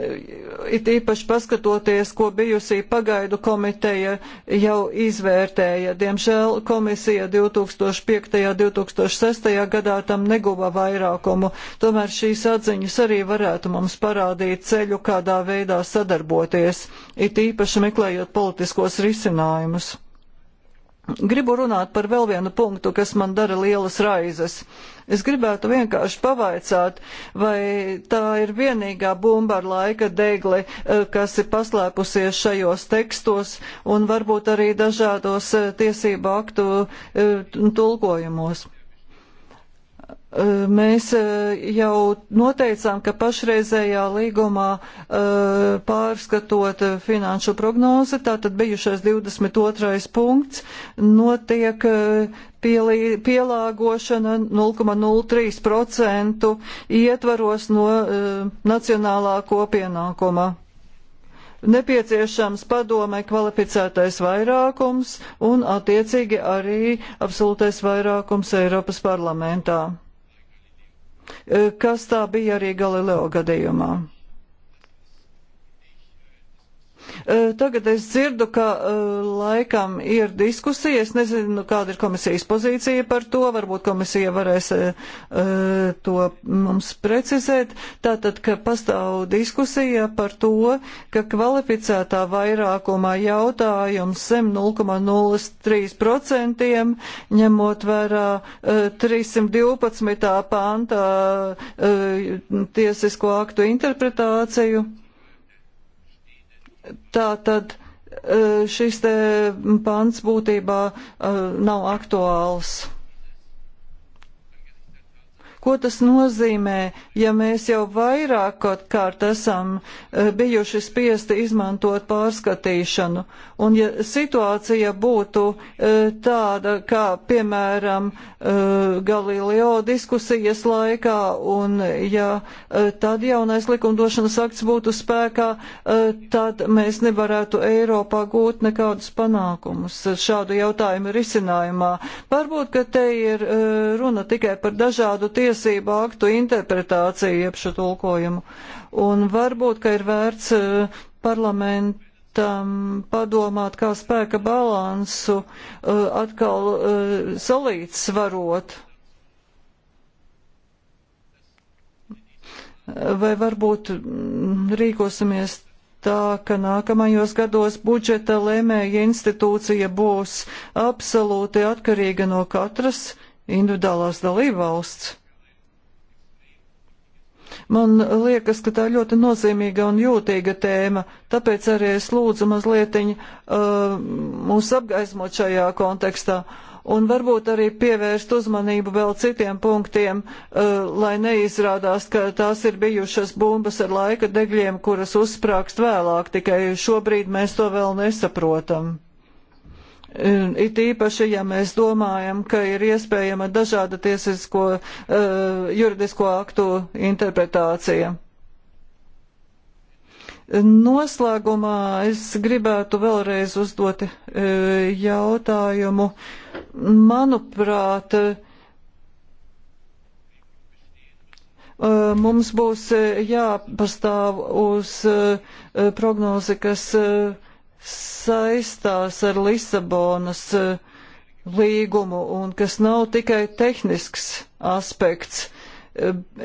it īpaši paskatoties, ko bijusī pagaidu komiteja jau izvērtēja. Diemžēl komisija 2005. un 2006. gadā tam neguva vairākumu. Tomēr šīs atziņas arī varētu mums parādīt ceļu, kādā veidā sadarboties, it īpaši meklējot politiskos risinājumus. Gribu runāt par vēl vienu punktu, kas man dara lielas raizes. Es gribētu vienkārši pavaicāt, vai tā ir vienīgā bumba ar laika degli, eh, kas ir paslēpusies šajos tekstos un varbūt arī dažādos eh, tiesību aktu eh, tulkojumos. Mēs jau noteicām, ka pašreizējā līgumā pārskatot finanšu prognozi, tātad bijušais 22. punkts, notiek pielāgošana 0,03% ietvaros no nacionālā kopienākuma. Nepieciešams padomē kvalificētais vairākums un attiecīgi arī absolūtais vairākums Eiropas parlamentā. Eh, kas tā bija arī Galileo gadījumā. Tagad es dzirdu, ka laikam ir diskusija. Es nezinu, kāda ir komisijas pozīcija par to. Varbūt komisija varēs to mums precizēt. Tātad, ka pastāv diskusija par to, ka kvalificētā vairākumā jautājums zem 0,03% ņemot vērā 312. pānta tiesisko aktu interpretāciju. Tā tad eh, šis te pants būtībā eh, nav aktuāls. Ko tas nozīmē, ja mēs jau vairāk kaut kārt esam eh, bijuši spiesti izmantot pārskatīšanu? Un ja situācija būtu eh, tāda, kā piemēram eh, Galileo diskusijas laikā, un ja tad jaunais likumdošanas akts būtu spēkā, tad mēs nevarētu Eiropā gūt nekādus panākumus šādu jautājumu risinājumā. Varbūt, ka te ir runa tikai par dažādu tiesību tiesību aktu interpretāciju, jeb šo tulkojumu. Un varbūt, ka ir vērts e, parlamentu tam padomāt, kā spēka balansu e, atkal e, salīdzsvarot. Vai varbūt mm, rīkosimies tā, ka nākamajos gados budžeta lēmēja institūcija būs absolūti atkarīga no katras individuālās dalībvalsts? Man liekas, ka tā ir ļoti nozīmīga un jūtīga tēma, tāpēc arī es lūdzu mazlietiņ uh, mūs apgaismot šajā kontekstā un varbūt arī pievērst uzmanību vēl citiem punktiem, uh, lai neizrādās, ka tās ir bijušas bumbas ar laika degļiem, kuras uzsprākst vēlāk, tikai šobrīd mēs to vēl nesaprotam. It īpaši, ja mēs domājam, ka ir iespējama dažāda tiesisko eh, juridisko aktu interpretācija. Noslēgumā es gribētu vēlreiz uzdot eh, jautājumu. Manuprāt, eh, mums būs jāpastāv uz prognozi, kas saistās ar Lisabonas eh, līgumu un kas nav tikai tehnisks aspekts.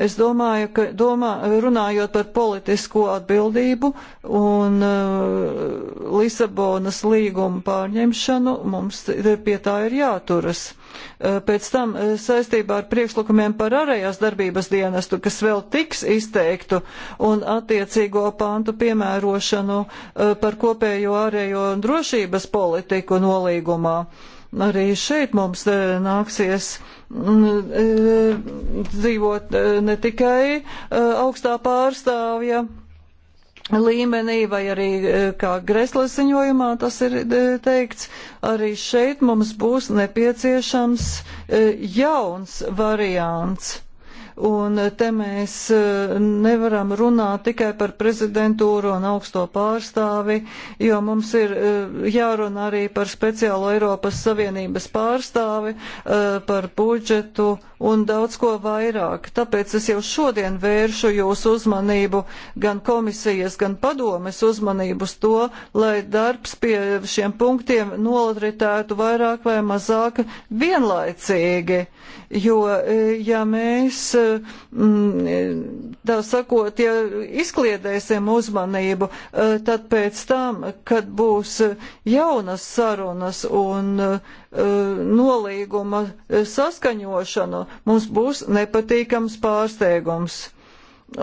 Es domāju, ka domā, runājot par politisko atbildību un uh, Lisabonas līgumu pārņemšanu, mums pie tā ir jāturas. Uh, pēc tam uh, saistībā ar priekšlikumiem par ārējās darbības dienestu, kas vēl tiks izteiktu, un attiecīgo pantu piemērošanu uh, par kopējo ārējo drošības politiku nolīgumā. Uh, Arī šeit mums e, nāksies mm, e, dzīvot e, ne tikai augstā pārstāvja līmenī, vai arī kā Greslas ziņojumā tas ir teikts, arī šeit mums būs nepieciešams jauns variants. Un te mēs eh, nevaram runāt tikai par prezidentūru un augsto pārstāvi, jo mums ir eh, jārunā arī par speciālo Eiropas Savienības pārstāvi, eh, par budžetu un daudz ko vairāk. Tāpēc es jau šodien vēršu jūsu uzmanību, gan komisijas, gan padomes uzmanību uz to, lai darbs pie šiem punktiem nolritētu vairāk vai mazāk vienlaicīgi jo, e, ja mēs, e, tā sakot, ja izkliedēsim uzmanību, e, tad pēc tam, kad būs jaunas sarunas un nolīguma saskaņošana, mums būs nepatīkams pārsteigums.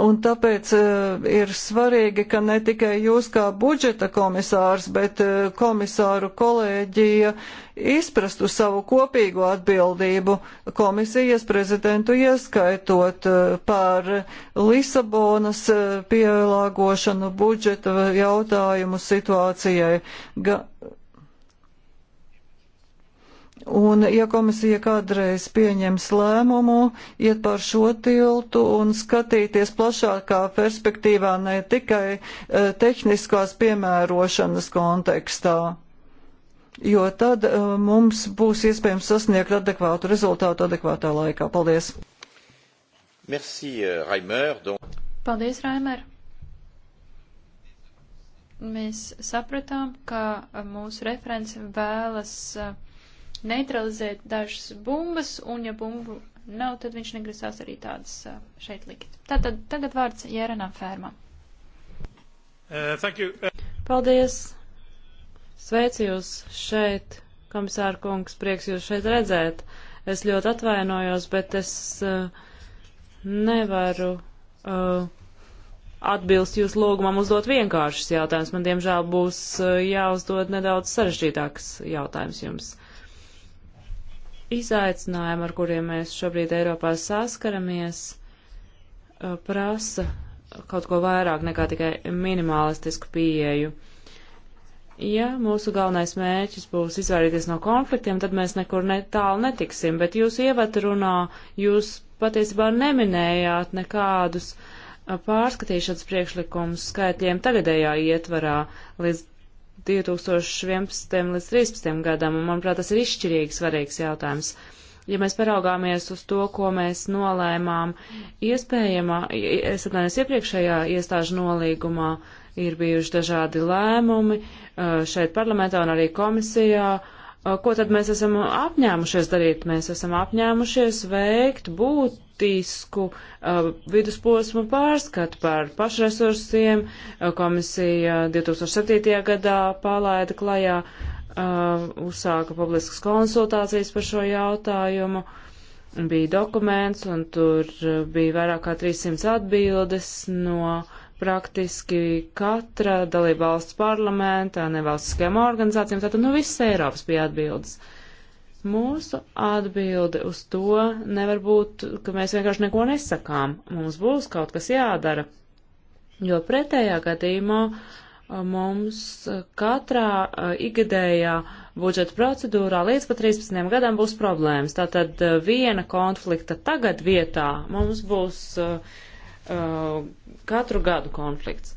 Un tāpēc uh, ir svarīgi, ka ne tikai jūs kā budžeta komisārs, bet uh, komisāru kolēģija izprastu savu kopīgo atbildību komisijas prezidentu ieskaitot uh, par Lisabonas uh, pielāgošanu budžeta jautājumu situācijai. Ga Un, ja komisija kādreiz pieņems lēmumu iet par šo tiltu un skatīties plašākā perspektīvā, ne tikai eh, tehniskās piemērošanas kontekstā, jo tad eh, mums būs iespējams sasniegt adekvātu rezultātu adekvātā laikā. Paldies! Merci, euh, Raimer. Donc... Paldies, Raimer! Mēs sapratām, ka eh, mūsu referents vēlas. Uh, neutralizēt dažas bumbas, un ja bumbu nav, tad viņš negrasās arī tādas šeit likt. Tātad tagad vārds Jēranam Fērmam. Uh, uh, Paldies! Sveicu jūs šeit, komisāra kungs, prieks jūs šeit redzēt. Es ļoti atvainojos, bet es uh, nevaru uh, atbilst jūs lūgumam uzdot vienkāršas jautājumas. Man, diemžēl, būs jāuzdod nedaudz sarežģītāks jautājums jums izaicinājumi, ar kuriem mēs šobrīd Eiropā saskaramies, prasa kaut ko vairāk nekā tikai minimalistisku pieeju. Ja mūsu galvenais mērķis būs izvairīties no konfliktiem, tad mēs nekur ne tālu netiksim, bet jūs ievatrunā jūs patiesībā neminējāt nekādus pārskatīšanas priekšlikumus skaitļiem tagadējā ietvarā līdz 2011. līdz 2013. gadam, un, manuprāt, tas ir izšķirīgi svarīgs jautājums. Ja mēs paraugāmies uz to, ko mēs nolēmām, iespējamā, es atvainojos iepriekšējā iestāžu nolīgumā, ir bijuši dažādi lēmumi uh, šeit parlamentā un arī komisijā, uh, Uh, ko tad mēs esam apņēmušies darīt? Mēs esam apņēmušies veikt būtisku uh, vidusposmu pārskatu par pašresursiem. Uh, komisija 2007. gadā palaida klajā, uh, uzsāka publiskas konsultācijas par šo jautājumu. Bija dokuments, un tur uh, bija vairāk kā 300 atbildes no uh, praktiski katra dalība valsts parlamentā, nevalstiskajām organizācijām, tātad no nu, visas Eiropas bija atbildes. Mūsu atbilde uz to nevar būt, ka mēs vienkārši neko nesakām. Mums būs kaut kas jādara, jo pretējā gadījumā mums katrā igadējā budžeta procedūrā līdz pat 13 gadam būs problēmas. Tātad viena konflikta tagad vietā mums būs uh, uh, katru gadu konflikts.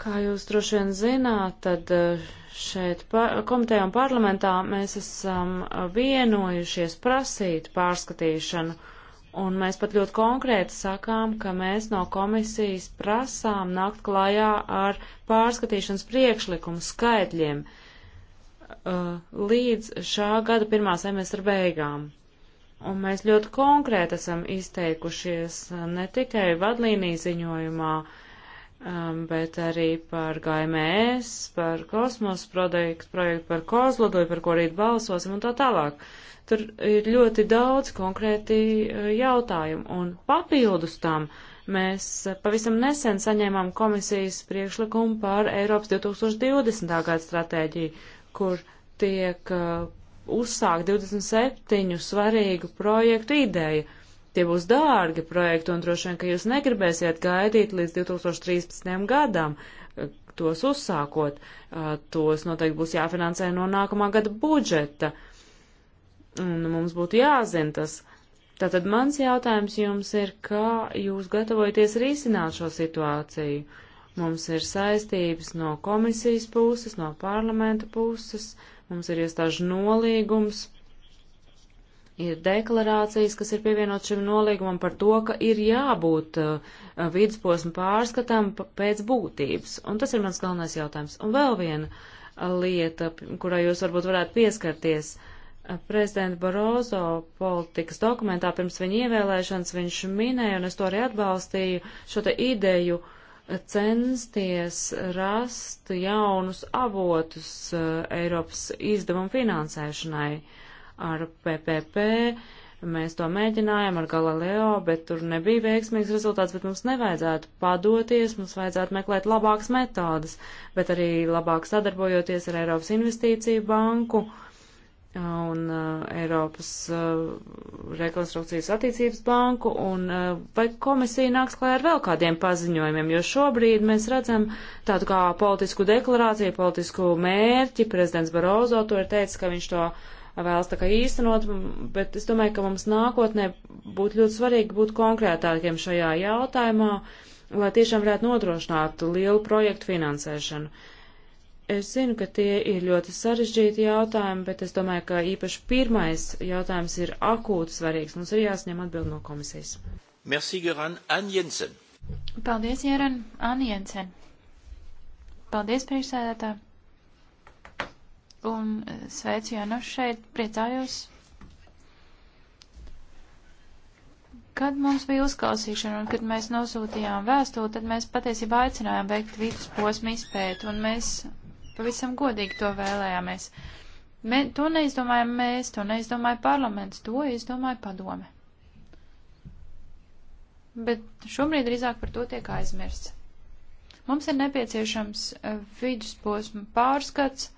Kā jūs droši vien zināt, tad uh, šeit komitejā un parlamentā mēs esam uh, vienojušies prasīt pārskatīšanu, un mēs pat ļoti konkrēti sakām, ka mēs no komisijas prasām nākt klajā ar pārskatīšanas priekšlikumu skaitļiem uh, līdz šā gada pirmā semestra beigām. Un mēs ļoti konkrēti esam izteikušies eh, ne tikai vadlīniju ziņojumā, um, bet arī par GMS, par kosmos projektu, projektu par kozlodu, par ko rīt balsosim un tā tālāk. Tur ir ļoti daudz konkrēti eh, jautājumu un papildus tam mēs eh, pavisam nesen saņēmām komisijas priekšlikumu par Eiropas 2020. gada stratēģiju, kur tiek uzsākt 27 svarīgu projektu ideju. Tie būs dārgi projekti, un droši vien, ka jūs negribēsiet gaidīt līdz 2013. gadam eh, tos uzsākot. Eh, tos noteikti būs jāfinansē no nākamā gada budžeta. Un mums būtu jāzina tas. Tātad mans jautājums jums ir, kā jūs gatavojaties risināt šo situāciju? Mums ir saistības no komisijas puses, no parlamenta puses. Uh, Mums ir iestāžu nolīgums, ir deklarācijas, kas ir pievienot šim nolīgumam par to, ka ir jābūt uh, vidusposmu pārskatām pēc būtības. Un tas ir mans galvenais jautājums. Un vēl viena uh, lieta, kurā jūs varbūt varētu pieskarties. Uh, prezidenta Barozo politikas dokumentā pirms viņa ievēlēšanas viņš minēja, un es to arī atbalstīju, šo te ideju uh, censties rast jaunus avotus eh, Eiropas izdevumu finansēšanai ar PPP. Mēs to mēģinājām ar Galileo, bet tur nebija veiksmīgs rezultāts, bet mums nevajadzētu padoties, mums vajadzētu meklēt labākas metodas, bet arī labāk sadarbojoties ar Eiropas investīciju banku. Uh, un uh, Eiropas uh, rekonstrukcijas attīstības banku, un uh, vai komisija nāks klāt ar vēl kādiem paziņojumiem, jo šobrīd mēs redzam tādu kā politisku deklarāciju, politisku mērķi, prezidents Barozo to ir teicis, ka viņš to vēlas tā kā īstenot, bet es domāju, ka mums nākotnē būtu ļoti svarīgi būt konkrētākiem šajā jautājumā, lai tiešām varētu nodrošināt lielu projektu finansēšanu. Uh, Es zinu, ka tie ir ļoti sarežģīti jautājumi, bet es domāju, ka īpaši pirmais jautājums ir akūti svarīgs. Mums ir jāsņem atbild no komisijas. Merci, Geran Ann Jensen. Paldies, Jeran Ann Jensen. Paldies, priekšsēdētā. Un eh, sveicu Janu šeit, priecājos. Kad mums bija uzklausīšana un kad mēs nosūtījām vēstuli, tad mēs patiesībā aicinājām veikt vidusposmu izpēti, un mēs Pavisam godīgi to vēlējāmies. Me, to neizdomājam mēs, to neizdomāja parlaments, to izdomāja padome. Bet šobrīd drīzāk par to tiek aizmirsts. Mums ir nepieciešams eh, vidusposma pārskats,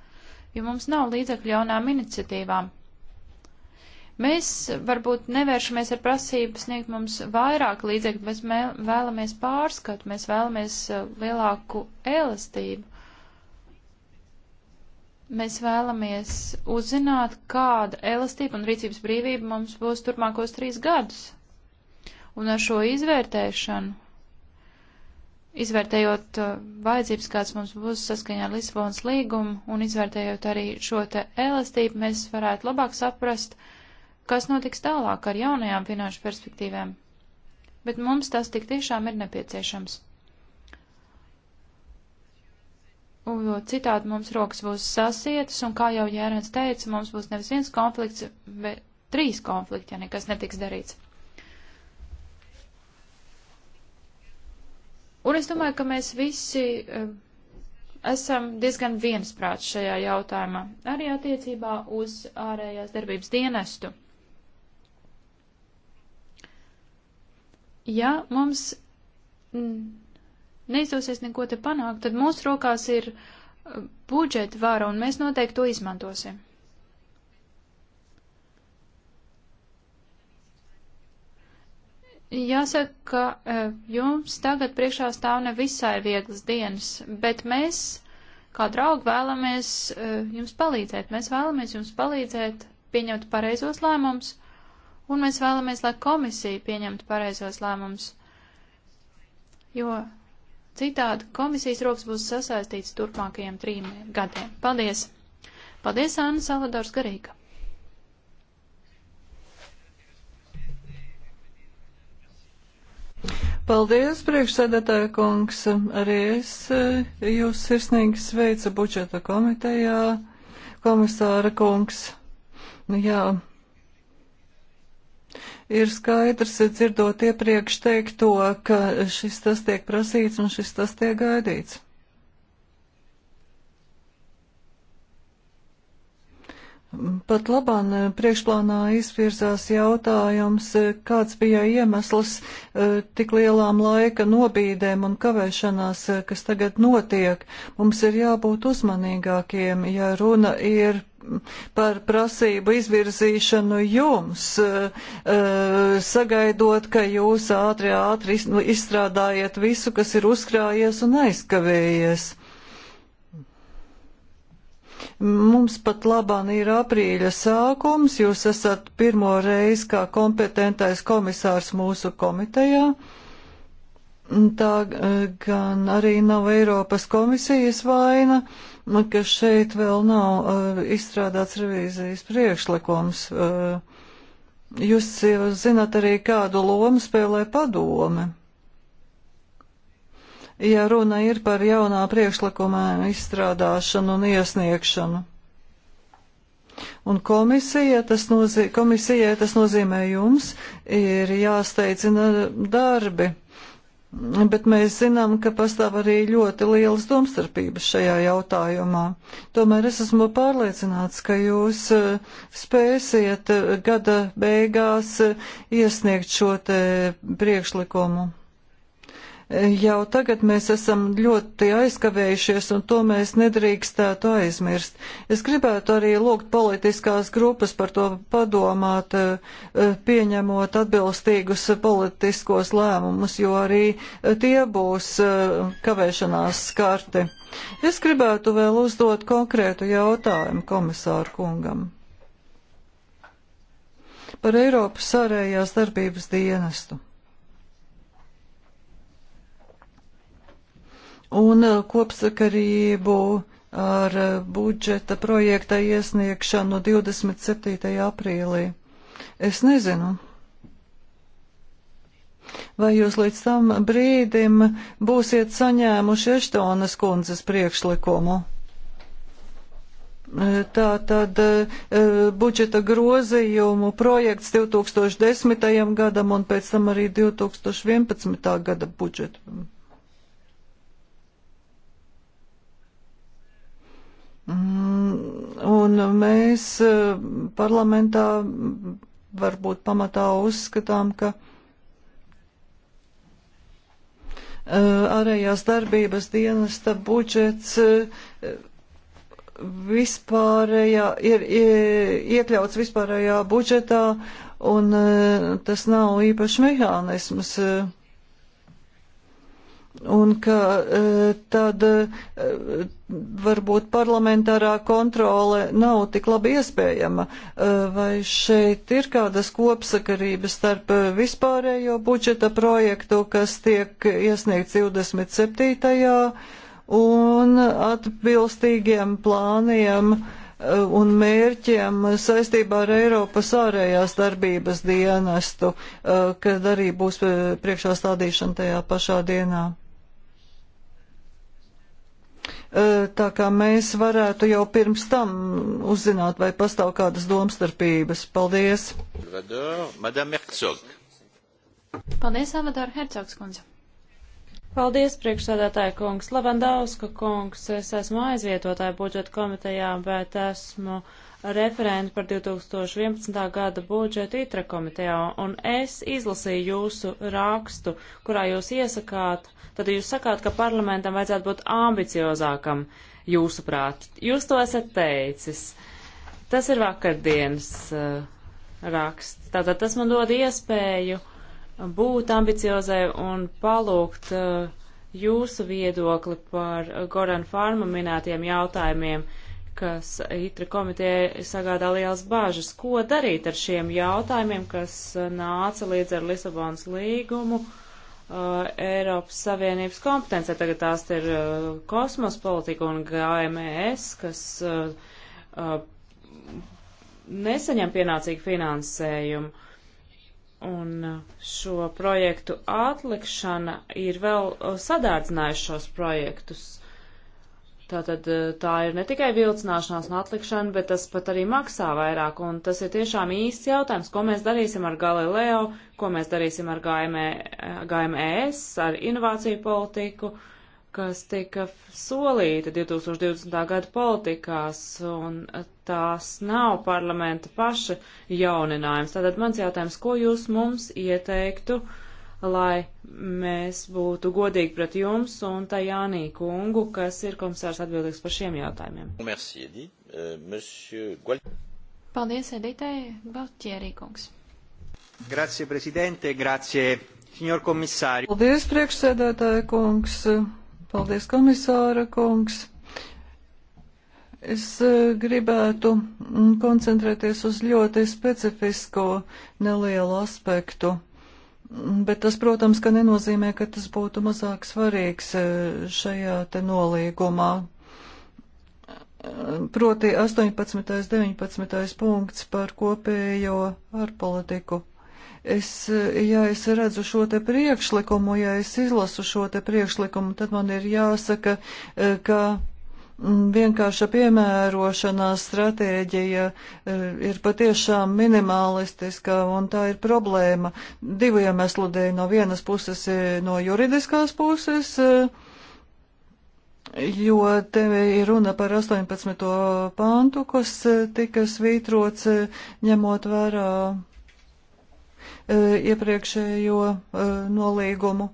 jo mums nav līdzekļu jaunām iniciatīvām. Mēs varbūt nevēršamies ar prasību sniegt mums vairāk līdzekļu, bet mēs vēlamies pārskatu, mēs vēlamies eh, lielāku elastību. Mēs vēlamies uzzināt, kāda elastība un rīcības brīvība mums būs turpmākos trīs gadus. Un ar šo izvērtēšanu, izvērtējot uh, vajadzības, kāds mums būs saskaņā ar Lisbonas līgumu, un izvērtējot arī šo te elastību, mēs varētu labāk saprast, kas notiks tālāk ar jaunajām finanšu perspektīvēm. Bet mums tas tik tiešām ir nepieciešams. Un citādi mums rokas būs sasietas, un kā jau Jērens teica, mums būs nevis viens konflikts, bet trīs konflikti, ja nekas netiks darīts. Un es domāju, ka mēs visi eh, esam diezgan viensprāts šajā jautājumā, arī attiecībā uz ārējās darbības dienestu. Ja mums neizdosies neko te panākt, tad mūsu rokās ir uh, budžeta vara, un mēs noteikti to izmantosim. Jāsaka, ka uh, jums tagad priekšā stāv nevisai vieglas dienas, bet mēs, kā draugi, vēlamies uh, jums palīdzēt. Mēs vēlamies jums palīdzēt pieņemt pareizos lēmumus, un mēs vēlamies, lai komisija pieņemtu pareizos lēmumus. Jo Citādi komisijas rokas būs sasaistīts turpmākajiem trim gadiem. Paldies! Paldies, Anna Salvadors Garīga! Paldies, priekšsēdētāja kungs! Arī es eh, jūs sirsnīgi sveicu budžeta komitejā, komisāra kungs. Nu, jā, Ir skaidrs, dzirdot iepriekš teikto, ka šis tas tiek prasīts un šis tas tiek gaidīts. Pat labāk eh, priekšplānā izvirzās jautājums, eh, kāds bija iemesls eh, tik lielām laika nobīdēm un kavēšanās, kas tagad notiek. Mums ir jābūt uzmanīgākiem, ja runa ir par prasību izvirzīšanu jums, eh, eh, sagaidot, ka jūs ātri, ātri izstrādājiet visu, kas ir uzkrājies un aizkavējies. Mums pat labāk ir aprīļa sākums, jūs esat pirmo reizi kā kompetentais komisārs mūsu komitejā. Uh, Tā e, gan arī nav Eiropas komisijas vaina, ka šeit vēl nav e, izstrādāts revīzijas priekšlikums. E, jūs jau zināt arī, kādu lomu spēlē padome ja runa ir par jaunā priekšlikuma izstrādāšanu un iesniegšanu. Un komisija, tas nozīm, komisijai tas nozīmē jums, ir jāsteidzina darbi. Bet mēs zinām, ka pastāv arī ļoti lielas domstarpības šajā jautājumā. Tomēr es esmu pārliecināts, ka jūs e, spēsiet e, gada beigās e, iesniegt šo te priekšlikumu. Jau tagad mēs esam ļoti aizkavējušies, un to mēs nedrīkstētu aizmirst. Es gribētu arī lūgt politiskās grupas par to padomāt, eh, pieņemot atbilstīgus politiskos lēmumus, jo arī tie būs eh, kavēšanās skarti. Es gribētu vēl uzdot konkrētu jautājumu komisāru kungam par Eiropas ārējās darbības dienestu. un uh, kopsakarību ar uh, budžeta projekta iesniegšanu 27. aprīlī. Es nezinu, vai jūs līdz tam brīdim būsiet saņēmuši Eštonas kundzes priekšlikumu. Uh, tā tad budžeta grozījumu projekts 2010. gadam un pēc tam arī 2011. gada budžetu Mm, un mēs eh, parlamentā varbūt pamatā uzskatām, ka eh, ārējās darbības dienesta budžets eh, vispārējā, ir, ir iekļauts vispārējā budžetā, un tas nav īpašs mehānisms un ka e, tad e, varbūt parlamentārā kontrole nav tik labi iespējama. E, vai šeit ir kādas kopsakarības starp vispārējo budžeta projektu, kas tiek iesniegts 27. un atbilstīgiem plāniem? un mērķiem saistībā ar Eiropas ārējās darbības dienestu, kad arī būs priekšā stādīšana tajā pašā dienā tā kā mēs varētu jau pirms tam uzzināt, vai pastāv kādas domstarpības. Paldies! Paldies, Avadora Hercogs kundze! Paldies, priekšsēdētāja kungs! Labandauska kungs, es esmu aizvietotāja budžeta komitejā, bet esmu. Uh, referenti par 2011. gada budžetu ITRA komitejā, un es izlasīju jūsu rakstu, kurā jūs iesakāt, tad jūs sakāt, ka parlamentam vajadzētu būt ambiciozākam, jūsuprāt. Jūs to esat teicis. Tas ir vakardienas uh, raksts. Tātad tas man dod iespēju būt ambiciozai un palūgt uh, jūsu viedokli par Goran Farma minētiem jautājumiem kas ITRA komitē sagādā liels bāžas. Ko darīt ar šiem jautājumiem, kas uh, nāca līdz ar Lisabonas līgumu uh, Eiropas Savienības kompetencē? Tagad tās ir uh, kosmos politika un GMS, kas uh, uh, nesaņem pienācīgu finansējumu. Un uh, šo projektu atlikšana ir vēl sadārdzinājuši šos projektus. Uh, Tātad eh, tā ir ne tikai vilcināšanās un atlikšana, bet tas pat arī maksā vairāk, un tas ir tiešām īsts jautājums, ko mēs darīsim ar Galileo, ko mēs darīsim ar GMS, e, eh, e ar inovāciju politiku, kas tika solīta 2020. gada politikās, un eh, tās nav parlamenta paša jauninājums. Tātad mans jautājums, ko jūs mums ieteiktu? Uh, lai mēs būtu godīgi pret jums un tā Jānī kungu, kas ir komisārs atbildīgs par šiem jautājumiem. Merci, Edi. Euh, monsieur... Paldies, Editei. Baltierī kungs. Grazie, prezidente. Grazie, signor komisāri. Paldies, priekšsēdētāja kungs. Paldies, komisāra kungs. Es eh, gribētu koncentrēties uz ļoti specifisko nelielu aspektu Bet tas, protams, ka nenozīmē, ka tas būtu mazāk svarīgs e, šajā te nolīgumā. E, proti 18. 19. punkts par kopējo ārpolitiku. Es, e, ja es redzu šo te priekšlikumu, ja es izlasu šo te priekšlikumu, tad man ir jāsaka, ka vienkārša piemērošanās stratēģija e, ir patiešām minimalistiska un tā ir problēma. Divu iemeslu dēļ no vienas puses, e, no juridiskās puses, e, jo te ir runa par 18. pāntu, kas tika svītrots ņemot vērā iepriekšējo nolīgumu.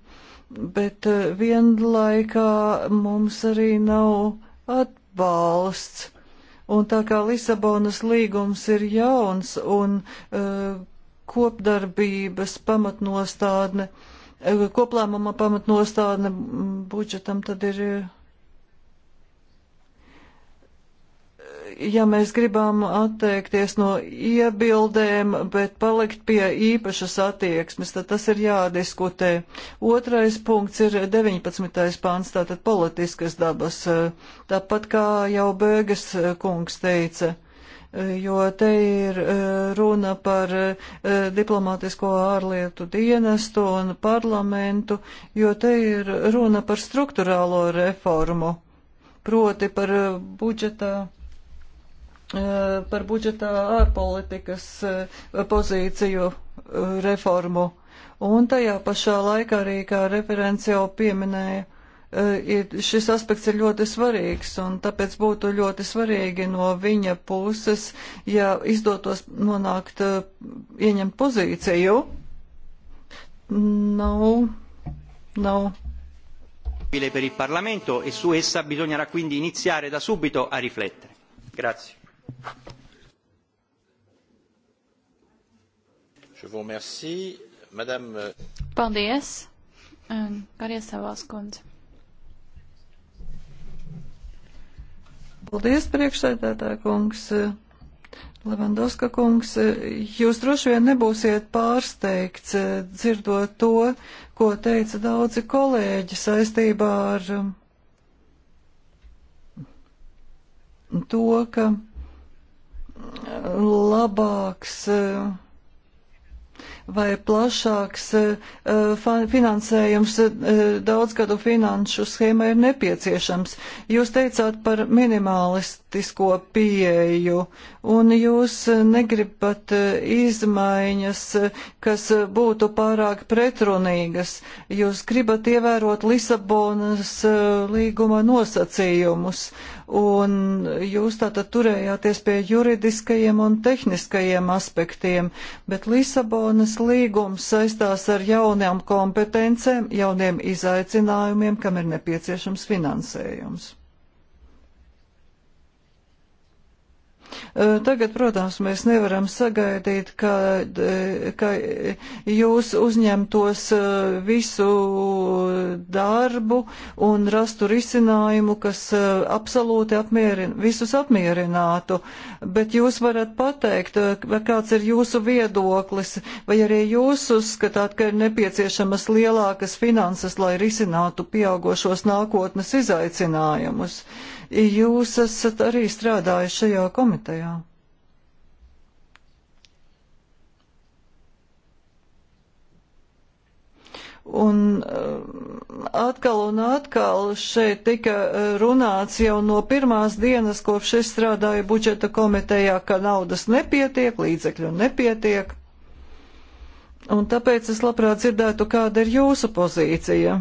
Bet vienlaikā mums arī nav atbalsts. Un tā kā Lisabonas līgums ir jauns un uh, kopdarbības pamatnostādne, uh, koplēmuma pamatnostādne budžetam tad ir. Uh, ja mēs gribam atteikties no iebildēm, bet palikt pie īpašas attieksmes, tad tas ir jādiskutē. Otrais punkts ir 19. pāns, tātad politiskas dabas, tāpat kā jau Bēgas kungs teica jo te ir e, runa par e, diplomātisko ārlietu dienestu un parlamentu, jo te ir runa par struktūrālo reformu, proti par e, budžetā Eh, par budžetā ārpolitikas eh, pozīciju eh, reformu. Un tajā pašā laikā arī, kā referents jau pieminēja, ir, šis aspekts ir ļoti svarīgs, un tāpēc būtu ļoti svarīgi no viņa puses, ja izdotos nonākt, ieņemt pozīciju. Nav. No, nav. No. Per il Parlamento e su essa bisognerà quindi iniziare da subito a riflettere. Grazie. Madame... Euh, Paldies, Kariesavās kundze. Paldies, priekšsēdētā kungs. Levandovska kungs, jūs droši vien nebūsiet pārsteigts dzirdot to, ko teica daudzi kolēģi saistībā ar to, ka labāks eh, vai plašāks eh, eh, finansējums daudzgadu finanšu schēmai ir nepieciešams. Jūs teicāt par minimalistisko pieeju, un jūs negribat izmaiņas, kas būtu pārāk pretrunīgas. Jūs gribat ievērot Lisabonas līguma nosacījumus un jūs tātad turējāties pie juridiskajiem un tehniskajiem aspektiem, bet Lisabonas līgums saistās ar jaunām kompetencēm, jauniem izaicinājumiem, kam ir nepieciešams finansējums. Tagad, protams, mēs nevaram sagaidīt, ka, ka jūs uzņemtos visu darbu un rastu risinājumu, kas absolūti apmierin, visus apmierinātu, bet jūs varat pateikt, kāds ir jūsu viedoklis, vai arī jūs uzskatāt, ka ir nepieciešamas lielākas finanses, lai risinātu pieaugošos nākotnes izaicinājumus. Jūs esat arī strādājis šajā komitejā. Un um, atkal un atkal šeit tika uh, runāts jau no pirmās dienas, kopš es strādāju budžeta komitejā, ka naudas nepietiek, līdzekļu nepietiek. Un tāpēc es labprāt dzirdētu, kāda ir jūsu pozīcija.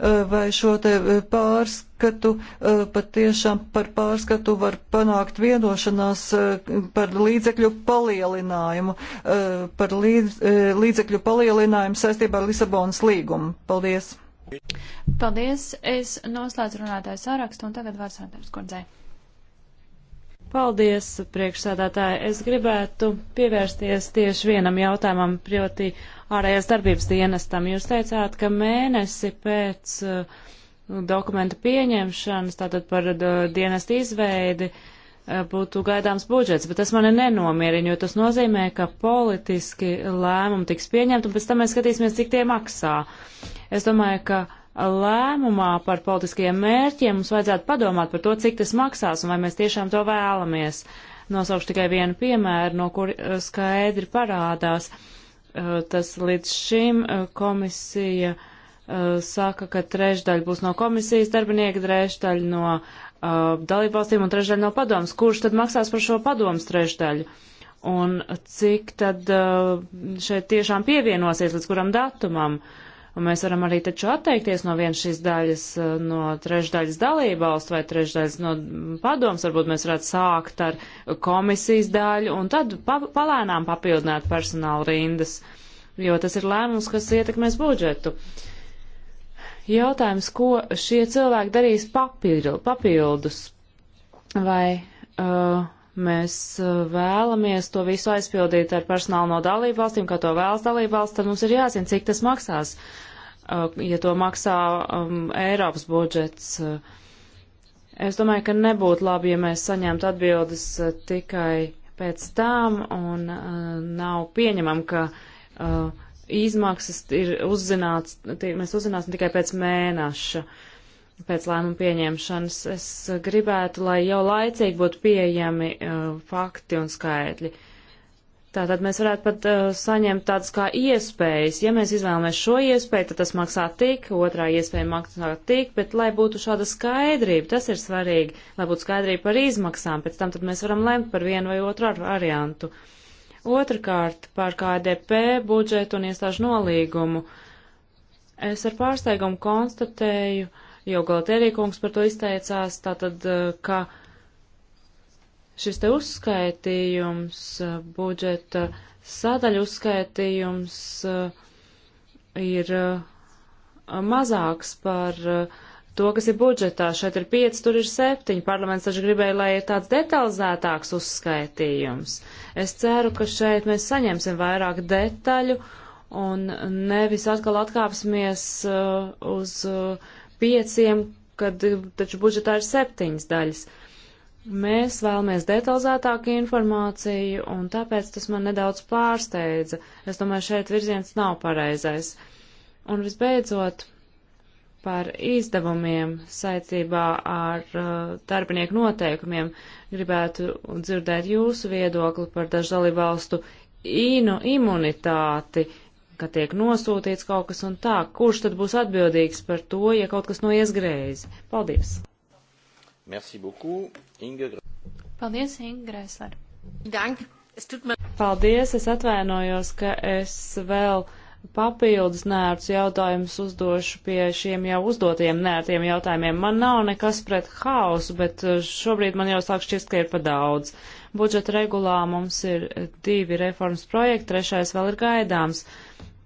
Eh, vai šo te eh, pārskatu eh, patiešām par pārskatu var panākt vienošanās par līdzekļu palielinājumu, par līdz, līdzekļu palielinājumu saistībā ar Lisabonas līgumu. Paldies! Paldies! Es noslēdzu runātāju sārakstu un tagad vārds runātājs kundzei. Paldies, priekšsādātāji. Es gribētu pievērsties tieši vienam jautājumam, proti ārējās darbības dienestam. Jūs teicāt, ka mēnesi pēc uh, dokumentu pieņemšanas, tātad par uh, dienestu izveidi, uh, būtu gaidāms budžets, bet tas mani nenomierina, jo tas nozīmē, ka politiski lēmumi tiks pieņemti, un pēc tam mēs skatīsimies, cik tie maksā. Es domāju, ka lēmumā par politiskajiem mērķiem mums vajadzētu padomāt par to, cik tas maksās un vai mēs tiešām to vēlamies. Nosaukšu tikai vienu piemēru, no kur eh, skaidri parādās. Eh, tas līdz šim eh, komisija saka, ka trešdaļa būs no komisijas darbinieka, trešdaļa no uh, dalībvalstīm un trešdaļa no padomas. Kurš tad maksās par šo padomas trešdaļu? Un cik tad uh, šeit tiešām pievienosies līdz kuram datumam? Uh, Un mēs varam arī taču atteikties no vienas šīs daļas, eh, no trešdaļas dalībvalstu vai trešdaļas no padoms. Varbūt mēs varētu sākt ar komisijas daļu un tad pa palēnām papildināt personāla rindas, jo tas ir lēmums, kas ietekmēs budžetu. Jautājums, ko šie cilvēki darīs papildu, papildus? Vai uh, mēs uh, vēlamies to visu aizpildīt ar personālu no dalību valstīm, kā to vēlas dalību valsts, tad mums ir jāzina, cik tas maksās, uh, ja to maksā um, Eiropas budžets. Uh, es domāju, ka nebūtu labi, ja mēs saņemtu atbildes tikai pēc tam un uh, nav pieņemam, ka uh, izmaksas ir uzzināts, mēs uzzināsim tikai pēc mēneša. Uh, pēc lēmuma pieņemšanas. Es gribētu, lai jau laicīgi būtu pieejami uh, fakti un skaitļi. Tātad mēs varētu pat uh, saņemt tādas kā iespējas. Ja mēs izvēlamies šo iespēju, tad tas maksā tik, otrā iespēja maksā tik, bet lai būtu šāda skaidrība, tas ir svarīgi, lai būtu skaidrība par izmaksām, pēc tam tad mēs varam lemt par vienu vai otru variantu. Otrakārt, par KDP budžetu un iestāžu nolīgumu. Es ar pārsteigumu konstatēju, uh, jau Galterija kungs par to izteicās, tātad, eh, ka šis te uzskaitījums, eh, budžeta sadaļu uzskaitījums eh, ir mazāks par to, kas ir budžetā. Šeit ir 5, tur ir 7. Parlaments taču gribēja, lai ir tāds detalizētāks uzskaitījums. Es ceru, ka šeit mēs saņemsim vairāk detaļu un nevis atkal atkāpsimies uz pieciem, kad taču budžetā ir septiņas daļas. Mēs vēlamies detalizētāku informāciju, un tāpēc tas man nedaudz pārsteidza. Es domāju, šeit virziens nav pareizais. Un visbeidzot, par izdevumiem saistībā ar uh, darbinieku noteikumiem gribētu dzirdēt jūsu viedokli par dažu dalībvalstu imunitāti. Uh, ka tiek nosūtīts kaut kas un tā. Kurš tad būs atbildīgs par to, ja kaut kas noies greizi? Paldies! Merci beaucoup, Inge. Paldies, Inge Grēsler. Dank. Paldies, es atvainojos, ka es vēl papildus nērts jautājumus uzdošu pie šiem jau uzdotiem nērtiem jautājumiem. Man nav nekas pret hausu, bet eh, šobrīd man jau sāk šķist, ka ir pa daudz. Budžeta regulā mums ir divi reformas projekti, trešais vēl ir gaidāms. Uh,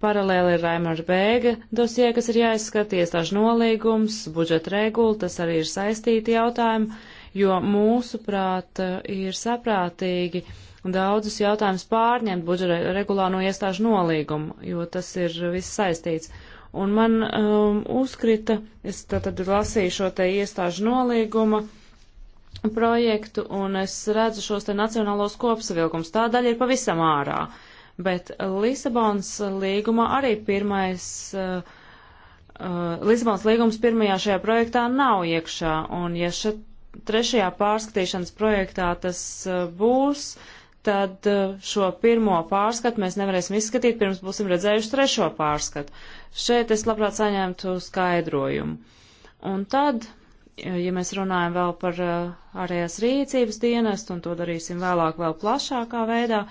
Paralēli ir Raimars Bēga dosie, kas ir jāizskata, iestāžu nolīgums, budžeta regula, tas arī ir saistīti jautājumi, jo mūsuprāt eh, ir saprātīgi daudzus jautājumus pārņemt budžeta regulā no iestāžu nolīguma, jo tas ir viss saistīts. Un man um, uzkrita, es tad lasīju šo te iestāžu nolīguma projektu, un es redzu šos te nacionālos kopsavilkums. Tā daļa ir pavisam ārā. Uh, bet Lisabonas līguma arī pirmais, uh, uh, Lisabonas līgums pirmajā šajā projektā nav iekšā, un ja šeit trešajā pārskatīšanas projektā tas uh, būs, tad uh, šo pirmo pārskatu mēs nevarēsim izskatīt, pirms būsim redzējuši trešo pārskatu. Šeit es labprāt saņemtu skaidrojumu. Un tad, ja mēs runājam vēl par uh, ārējās rīcības dienestu, un to darīsim vēlāk vēl plašākā veidā,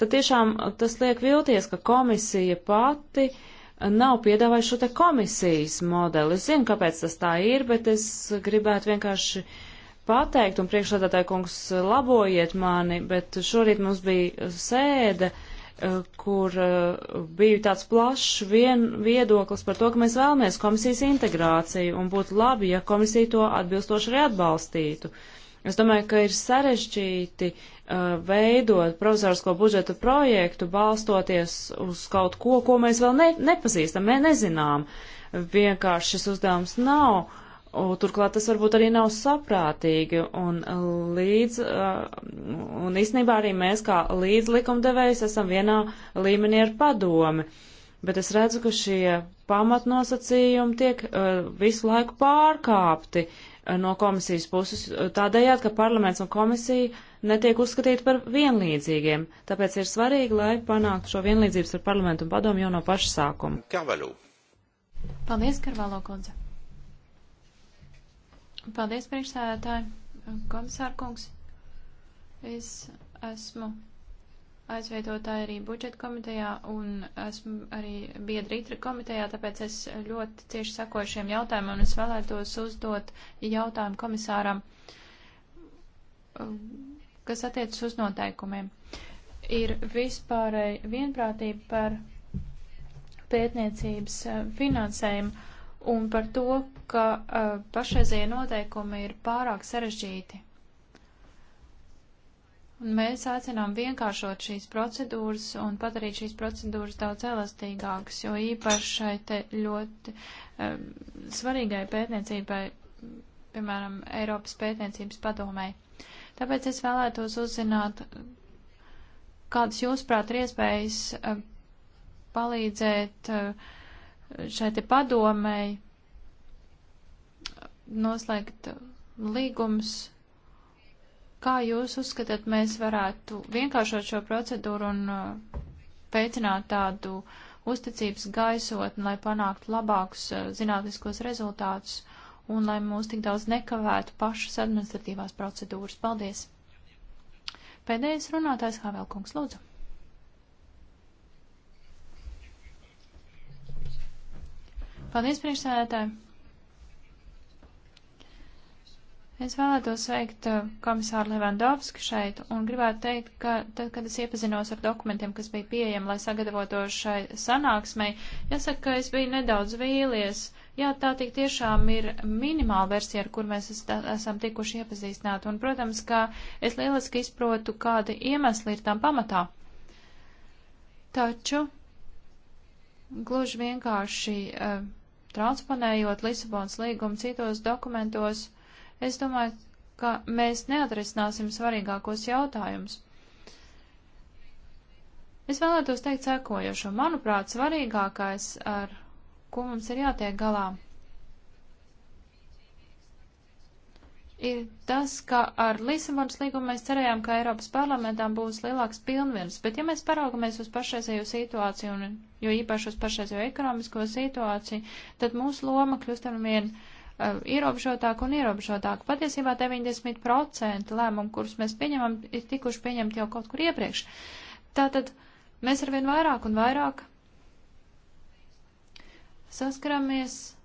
tad tiešām uh, tas liek vilties, ka komisija pati uh, nav piedāvājuši šo te komisijas modeli. Es zinu, kāpēc tas tā ir, bet es gribētu vienkārši pateikt, un priekšsādātāja kungs uh, labojiet mani, bet šorīt mums bija sēde, kur bija tāds plašs vien, viedoklis par to, ka mēs vēlamies komisijas integrāciju, un būtu labi, ja komisija to atbilstoši arī atbalstītu. Uh, Es domāju, ka ir sarežģīti uh, veidot provizorisko budžeta projektu, balstoties uz kaut ko, ko mēs vēl ne, nepazīstam, mēs nezinām. Vienkārši šis uzdevums nav uh, Turklāt tas varbūt arī nav saprātīgi, un līdz, uh, un īstenībā arī mēs kā līdz likumdevējs esam vienā līmenī ar padomi, bet es redzu, ka šie pamatnosacījumi tiek uh, visu laiku pārkāpti, no komisijas puses, tādējādi, ka parlaments un komisija netiek uzskatīti par vienlīdzīgiem. Tāpēc ir svarīgi, lai panāktu šo vienlīdzības ar parlamentu un padomu jau no paša sākuma. Karvalo. Paldies, Karvalo kundze. Paldies, priekšsēdētāji, komisārkungs. Es esmu aizvietotāja arī budžeta komitejā un esmu arī biedri itra komitejā, tāpēc es ļoti cieši sakoju šiem jautājumiem un es vēlētos uzdot jautājumu komisāram, kas attiecas uz noteikumiem. Ir vispārēji vienprātība par pētniecības eh, finansējumu un par to, ka uh, eh, pašreizie noteikumi ir pārāk sarežģīti Un mēs aicinām vienkāršot šīs procedūras un padarīt šīs procedūras daudz elastīgākas, jo īpaši šai te ļoti um, svarīgai pētniecībai, piemēram, Eiropas pētniecības padomē. Tāpēc es vēlētos uzzināt, kādas jūsprāt ir iespējas uh, palīdzēt uh, šai te padomēji noslēgt eh, līgums Kā jūs uzskatāt, mēs varētu vienkāršot šo procedūru un uh, veicināt tādu uzticības gaisotni, lai panāktu labākus uh, zinātniskos rezultātus un lai mūs tik daudz nekavētu pašas administratīvās procedūras? Paldies! Pēdējais runātājs Havelkungs, lūdzu. Paldies, priekšsēdētāji! Es vēlētos sveikt uh, komisāru Levandovski šeit un gribētu teikt, ka tad, kad es iepazinos ar dokumentiem, kas bija pieejami, lai sagatavoto šai sanāksmei, jāsaka, ka es biju nedaudz vīlies. Jā, tā tik tiešām ir minimāla versija, ar kur mēs es, esam tikuši iepazīstināti. Un, protams, ka es lieliski izprotu, kādi iemesli ir tam pamatā. Taču, gluži vienkārši uh, transponējot Lisabonas līgumu citos dokumentos, Es domāju, ka mēs neatrisināsim svarīgākos jautājumus. Es vēlētos teikt sekojošo. Manuprāt, svarīgākais, ar ko mums ir jātiek galā, ir tas, ka ar Lisabonas līgumu mēs cerējām, ka Eiropas parlamentām būs lielāks pilnvienas, bet ja mēs paraugamies uz pašreizējo situāciju, un jo īpaši uz pašreizējo ekonomisko situāciju, tad mūsu loma kļūst ar vien uh, Uh, ierobežotāk un ierobežotāk. Patiesībā 90% lēmumu, kurus mēs pieņemam, ir tikuši pieņemti jau kaut kur iepriekš. Tātad mēs arvien vairāk un vairāk saskaramies uh,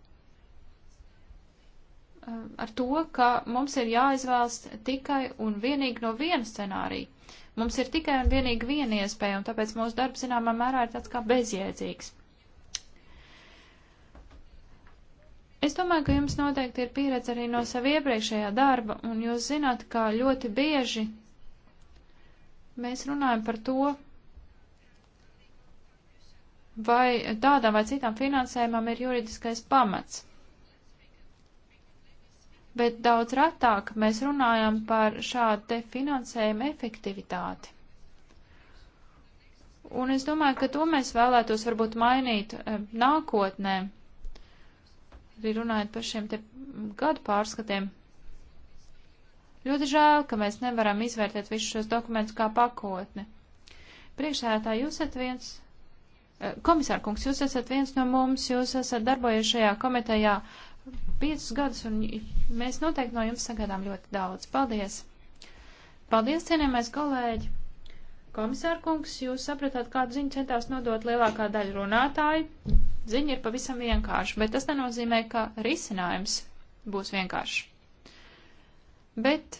ar to, ka mums ir jāizvēlas tikai un vienīgi no viena scenārija. Mums ir tikai un vienīgi viena iespēja, un tāpēc mūsu darbs zināmā mērā ir tāds kā bezjēdzīgs. Es domāju, ka jums noteikti ir pieredze arī no sava iepriekšējā darba, un jūs zināt, kā ļoti bieži mēs runājam par to, vai tādām vai citām finansējumam ir juridiskais pamats. Bet daudz ratāk mēs runājam par šādu te finansējumu efektivitāti. Un es domāju, ka to mēs vēlētos varbūt mainīt eh, nākotnē arī runājot par šiem te gadu pārskatiem. Ļoti žēl, ka mēs nevaram izvērtēt visus šos dokumentus kā pakotni. Priekšsēdētāji, jūs esat viens, eh, komisārkungs, jūs esat viens no mums, jūs esat darbojies šajā komitejā piecus gadus, un mēs noteikti no jums sagaidām ļoti daudz. Paldies! Paldies, cienījamais kolēģi! Komisārkungs, jūs sapratāt, kādu ziņu centās nodot lielākā daļa runātāju. Ziņa ir pavisam vienkārša, bet tas nenozīmē, ka risinājums būs vienkāršs. Bet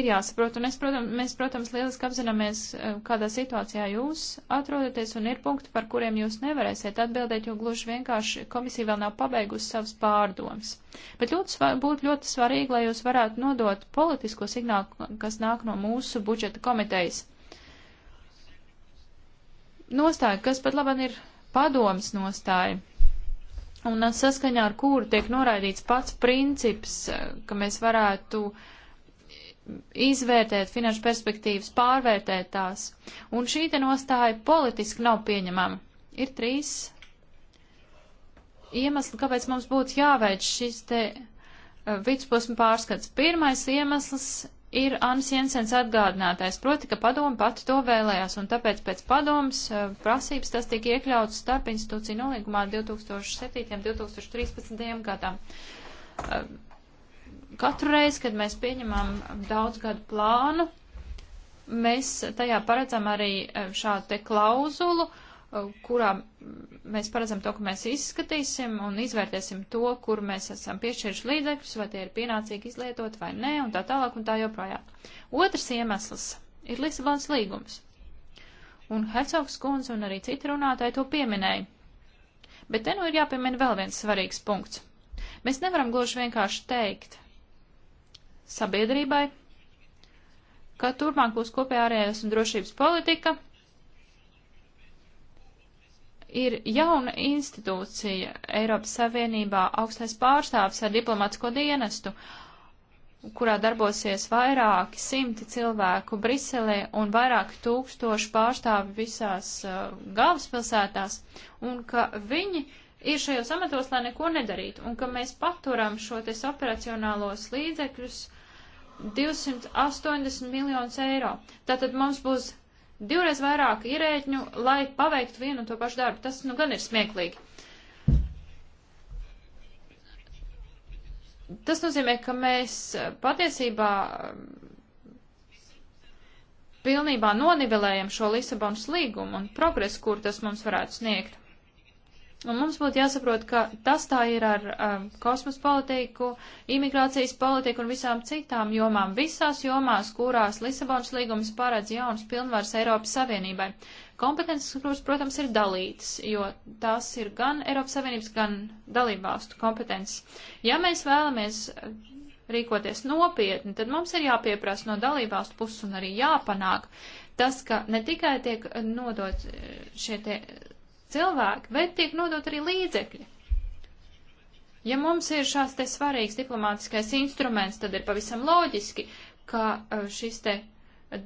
ir jāsaprot, un es, protams, mēs, protams, lieliski apzināmies, eh, kādā situācijā jūs atrodaties, un ir punkti, par kuriem jūs nevarēsiet atbildēt, jo gluži vienkārši komisija vēl nav pabeigusi savas pārdomas. Bet ļoti, būtu ļoti svarīgi, lai jūs varētu nodot politisko signālu, kas nāk no mūsu budžeta komitejas nostāju, kas pat labam ir padomas nostāja. Un saskaņā ar kuru tiek noraidīts pats princips, eh, ka mēs varētu izvērtēt finanšu perspektīvas, pārvērtēt tās. Un šī te nostāja politiski nav pieņemama. Ir trīs iemesli, kāpēc mums būtu jāveic šis te eh, vidusposma pārskats. Pirmais iemesls ir Ans Jensens atgādinātais, proti, ka padoma pati to vēlējās, un tāpēc pēc padomas eh, prasības tas tika iekļauts starp institūciju nolīgumā 2007. un 2013. gadam. Eh, katru reizi, kad mēs pieņemam daudz gadu plānu, mēs tajā paredzam arī eh, šādu te klauzulu, uh, Uh, kurā mēs paredzam to, ka mēs izskatīsim un izvērtēsim to, kur mēs esam piešķirši līdzekļus, vai tie ir pienācīgi izlietot vai nē, un tā tālāk un tā joprojām. Otrs iemesls ir Lisabonas līgums. Un Hercogs kundze un arī citi runātāji to pieminēja. Bet te nu ir jāpiemina vēl viens svarīgs punkts. Mēs nevaram gluži vienkārši teikt sabiedrībai, ka turpmāk būs kopējā ārējās un drošības politika, ir jauna institūcija Eiropas Savienībā augstais pārstāvs ar diplomātsko dienestu, kurā darbosies vairāki simti cilvēku Briselē un vairāki tūkstoši pārstāvi visās uh, galvaspilsētās, un ka viņi ir šajos amatos, lai neko nedarītu, un ka mēs paturam šo tes operacionālos līdzekļus 280 miljonus eiro. Tātad mums būs divreiz vairāk ierēģņu, lai paveiktu vienu un to pašu darbu. Tas nu gan ir smieklīgi. Tas nozīmē, ka mēs eh, patiesībā pilnībā nonivelējam šo Lisabonas līgumu un progresu, kur tas mums varētu sniegt. Un mums būtu jāsaprot, ka tas tā ir ar um, kosmos politiku, imigrācijas politiku un visām citām jomām, visās jomās, kurās Lisabonas līgums paredz jaunas pilnvaras Eiropas Savienībai. Kompetences, kuras, protams, ir dalītas, jo tās ir gan Eiropas Savienības, gan dalībvalstu kompetences. Ja mēs vēlamies rīkoties nopietni, tad mums ir jāpieprasa no dalībvalstu puses un arī jāpanāk tas, ka ne tikai tiek nodot eh, šie tie cilvēki, bet tiek nodot arī līdzekļi. Ja mums ir šāds te svarīgs diplomātiskais instruments, tad ir pavisam loģiski, ka uh, šis te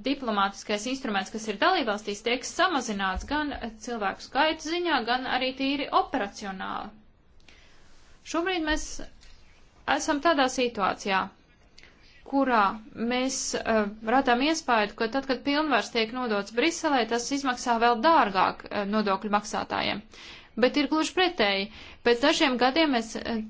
diplomātiskais instruments, kas ir dalībvalstīs, tiek samazināts gan cilvēku skaitu ziņā, gan arī tīri operacionāli. Šobrīd mēs esam tādā situācijā kurā mēs uh, radām iespēju, ka tad, kad pilnvars tiek nodots Briselē, tas izmaksā vēl dārgāk uh, nodokļu maksātājiem. Bet ir gluži pretēji. Pēc dažiem gadiem mēs uh,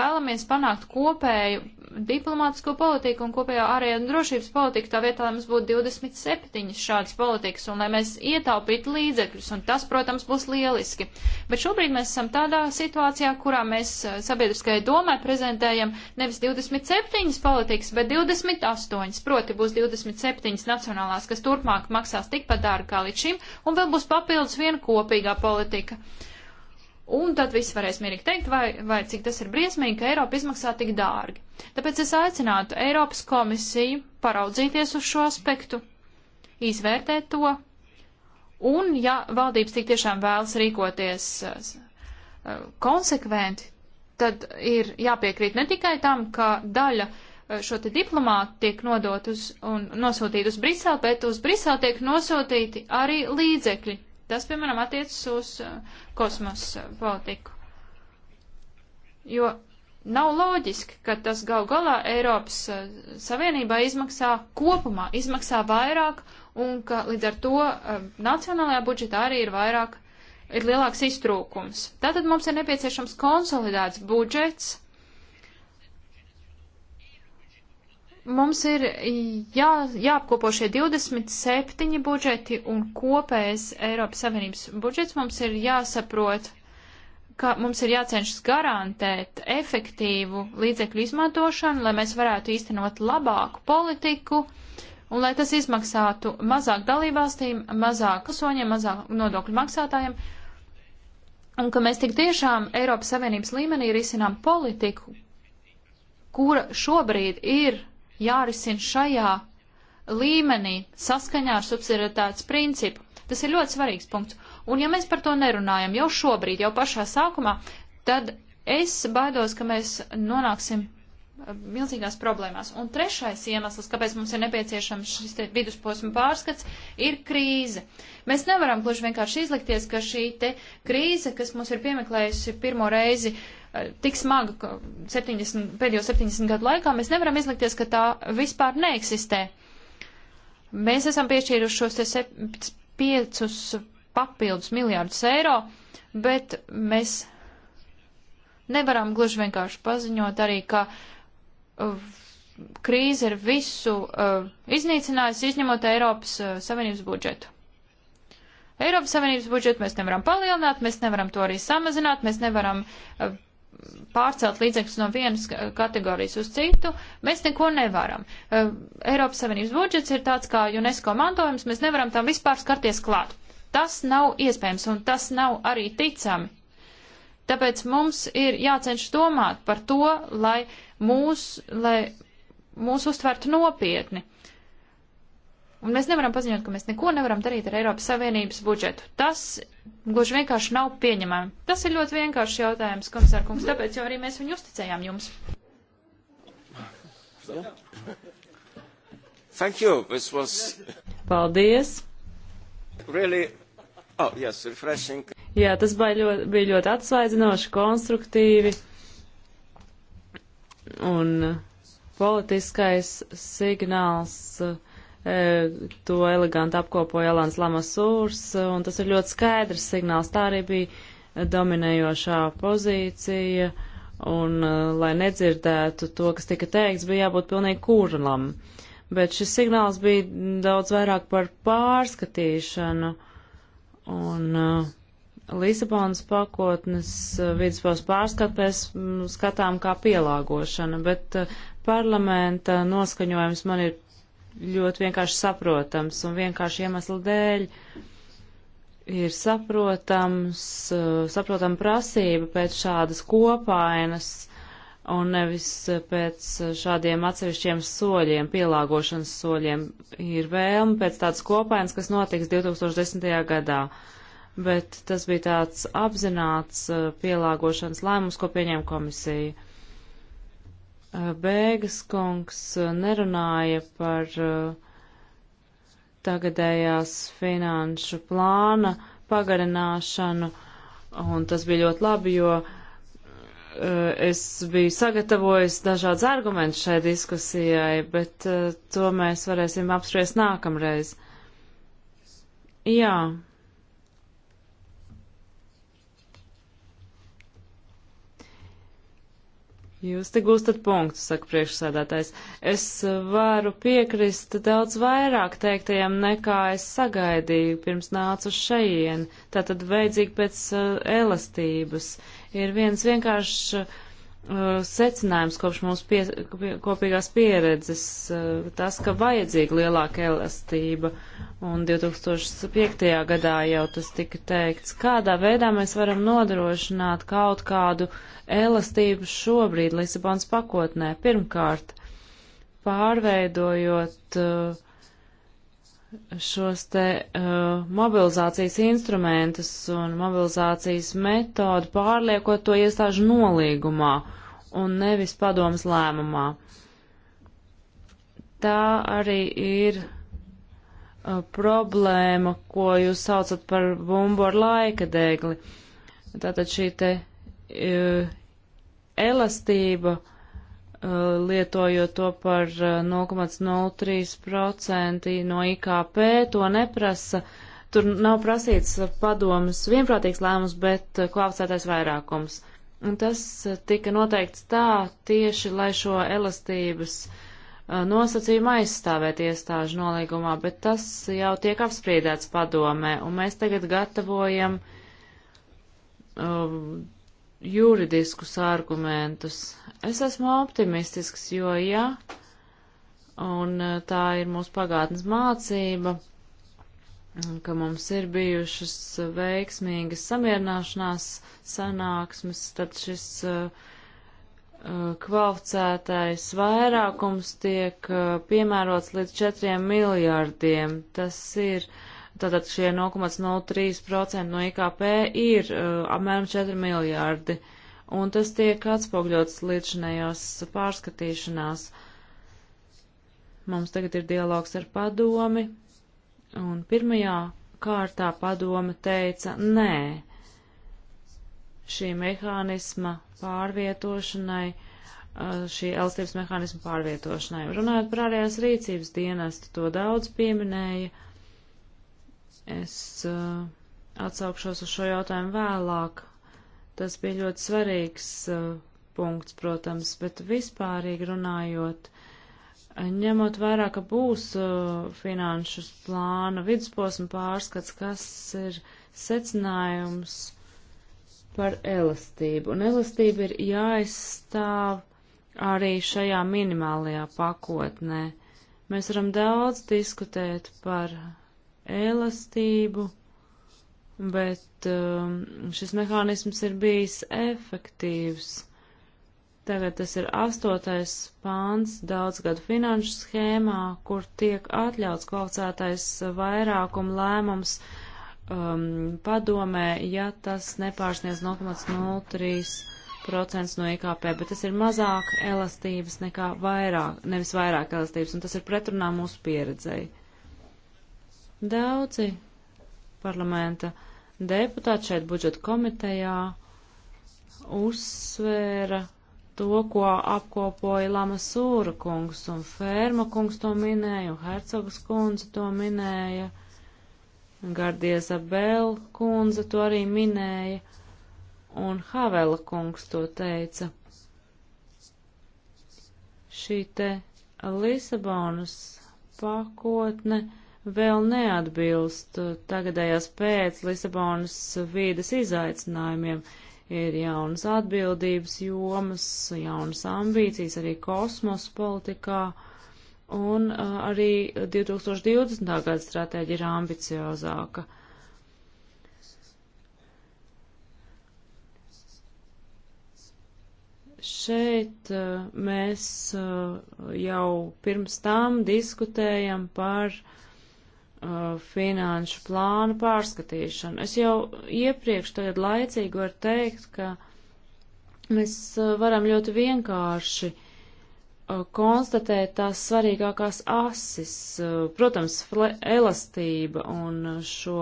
vēlamies panākt kopēju diplomātisko politiku un kopējo ārējo un drošības politiku, tā vietā mums būtu 27 šādas politikas un lai mēs ietaupītu līdzekļus, un tas, protams, būs lieliski. Bet šobrīd mēs esam tādā situācijā, kurā mēs eh, sabiedriskajai domai prezentējam nevis 27 politikas, bet 28, proti būs 27 nacionālās, kas turpmāk maksās tikpat dārgi kā līdz šim, un vēl būs papildus viena kopīgā politika. Un tad visi varēs mierīgi teikt, vai, vai cik tas ir briesmīgi, ka Eiropa izmaksā tik dārgi. Tāpēc es aicinātu Eiropas komisiju paraudzīties uz šo aspektu, izvērtēt to, un ja valdības tik tiešām vēlas rīkoties eh, eh, konsekventi, tad ir jāpiekrīt ne tikai tam, ka daļa eh, šo te diplomātu tiek nodot uz un nosūtīt uz Briselu, bet uz Briselu tiek nosūtīti arī līdzekļi, Tas, piemēram, attiecas uz uh, kosmosa politiku. Jo nav loģiski, ka tas gal galā Eiropas uh, Savienībā izmaksā kopumā, izmaksā vairāk un ka līdz ar to um, nacionālajā budžetā arī ir vairāk, ir lielāks iztrūkums. Tātad mums ir nepieciešams konsolidēts budžets mums ir jā, jāapkopo šie 27 budžeti un kopējais Eiropas Savienības budžets. Mums ir jāsaprot, ka mums ir jācenšas garantēt efektīvu līdzekļu izmantošanu, lai mēs varētu īstenot labāku politiku un lai tas izmaksātu mazāk dalībvalstīm, mazāk kasoņiem, mazāk nodokļu maksātājiem. Un ka mēs tik tiešām Eiropas Savienības līmenī risinām politiku, kura šobrīd ir jārisina šajā līmenī saskaņā ar subsidiaritātes principu. Tas ir ļoti svarīgs punkts. Un ja mēs par to nerunājam jau šobrīd, jau pašā sākumā, tad es baidos, ka mēs nonāksim milzīgās problēmās. Un trešais iemesls, kāpēc mums ir nepieciešams šis vidusposma pārskats, ir krīze. Mēs nevaram gluži vienkārši izlikties, ka šī te krīze, kas mums ir piemeklējusi pirmo reizi eh, tik smaga 70, pēdējo 70 gadu laikā, mēs nevaram izlikties, ka tā vispār neeksistē. Mēs esam piešķīruši šos te 5 papildus miljārdus eiro, bet mēs nevaram gluži vienkārši paziņot arī, ka uh, Uh, krīze ir visu uh, iznīcinājusi, izņemot Eiropas uh, Savienības budžetu. Eiropas Savienības budžetu mēs nevaram palielināt, mēs nevaram to arī samazināt, mēs nevaram uh, pārcelt līdzekļus no vienas kategorijas uz citu, mēs neko nevaram. Uh, Eiropas Savienības budžets ir tāds kā UNESCO mantojums, mēs nevaram tam vispār skarties klāt. Tas nav iespējams un tas nav arī ticami. Tāpēc mums ir jācenš domāt par to, lai mūs, lai mūs uztvertu nopietni. Un mēs nevaram paziņot, ka mēs neko nevaram darīt ar Eiropas Savienības budžetu. Tas gluži vienkārši nav pieņemami. Tas ir ļoti vienkāršs jautājums, komisārkungs, tāpēc jau arī mēs viņu uzticējām jums. Thank you. This was... Paldies. Really... Oh, yes, refreshing. Jā, tas bija ļoti, bija ļoti atsvaidzinoši, konstruktīvi. Un politiskais signāls e, to eleganti apkopoja Elans Lamasūrs, un tas ir ļoti skaidrs signāls. Tā arī bija dominējošā pozīcija, un e, lai nedzirdētu to, kas tika teikts, bija jābūt pilnīgi kurlam. Bet šis signāls bija daudz vairāk par pārskatīšanu, un uh, Lisabonas pakotnes eh, vidusposmas pārskatu mēs mm, skatām kā pielāgošana, bet eh, parlamenta noskaņojums man ir ļoti vienkārši saprotams un vienkārši iemeslu dēļ ir saprotams, eh, saprotama prasība pēc šādas kopainas un nevis pēc šādiem atsevišķiem soļiem, pielāgošanas soļiem. Ir vēlme pēc tādas kopainas, kas notiks 2010. gadā bet tas bija tāds apzināts uh, pielāgošanas lēmums, ko pieņēma komisija. Uh, Bēgas kungs uh, nerunāja par tagadējās finanšu plāna pagarināšanu, un tas bija ļoti labi, jo es biju sagatavojis dažādas argumentus šai diskusijai, bet to mēs varēsim apspriest nākamreiz. Jā. Yeah. Jūs te gūstat punktu, saka priekšsēdētājs. Es varu piekrist daudz vairāk teiktajam, nekā es sagaidīju pirms nācu šajien. Tātad vajadzīgi pēc eh, elastības. Ir viens vienkāršs Uh, secinājums kopš mūsu pie, kopīgās pieredzes, uh, tas, ka vajadzīga lielāka elastība, un 2005. gadā jau tas tika teikts, kādā veidā mēs varam nodrošināt kaut kādu elastību šobrīd Lisabons pakotnē. Pirmkārt, pārveidojot uh, šos te uh, mobilizācijas instrumentus un mobilizācijas metodu pārliekot to iestāžu nolīgumā un nevis padomas lēmumā. Tā arī ir uh, problēma, ko jūs saucat par bumbu ar laika dēgli. Tātad šī te uh, elastība uh, Uh, lietojot to par 0,03% uh, no IKP, to neprasa. Tur nav prasīts uh, padomas vienprātīgs lēmums, bet kvalificētais vairākums. Un tas tika noteikts tā tieši, lai šo elastības nosacījumu aizstāvēt iestāžu nolīgumā, bet tas jau tiek apspriedēts padomē, un mēs tagad gatavojam um, juridiskus argumentus. Es esmu optimistisks, jo ja, un e, tā ir mūsu pagātnes mācība, ka mums ir bijušas veiksmīgas samierināšanās sanāksmes, tad šis uh, kvalificētais vairākums tiek piemērots līdz 4 miljārdiem. Tas ir uh, Tātad šie 0,03% no IKP ir uh, apmēram 4 miljārdi, un tas tiek atspogļots līdzinējos pārskatīšanās. Mums tagad ir dialogs ar padomi, un pirmajā kārtā padome teica nē šī mehānisma pārvietošanai, uh, šī elstības mehānisma pārvietošanai. Runājot par ārējās rīcības dienestu, to daudz pieminēja Es uh, atsaukšos uz šo jautājumu vēlāk. Tas bija ļoti svarīgs uh, punkts, protams, bet vispārīgi runājot, ņemot vērā, ka būs uh, finanšu plāna vidusposma pārskats, kas ir secinājums par elastību. Un elastība ir jāizstāv arī šajā minimālajā pakotnē. Mēs varam daudz diskutēt par elastību, bet um, šis mehānisms ir bijis efektīvs. Tagad tas ir astotais pāns daudzgadu finanšu schēmā, kur tiek atļauts kvalificētais vairākuma lēmums um, padomē, ja tas nepārsniedz 0,03% no IKP, bet tas ir mazāk elastības nekā vairāk, nevis vairāk elastības, un tas ir pretrunā mūsu pieredzei. Daudzi parlamenta deputāti šeit budžeta komitejā uzsvēra to, ko apkopoja Lama Sūra kungs, un Fērma kungs to minēja, un Hercogas kundze to minēja, Gardieza Bēl kundze to arī minēja, un Havela kungs to teica. Šī te Lisabonas pakotne vēl neatbilst tagadējās pēc Lisabonas vīdes izaicinājumiem. Ir jaunas atbildības jomas, jaunas ambīcijas arī kosmosa politikā, un uh, arī 2020. gada stratēģija ir ambiciozāka. šeit uh, mēs uh, jau pirms tam diskutējam par uh, finanšu plānu pārskatīšanu. Es jau iepriekš tagad laicīgi varu teikt, ka mēs uh, varam ļoti vienkārši uh, konstatēt tās svarīgākās asis, uh, protams, elastība un šo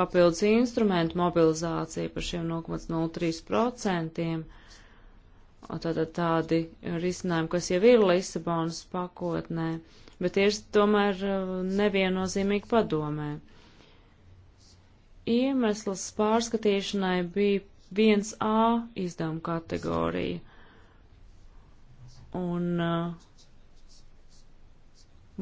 papildus instrumentu mobilizācija par šiem 0,03%. Tātad tādi risinājumi, kas jau ir Lisabonas pakotnē. Uh, bet ir tomēr uh, neviennozīmīgi padomē. Iemesls pārskatīšanai bija 1A izdevuma kategorija. Un uh,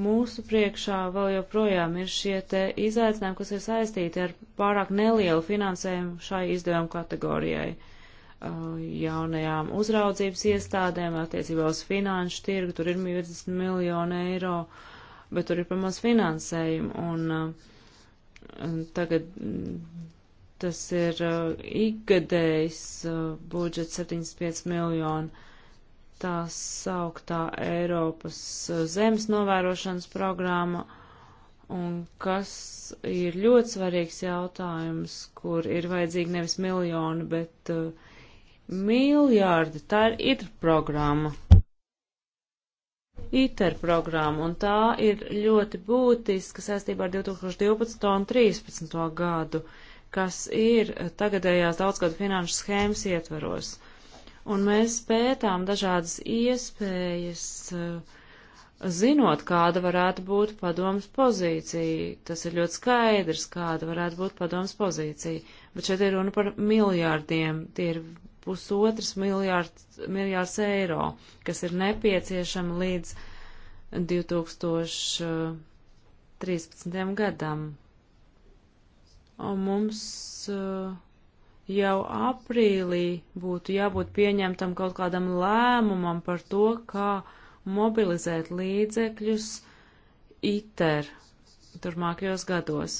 mūsu priekšā vēl joprojām ir šie te izaicinājumi, kas ir saistīti ar pārāk nelielu finansējumu šai izdevuma kategorijai. Uh, jaunajām uzraudzības iestādēm attiecībā uz finanšu tirgu. Tur ir 20 miljoni eiro, bet tur ir pamaz finansējumu. Un, un uh, tagad mm, tas ir uh, ikgadējs uh, budžets 75 miljoni. Tā sauktā Eiropas zemes novērošanas programma un kas ir ļoti svarīgs jautājums, kur ir vajadzīgi nevis miljoni, bet uh, miljārdi. Tā ir ITR programma. ITER programma, un tā ir ļoti būtiska saistībā ar 2012. un 2013. gadu, kas ir tagadējās daudzgadu finanšu schēmas ietveros. Un mēs pētām dažādas iespējas, eh, zinot, kāda varētu būt padomas pozīcija. Tas ir ļoti skaidrs, kāda varētu būt padomas pozīcija. Bet šeit ir runa par miljārdiem, tie ir pusotras miljārds eiro, kas ir nepieciešama līdz 2013. gadam. Un mums eh, jau aprīlī būtu jābūt pieņemtam kaut kādam lēmumam par to, kā mobilizēt līdzekļus ITER turmākajos gados.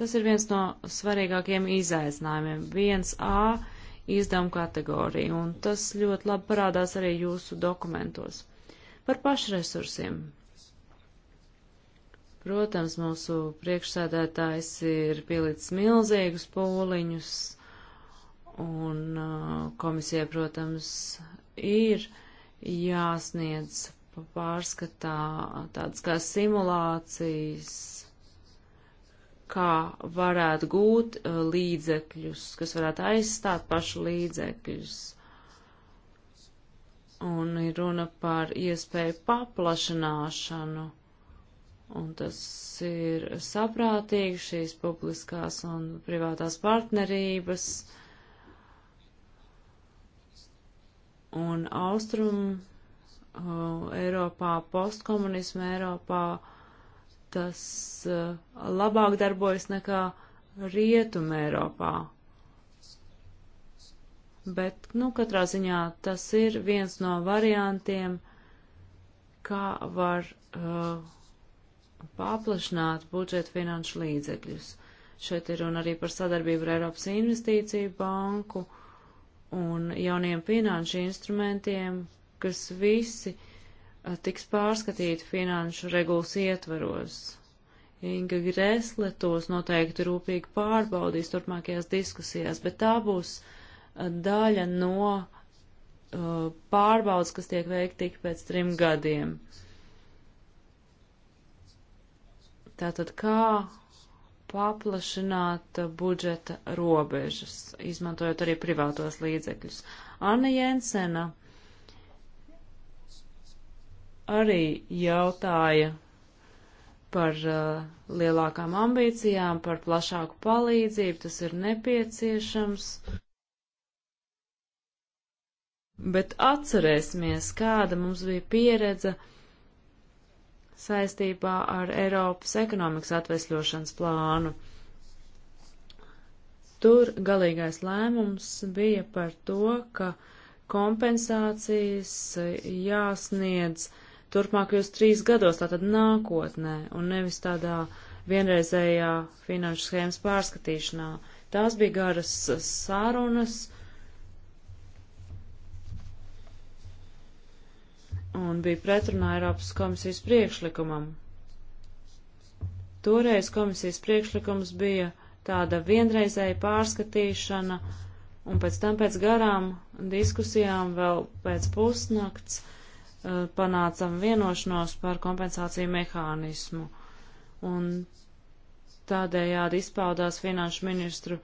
Tas ir viens no svarīgākajiem izaicinājumiem. 1A izdevumu kategoriju, un tas ļoti labi parādās arī jūsu dokumentos. Par pašresursiem. Protams, mūsu priekšsēdētājs ir pielicis milzīgus pūliņus, un uh, komisija, protams, ir jāsniedz pārskatā tādas kā simulācijas kā varētu gūt uh, līdzekļus, kas varētu aizstāt pašu līdzekļus. Un ir runa par iespēju paplašināšanu, un tas ir saprātīgi šīs publiskās un privātās partnerības. Un austrum uh, Eiropā, postkomunismu Eiropā uh, tas eh, labāk darbojas nekā Rietuma Eiropā. Bet, nu, katrā ziņā tas ir viens no variantiem, kā var uh, paplašināt budžeta finanšu līdzekļus. Šeit ir runa arī par sadarbību ar Eiropas investīciju banku un jauniem finanšu instrumentiem, kas visi uh, Eh, tiks pārskatīti finanšu regulas ietvaros. Inga Gresle tos noteikti rūpīgi pārbaudīs turpmākajās diskusijās, bet tā būs eh, daļa no uh, pārbaudas, kas tiek veikta tik pēc trim gadiem. Tātad kā paplašināt budžeta robežas, izmantojot arī privātos līdzekļus. Anna Jensena uh, arī jautāja par uh, lielākām ambīcijām, par plašāku palīdzību, tas ir nepieciešams. Bet atcerēsimies, kāda mums bija pieredze saistībā ar Eiropas ekonomikas atvesļošanas plānu. Tur galīgais lēmums bija par to, ka kompensācijas jāsniedz uh, turpmākajos trīs gados, tātad nākotnē, un nevis tādā vienreizējā finanšu schēmas pārskatīšanā. Tās bija garas sārunas, un bija pretrunā Eiropas komisijas priekšlikumam. Toreiz komisijas priekšlikums bija tāda vienreizēja pārskatīšana, un pēc tam pēc garām diskusijām vēl pēc pusnakts Eh, panācam vienošanos par kompensāciju mehānismu. Un tādējādi izpaudās finanšu ministru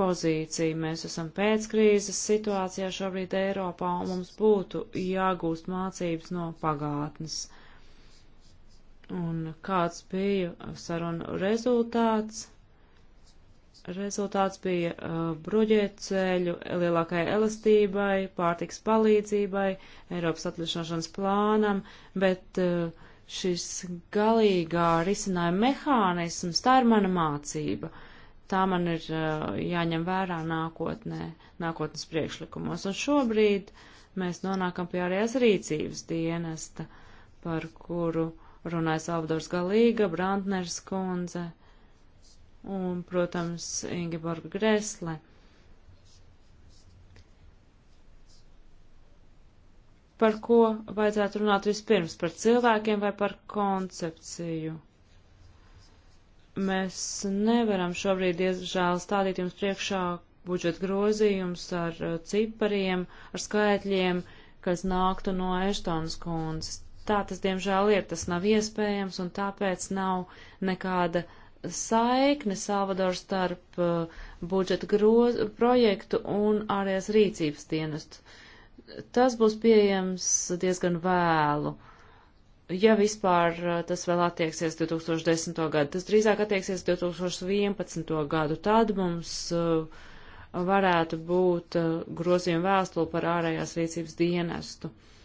pozīcija. Mēs esam pēc krīzes situācijā šobrīd Eiropā, un mums būtu jāgūst mācības no pagātnes. Un kāds bija sarunu rezultāts? Rezultāts bija uh, bruģēceļu lielākai elastībai, pārtiks palīdzībai, Eiropas atlišanāšanas plānam, bet uh, šis galīgā risinājuma mehānisms, tā ir mana mācība. Tā man ir uh, jāņem vērā nākotnē, nākotnes priekšlikumos. Un šobrīd mēs nonākam pie ārējās rīcības dienesta, par kuru runāja Salvadors Galīga, Brantners kundze. Uh, un, protams, Ingeborga Gresle. Par ko vajadzētu runāt vispirms? Par cilvēkiem vai par koncepciju? Mēs nevaram šobrīd, diezžēl, stādīt jums priekšā budžeta grozījums ar uh, cipariem, ar skaitļiem, kas nāktu no Eštonas kundzes. Tā tas, diemžēl, ir, tas nav iespējams, un tāpēc nav nekāda uh, saikne Salvador starp uh, budžeta groz, projektu un ārējās rīcības dienestu. Tas būs pieejams diezgan vēlu. Ja vispār uh, tas vēl attieksies 2010. gadu, tas drīzāk attieksies 2011. gadu, tad mums uh, varētu būt uh, grozījuma vēstule par ārējās rīcības dienestu. Uh,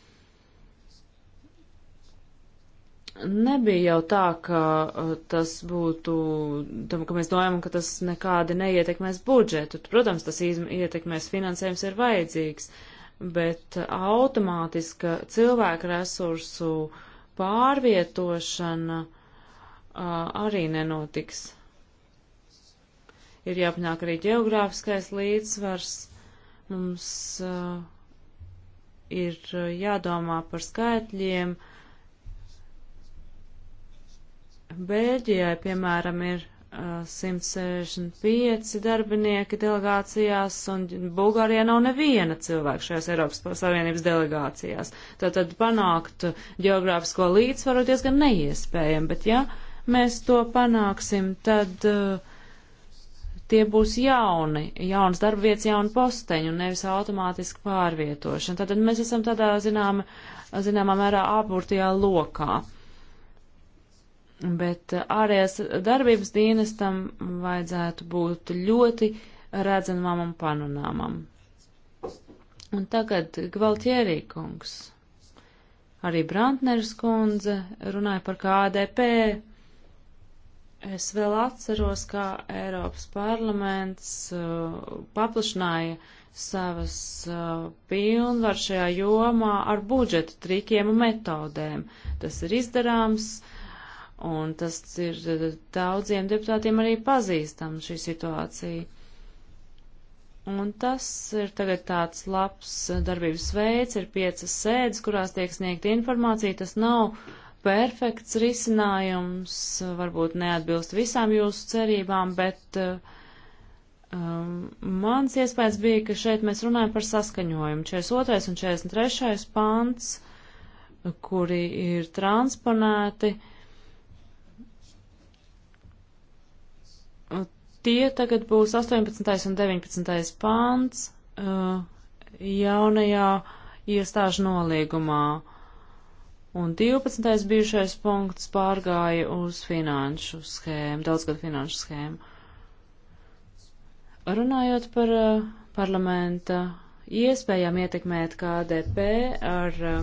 nebija jau tā, ka uh, tas būtu, tam, ka mēs domājam, ka tas nekādi neietekmēs budžetu. Protams, tas ietekmēs finansējums ir vajadzīgs, bet automātiska cilvēku resursu pārvietošana uh, arī nenotiks. Ir jāpanāk arī geogrāfiskais līdzsvars. Mums uh, ir uh, jādomā par skaitļiem, uh, Bēļģijai, piemēram, ir 165 darbinieki delegācijās, un Bulgārijā nav neviena cilvēka šajās Eiropas Savienības delegācijās. Tātad panākt geogrāfisko līdzsvaru diezgan neiespējami, bet ja mēs to panāksim, tad uh, tie būs jauni, jauns darbvietas, jauni posteņi un nevis automātiski pārvietošana. Tātad mēs esam tādā zināma, zināmā mērā apburtajā lokā bet ārējās darbības dienestam vajadzētu būt ļoti redzamam un panunāmam. Un tagad Gvaltjerī kungs. Arī Brantneris kundze runāja par KDP. Es vēl atceros, kā Eiropas parlaments uh, paplašināja savas uh, pilnvar šajā jomā ar budžeta trikiem un metodēm. Tas ir izdarāms. Uh, Un tas ir eh, daudziem deputātiem arī pazīstam šī situācija. Un tas ir tagad tāds labs eh, darbības veids, ir piecas sēdes, kurās tiek sniegta informācija. Tas nav perfekts risinājums, eh, varbūt neatbilst visām jūsu cerībām, bet uh, Um, mans iespējas bija, ka šeit mēs runājam par saskaņojumu. 42. un 43. pants, kuri ir transponēti, uh, Tie tagad būs 18. un 19. pāns uh, jaunajā iestāžu noliegumā, un 12. bijušais punkts pārgāja uz finanšu schēmu, daudzgad finanšu schēmu. Runājot par uh, parlamenta iespējām ietekmēt KDP ar uh,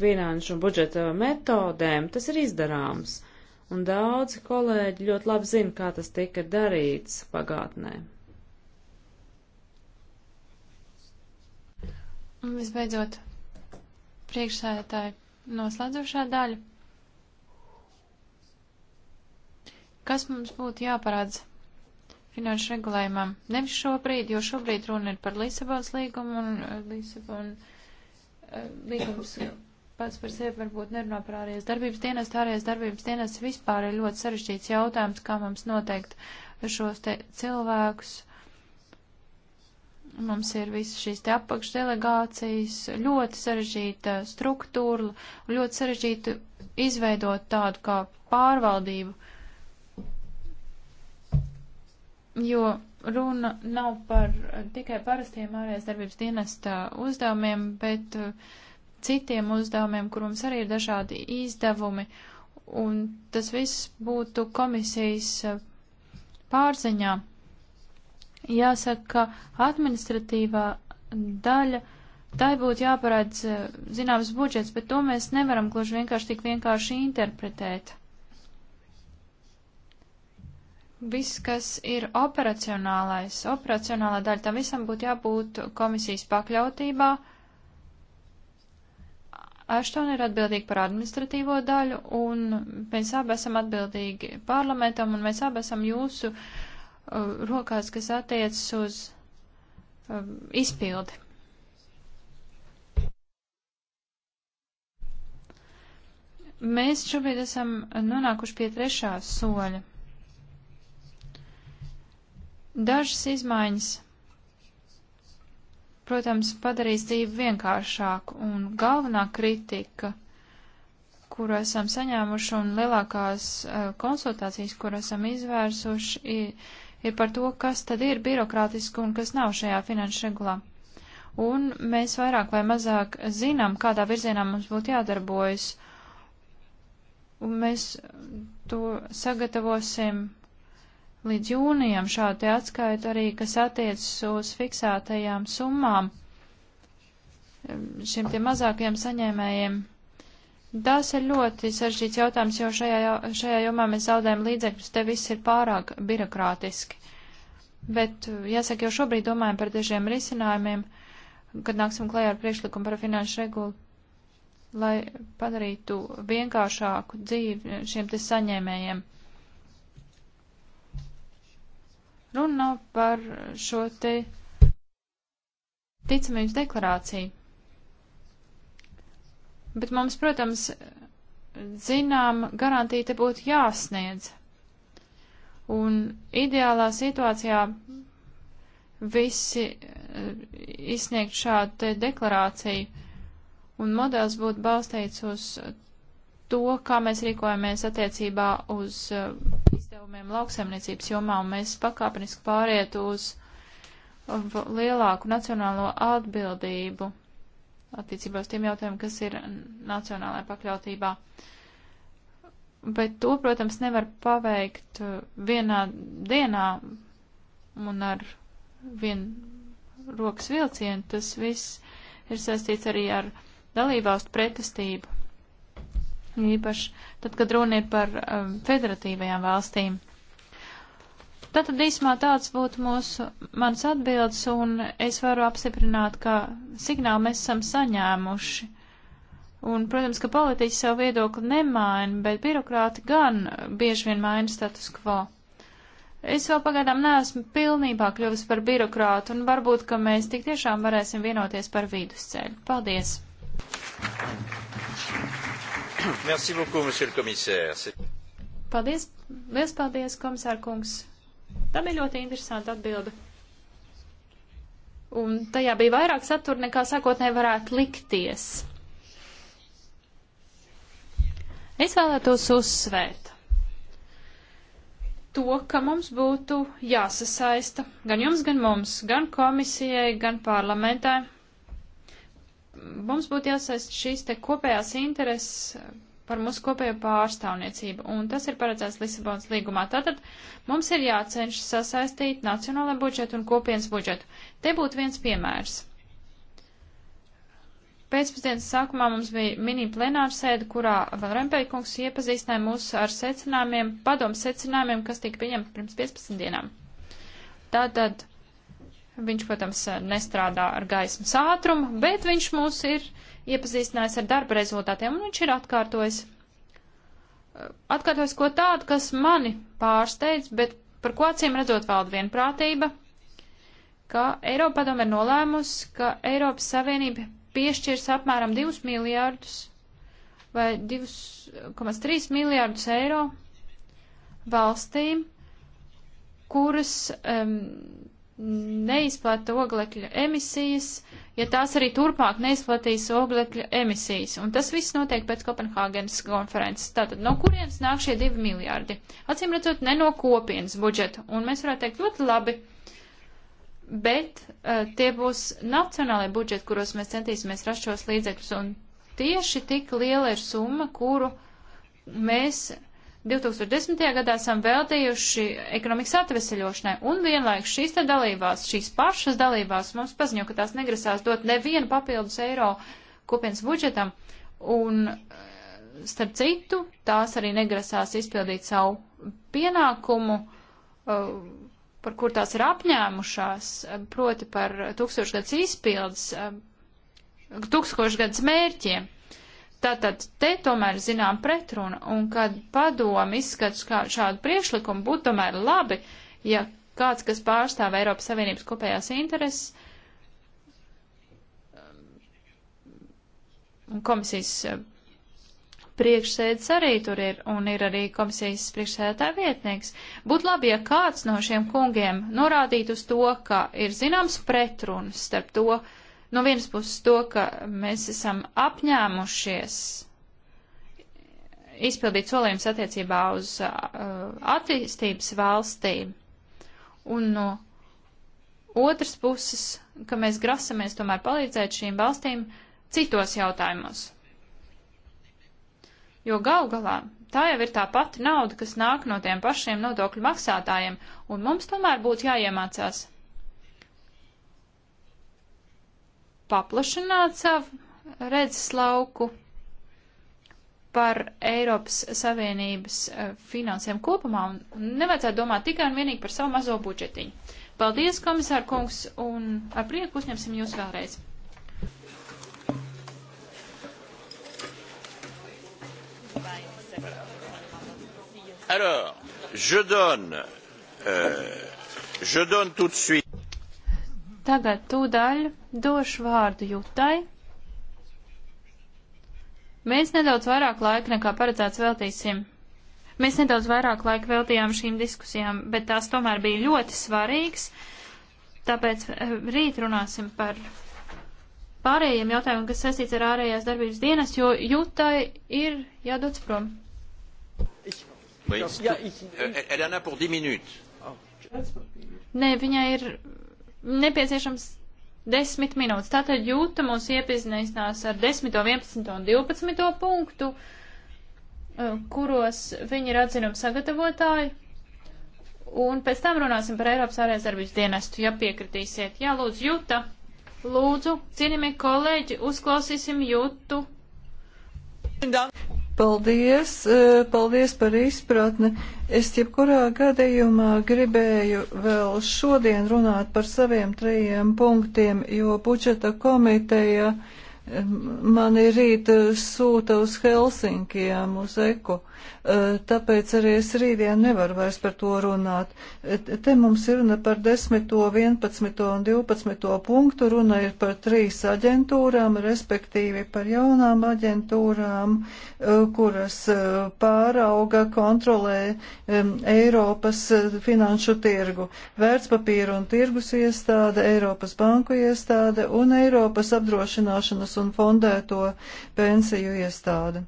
finanšu un budžeta metodēm, tas ir izdarāms. Uh, un daudzi kolēģi ļoti labi zina, kā tas tika darīts pagātnē. Un visbeidzot, priekšsēdētāji noslēdzošā daļa. Kas mums būtu jāparādz finanšu regulējumam? Nevis šobrīd, jo šobrīd runa ir par Lisabonas līgumu un eh, Lisabonu eh, līgums pats par sevi varbūt nerunā par ārējās darbības dienestu. Ārējās darbības dienests vispār ir ļoti sarežģīts jautājums, kā mums noteikt šos te cilvēkus. Mums ir visas šīs te apakšdelegācijas, ļoti sarežģīta struktūra, ļoti sarežģīta izveidot tādu kā pārvaldību, jo runa nav par tikai parastiem ārējās darbības dienesta uzdevumiem, bet uh, citiem uzdevumiem, kur mums arī ir dažādi izdevumi, un tas viss būtu komisijas eh, pārziņā. Jāsaka, ka administratīvā daļa, tai būtu jāparādz eh, zināms budžets, bet to mēs nevaram gluži vienkārši tik vienkārši interpretēt. Viss, kas ir operacionālais, operacionālā daļa, tam visam būtu jābūt komisijas pakļautībā. Uh, Aštona ir atbildīga par administratīvo daļu, un mēs abi esam atbildīgi parlamentam, un mēs abi esam jūsu uh, rokās, kas attiecas uz uh, izpildi. Mēs šobrīd esam nonākuši pie trešā soļa. Dažas izmaiņas protams, padarīs dzīvi vienkāršāku, un galvenā kritika, kuru esam saņēmuši, un lielākās uh, konsultācijas, kur esam izvērsuši, ir, ir par to, kas tad ir birokrātiski un kas nav šajā finanšu regulā. Un mēs vairāk vai mazāk zinām, kādā virzienā mums būtu jādarbojas, un mēs to sagatavosim līdz jūnijam šādi atskaita arī, kas attiecas uz fiksētajām summām šiem tie mazākajiem saņēmējiem. Tas ir ļoti saržģīts jautājums, jo šajā, šajā jomā mēs zaudējam līdzekļus, te viss ir pārāk birokrātiski. Bet, jāsaka, jau šobrīd domājam par dažiem risinājumiem, kad nāksim klajā ar priekšlikumu par finanšu regulu, lai padarītu vienkāršāku dzīvi šiem te saņēmējiem. Runa par šo te ticamības deklarāciju. Bet mums, protams, zinām garantija te būtu jāsniedz. Un ideālā situācijā visi eh, izsniegt šādu te deklarāciju, un modelis būtu balstīts uz to, kā mēs rīkojamies attiecībā uz uh, izdevumiem lauksaimniecības jomā, un mēs pakāpeniski pāriet uz um, lielāku nacionālo atbildību attiecībā uz tiem jautājumiem, kas ir nacionālajā pakļautībā. Bet to, protams, nevar paveikt uh, vienā dienā un ar vienu rokas vilcienu. Tas viss ir saistīts arī ar dalībvalstu pretestību īpaši tad, kad runa ir par um, federatīvajām valstīm. Tātad īsumā tāds būtu mūsu mans atbildes, un es varu apstiprināt, ka signālu mēs esam saņēmuši. Un, protams, ka politiķi savu viedokli nemaina, bet birokrāti gan bieži vien maina status quo. Es vēl pagaidām neesmu pilnībā kļuvis par birokrātu, un varbūt, ka mēs tik tiešām varēsim vienoties par vidusceļu. Paldies! Thank you. Merci beaucoup, monsieur le commissaire. Paldies, liels paldies, komisār kungs. Tam ir ļoti interesanti atbildi. Un tajā bija vairāk satura, nekā sākotnēji varētu likties. Es vēlētos uzsvērt to, ka mums būtu jāsasaista gan jums, gan mums, gan komisijai, gan parlamentai mums būtu jāsaist šīs te kopējās intereses par mūsu kopējo pārstāvniecību, un tas ir paredzēts Lisabonas līgumā. Tātad mums ir jācenšas sasaistīt nacionālajā budžetu un kopienas budžetu. Te būtu viens piemērs. Pēcpusdienas sākumā mums bija mini plenāra sēde, kurā vēl Rempeikungs iepazīstināja mūs ar secinājumiem, padomu secinājumiem, kas tika pieņemti pirms 15 dienām. Tātad Viņš, protams, nestrādā ar gaismas ātrumu, bet viņš mūs ir iepazīstinājis ar darba rezultātiem, un viņš ir atkārtojis. Atkārtojis ko tādu, kas mani pārsteidz, bet par ko acīm redzot valda vienprātība, ka Eiropa padome ir nolēmusi, ka Eiropas Savienība piešķirs apmēram 2 miljārdus vai 2,3 miljārdus eiro valstīm, kuras um, neizplata oglekļa emisijas, ja tās arī turpmāk neizplatīs oglekļa emisijas. Un tas viss notiek pēc Kopenhāgenes konferences. Tātad, no kurienes nāk šie divi miljārdi? Acīm redzot, ne no kopienas budžeta. Un mēs varētu teikt ļoti labi, bet uh, tie būs nacionālai budžeti, kuros mēs centīsimies rast šos līdzekļus. Un tieši tik liela ir summa, kuru mēs 2010. gadā esam veltījuši ekonomikas atveseļošanai, un vienlaikus šīs te dalībās, šīs pašas dalībās mums paziņo, ka tās negrasās dot nevienu papildus eiro kopienas budžetam, un eh, starp citu, tās arī negrasās izpildīt savu pienākumu, eh, par kur tās ir apņēmušās, eh, proti par tūkstošgads izpildes, tūkstošgads mērķiem. Tātad te tomēr zinām pretruna, un kad padomi izskats šādu priešlikumu, būtu tomēr labi, ja kāds, kas pārstāv Eiropas Savienības kopējās intereses, um, un komisijas uh, priekšsēdis arī tur ir, un ir arī komisijas priekšsēdētāja vietnieks. Būtu labi, ja kāds no šiem kungiem norādītu uz to, ka ir zināms pretruns starp to, uh, no vienas puses to, ka mēs esam apņēmušies izpildīt solījums attiecībā uz uh, attīstības valstīm, un no otras puses, ka mēs grasamies tomēr palīdzēt šīm valstīm citos jautājumos. Jo gal galā tā jau ir tā pati nauda, kas nāk no tiem pašiem nodokļu maksātājiem, un mums tomēr būtu jāiemācās paplašināt savu redzes lauku par Eiropas Savienības eh, finansēm kopumā un nevajadzētu domāt tikai un vienīgi par savu mazo budžetiņu. Paldies, komisār kungs, un ar prieku uzņemsim jūs vēlreiz. Alors, je donne, euh, je donne tout de suite. Tagad tūdaļ došu vārdu Jutai. Mēs nedaudz vairāk laika nekā paredzēts veltīsim. Mēs nedaudz vairāk laika veltījām šīm diskusijām, bet tās tomēr bija ļoti svarīgas. Tāpēc eh, rīt runāsim par pārējiem jautājumiem, kas saistīts ar ārējās darbības dienas, jo jūtai ir jādodas prom. Nē, oh. viņai ir nepieciešams desmit minūtes. Tātad jūta mūs iepazīstinās ar 10, 11 un 12 punktu, eh, kuros viņi ir atzinumi sagatavotāji. Un pēc tam runāsim par Eiropas ārējās darbības dienestu, ja piekritīsiet. Jā, lūdzu, jūta. Lūdzu, cienījamie kolēģi, uzklausīsim jūtu. Paldies, eh, paldies par izpratni. Es jebkurā gadījumā gribēju vēl šodien runāt par saviem trejiem punktiem, jo budžeta komiteja uh, Mani rīt eh, sūta uz Helsinkijām, uz Eku, eh, tāpēc arī es rītdien nevaru vairs par to runāt. Eh, te mums ir runa par 10, 11 un 12 punktu, runa ir par trīs aģentūrām, respektīvi par jaunām aģentūrām, kuras pārauga, kontrolē Eiropas finanšu tirgu, vērtspapīru un tirgus iestāde, Eiropas banku iestāde un Eiropas apdrošināšanas un fondēto pensiju iestādi.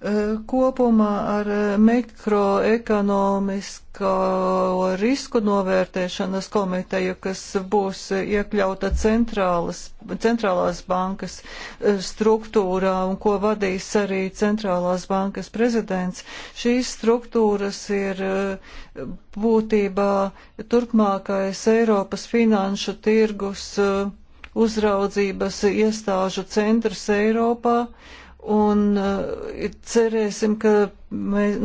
Eh, kopumā ar eh, mikroekonomisko risku novērtēšanas komiteju, kas būs eh, iekļauta centrālas, centrālās bankas struktūrā un ko vadīs arī centrālās bankas prezidents, šīs struktūras ir būtībā turpmākais Eiropas finanšu tirgus uzraudzības iestāžu centrs Eiropā un eh, cerēsim, ka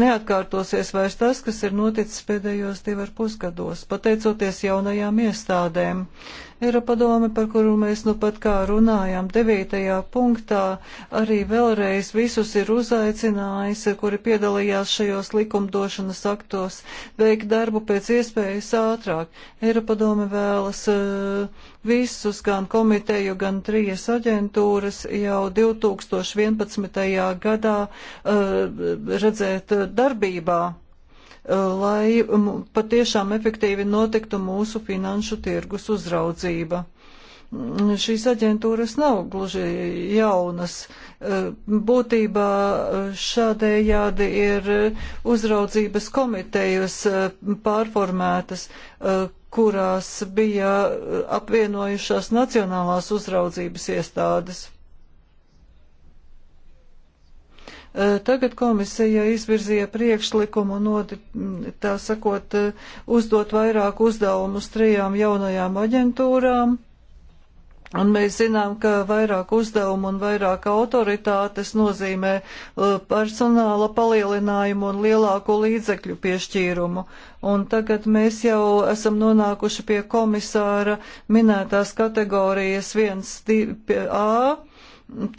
neatkārtosies vairs tas, kas ir noticis pēdējos divar pusgados, pateicoties jaunajām iestādēm. Uh, Eiropadome, par kuru mēs nu pat kā runājām devītajā punktā, arī vēlreiz visus ir uzaicinājis, kuri piedalījās šajos likumdošanas aktos, veikt darbu pēc iespējas ātrāk. Eiropadome vēlas uh, visus, gan komiteju, gan trijas aģentūras jau 2011. gadā uh, redzēt darbībā lai patiešām efektīvi notiktu mūsu finanšu tirgus uzraudzība. Mm, šīs aģentūras nav gluži jaunas. E, būtībā e, šādējādi ir uzraudzības komitejas e, pārformētas, kurās bija apvienojušās nacionālās uzraudzības iestādes. Eh, tagad komisija izvirzīja priekšlikumu, nodi, mm, tā sakot, eh, uzdot vairāk uzdevumus trijām jaunajām aģentūrām. Un mēs zinām, ka vairāk uzdevumu un vairāk autoritātes nozīmē eh, personāla palielinājumu un lielāku līdzekļu piešķīrumu. Un tagad mēs jau esam nonākuši pie komisāra minētās kategorijas 1A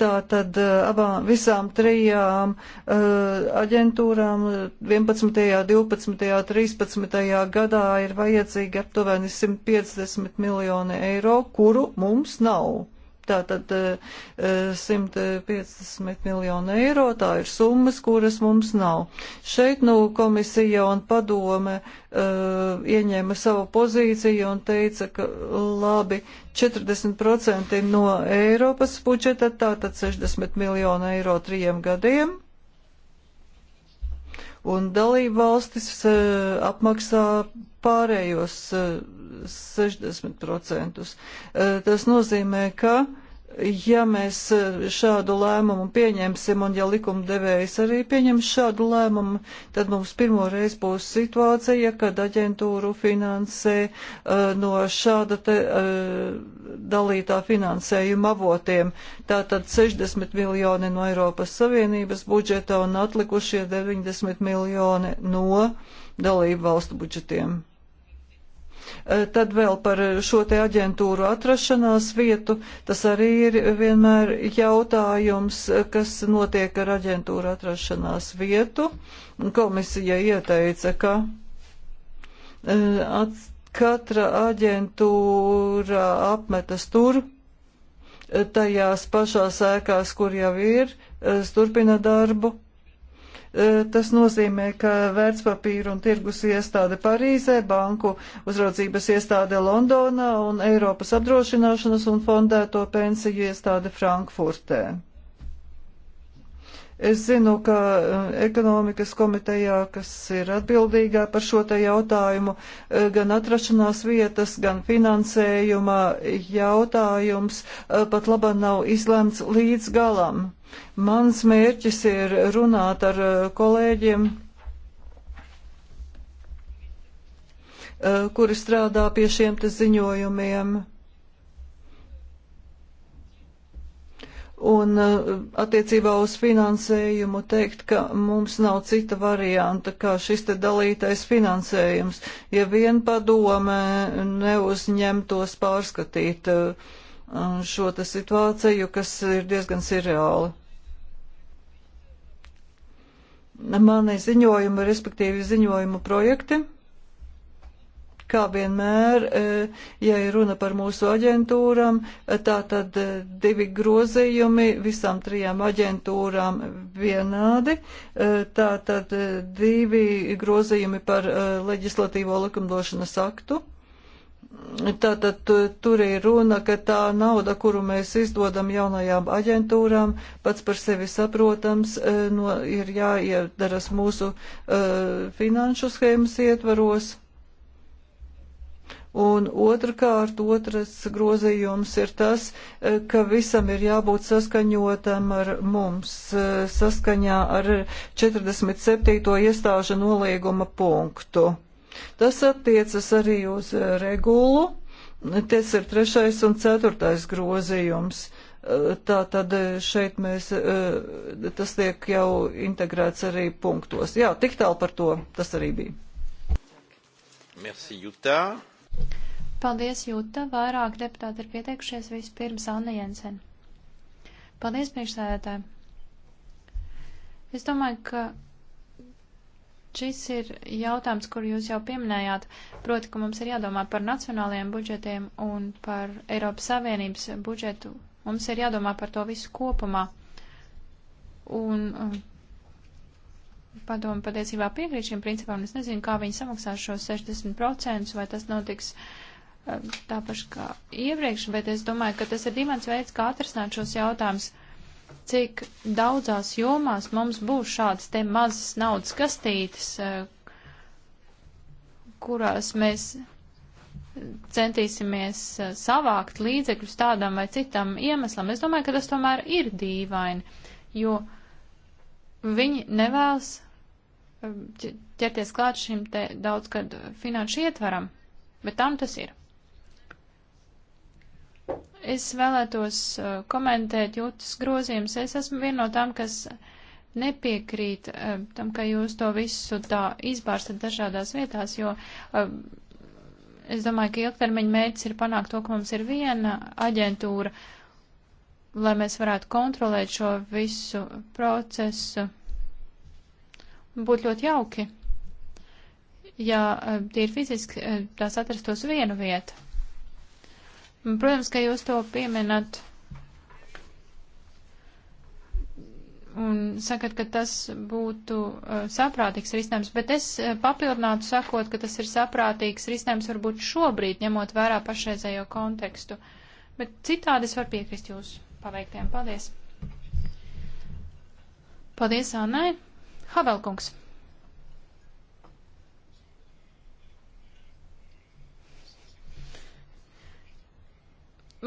Tā tad eh, abām, visām trijām eh, aģentūrām 11., 12., 13. gadā ir vajadzīgi aptuveni 150 miljoni eiro, kuru mums nav. Tātad 150 eh, eh, miljonu eiro, tā ir summas, kuras mums nav. Šeit nu komisija un padome uh, ieņēma savu pozīciju un teica, ka labi, 40% no Eiropas budžeta, tātad 60 miljonu eiro trijiem gadiem un dalību valstis e, apmaksā pārējos 60%. E, e, tas nozīmē, ka ja mēs e, šādu lēmumu pieņemsim, un ja likumdevējs arī pieņems šādu lēmumu, tad mums pirmoreiz būs situācija, kad aģentūru finansē uh, no šāda te, uh, dalītā finansējuma avotiem. Tātad 60 miljoni no Eiropas Savienības budžeta un atlikušie 90 miljoni no dalību valstu budžetiem. Eh, tad vēl par šo te aģentūru atrašanās vietu. Tas arī ir vienmēr jautājums, eh, kas notiek ar aģentūru atrašanās vietu. Komisija ieteica, ka eh, katra aģentūra apmetas tur, tajās pašās ēkās, kur jau ir, turpina darbu Eh, tas nozīmē, ka vērtspapīru un tirgus iestāde Parīzē, banku uzraudzības iestāde Londonā un Eiropas apdrošināšanas un fondēto pensiju iestāde Frankfurtē. Es zinu, ka eh, ekonomikas komitejā, kas ir atbildīgā par šo te jautājumu, eh, gan atrašanās vietas, gan finansējuma jautājums eh, pat laba nav izlemts līdz galam. Mans mērķis ir runāt ar kolēģiem, kuri strādā pie šiem te ziņojumiem un uh, attiecībā uz finansējumu teikt, ka mums nav cita varianta, kā šis te dalītais finansējums, ja vien padome neuzņemtos pārskatīt uh, šo te situāciju, kas ir diezgan sirreāli. Mani ziņojumi, respektīvi ziņojumu projekti. Kā vienmēr, e, ja ir runa par mūsu aģentūram, e, tā tad e, divi grozījumi visām trijām aģentūrām vienādi. Tā tad divi grozījumi par leģislatīvo likumdošanas aktu. Tātad tur ir runa, ka tā nauda, kuru mēs izdodam jaunajām aģentūrām, pats par sevi saprotams, no, ir jāiedaras mūsu uh, finanšu schēmas ietvaros. Un otrkārt, otrs grozījums ir tas, eh, ka visam ir jābūt saskaņotam ar mums, eh, saskaņā ar 47. iestāžu nolīguma punktu. Tas attiecas arī uz eh, regulu. Tas ir trešais un ceturtais grozījums. Tā tad šeit mēs, tas tiek jau integrēts arī punktos. Jā, tik tālu par to tas arī bija. Merci, Jutta. Paldies, Jūta. Vairāk deputāti ir pieteikušies vispirms Anna Jensen. Paldies, priekšsēdētāji. Es domāju, ka šis ir jautājums, kur jūs jau pieminējāt, proti, ka mums ir jādomā par nacionālajiem budžetiem un par Eiropas Savienības budžetu. Mums ir jādomā par to visu kopumā. Un um, padomu patiesībā piekrīt šiem principam, un es nezinu, kā viņi samaksās šos 60%, vai tas notiks eh, tā paši kā iepriekš, bet es domāju, ka tas ir dimants veids, kā atrisināt šos jautājumus, cik daudzās jomās mums būs šādas te mazas naudas kastītes, eh, kurās mēs centīsimies eh, savākt līdzekļus tādam vai citam iemeslam. Es domāju, ka tas tomēr ir dīvaini, jo viņi nevēlas Um, ķerties klāt šim te daudzgad finanšu ietvaram, bet tam tas ir. Es vēlētos uh, komentēt jūtas grozījumus. Es esmu viena no tām, kas nepiekrīt um, tam, ka jūs to visu tā izbārstat dažādās vietās, jo um, es domāju, ka ilgtermiņa mērķis ir panākt to, ka mums ir viena aģentūra, lai mēs varētu kontrolēt šo visu procesu Būtu ļoti jauki, ja e, tīri fiziski e, tās atrastos vienu vietu. Protams, ka jūs to pieminat un sakat, ka tas būtu uh, saprātīgs risinājums, bet es uh, papildinātu sakot, ka tas ir saprātīgs risinājums varbūt šobrīd, ņemot vērā pašreizējo kontekstu. Bet citādi es varu piekrist jūsu paveiktiem. Paldies! Paldies, Annai! Havelkungs.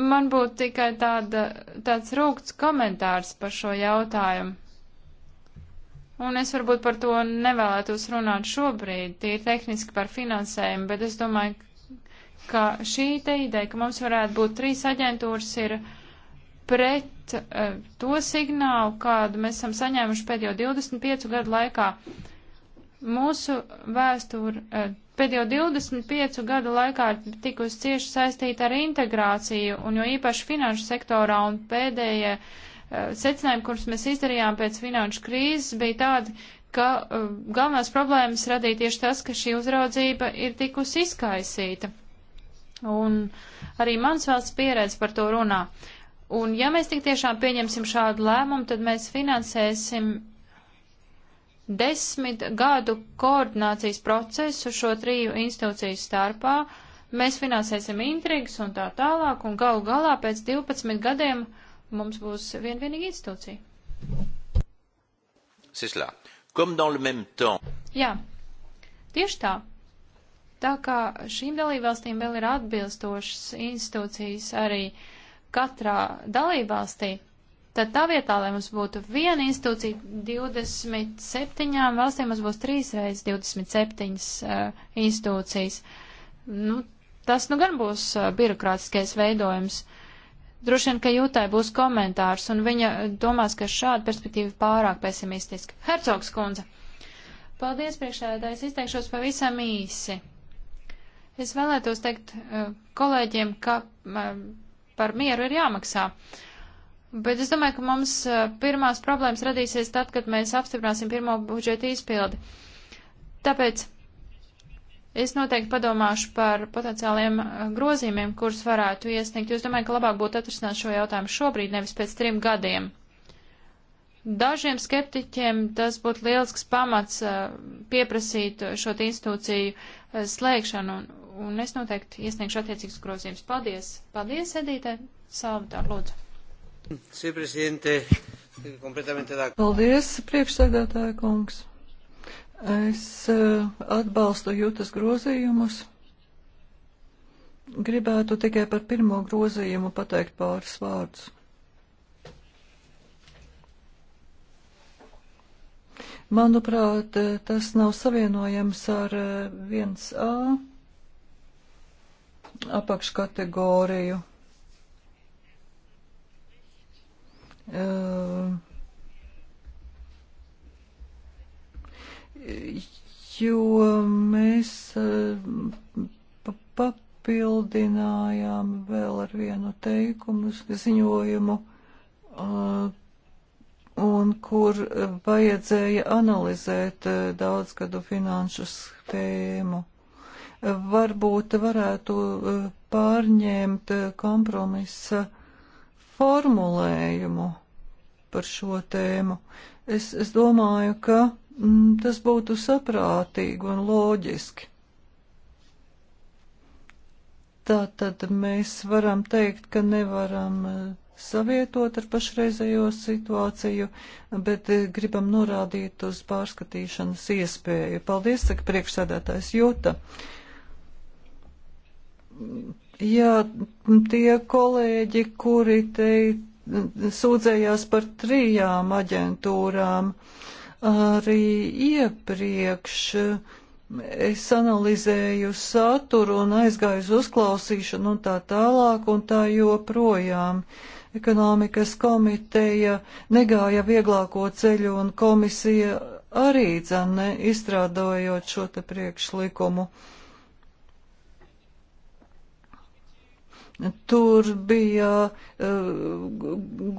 Man būtu tikai tāda, tāds rūgts komentārs par šo jautājumu. Un es varbūt par to nevēlētos runāt šobrīd, tīri tehniski par finansējumu, bet es domāju, ka šī te ideja, ka mums varētu būt trīs aģentūras, ir uh, pret uh, to signālu, kādu mēs esam saņēmuši pēdējo 25 gadu laikā. Mūsu vēsture uh, pēdējo 25 gadu laikā ir tikusi cieši saistīta ar integrāciju, un jo īpaši finanšu sektorā, un pēdējie uh, secinājumi, kurus mēs izdarījām pēc finanšu krīzes, bija tādi, ka uh, galvenās problēmas radīja tieši tas, ka šī uzraudzība ir tikusi izkaisīta. Un arī mans valsts pieredze par to runā. Uh, Un ja mēs tik tiešām pieņemsim šādu lēmumu, tad mēs finansēsim desmit gadu koordinācijas procesu šo triju institūciju starpā. Mēs finansēsim intrigas un tā tālāk, un galu galā pēc 12 gadiem mums būs vien vienīga institūcija. Sislā. Comme dans le même temps. Jā, tieši tā. Tā kā šīm dalībvalstīm vēl ir atbilstošas institūcijas arī uh, katrā dalībvalstī, tad tā vietā, lai mums būtu viena institūcija 27 valstīm, mums būs trīs reizes 27 uh, eh, institūcijas. Nu, tas nu gan būs uh, birokrātiskais veidojums. Droši vien, ka jūtai būs komentārs, un viņa eh, domās, ka šāda perspektīva pārāk pesimistiska. Hercogs kundze. Paldies, priekšēdājs. Izteikšos pavisam īsi. Es vēlētos teikt uh, kolēģiem, ka uh, par mieru ir jāmaksā. Bet es domāju, ka mums eh, pirmās problēmas radīsies tad, kad mēs apstiprināsim pirmo budžeta izpildi. Tāpēc es noteikti padomāšu par potenciāliem eh, grozījumiem, kurus varētu iesniegt. Es domāju, ka labāk būtu atrisināt šo jautājumu šobrīd, nevis pēc trim gadiem. Dažiem skeptiķiem tas būtu lielisks pamats eh, pieprasīt šo institūciju slēgšanu un un es noteikti iesniegšu attiecīgas grozījumus. Paldies! Paldies, Edīte! Salvatā, lūdzu! Paldies, priekšsēdētāja kungs! Es eh, atbalstu jūtas grozījumus. Gribētu tikai par pirmo grozījumu pateikt pāris vārdus. Manuprāt, eh, tas nav savienojams ar 1A eh, apakškategoriju. Eh, jo mēs eh, papildinājām vēl ar vienu teikumu ziņojumu, eh, un kur vajadzēja analizēt daudzgadu finanšu schēmu varbūt varētu e, pārņemt e, kompromisa formulējumu par šo tēmu. Es, es domāju, ka mm, tas būtu saprātīgi un loģiski. Tā tad mēs varam teikt, ka nevaram e, savietot ar pašreizējo situāciju, bet gribam norādīt uz pārskatīšanas iespēju. Paldies, saka priekšsēdētājs Jūta. Uh, Jā, tie kolēģi, kuri te sūdzējās par trijām aģentūrām, arī iepriekš es analizēju saturu un aizgāju uz uzklausīšanu un tā tālāk un tā joprojām. Ekonomikas komiteja negāja vieglāko ceļu un komisija arī dzene izstrādājot šo te priekšlikumu. Uh, Tur bija uh,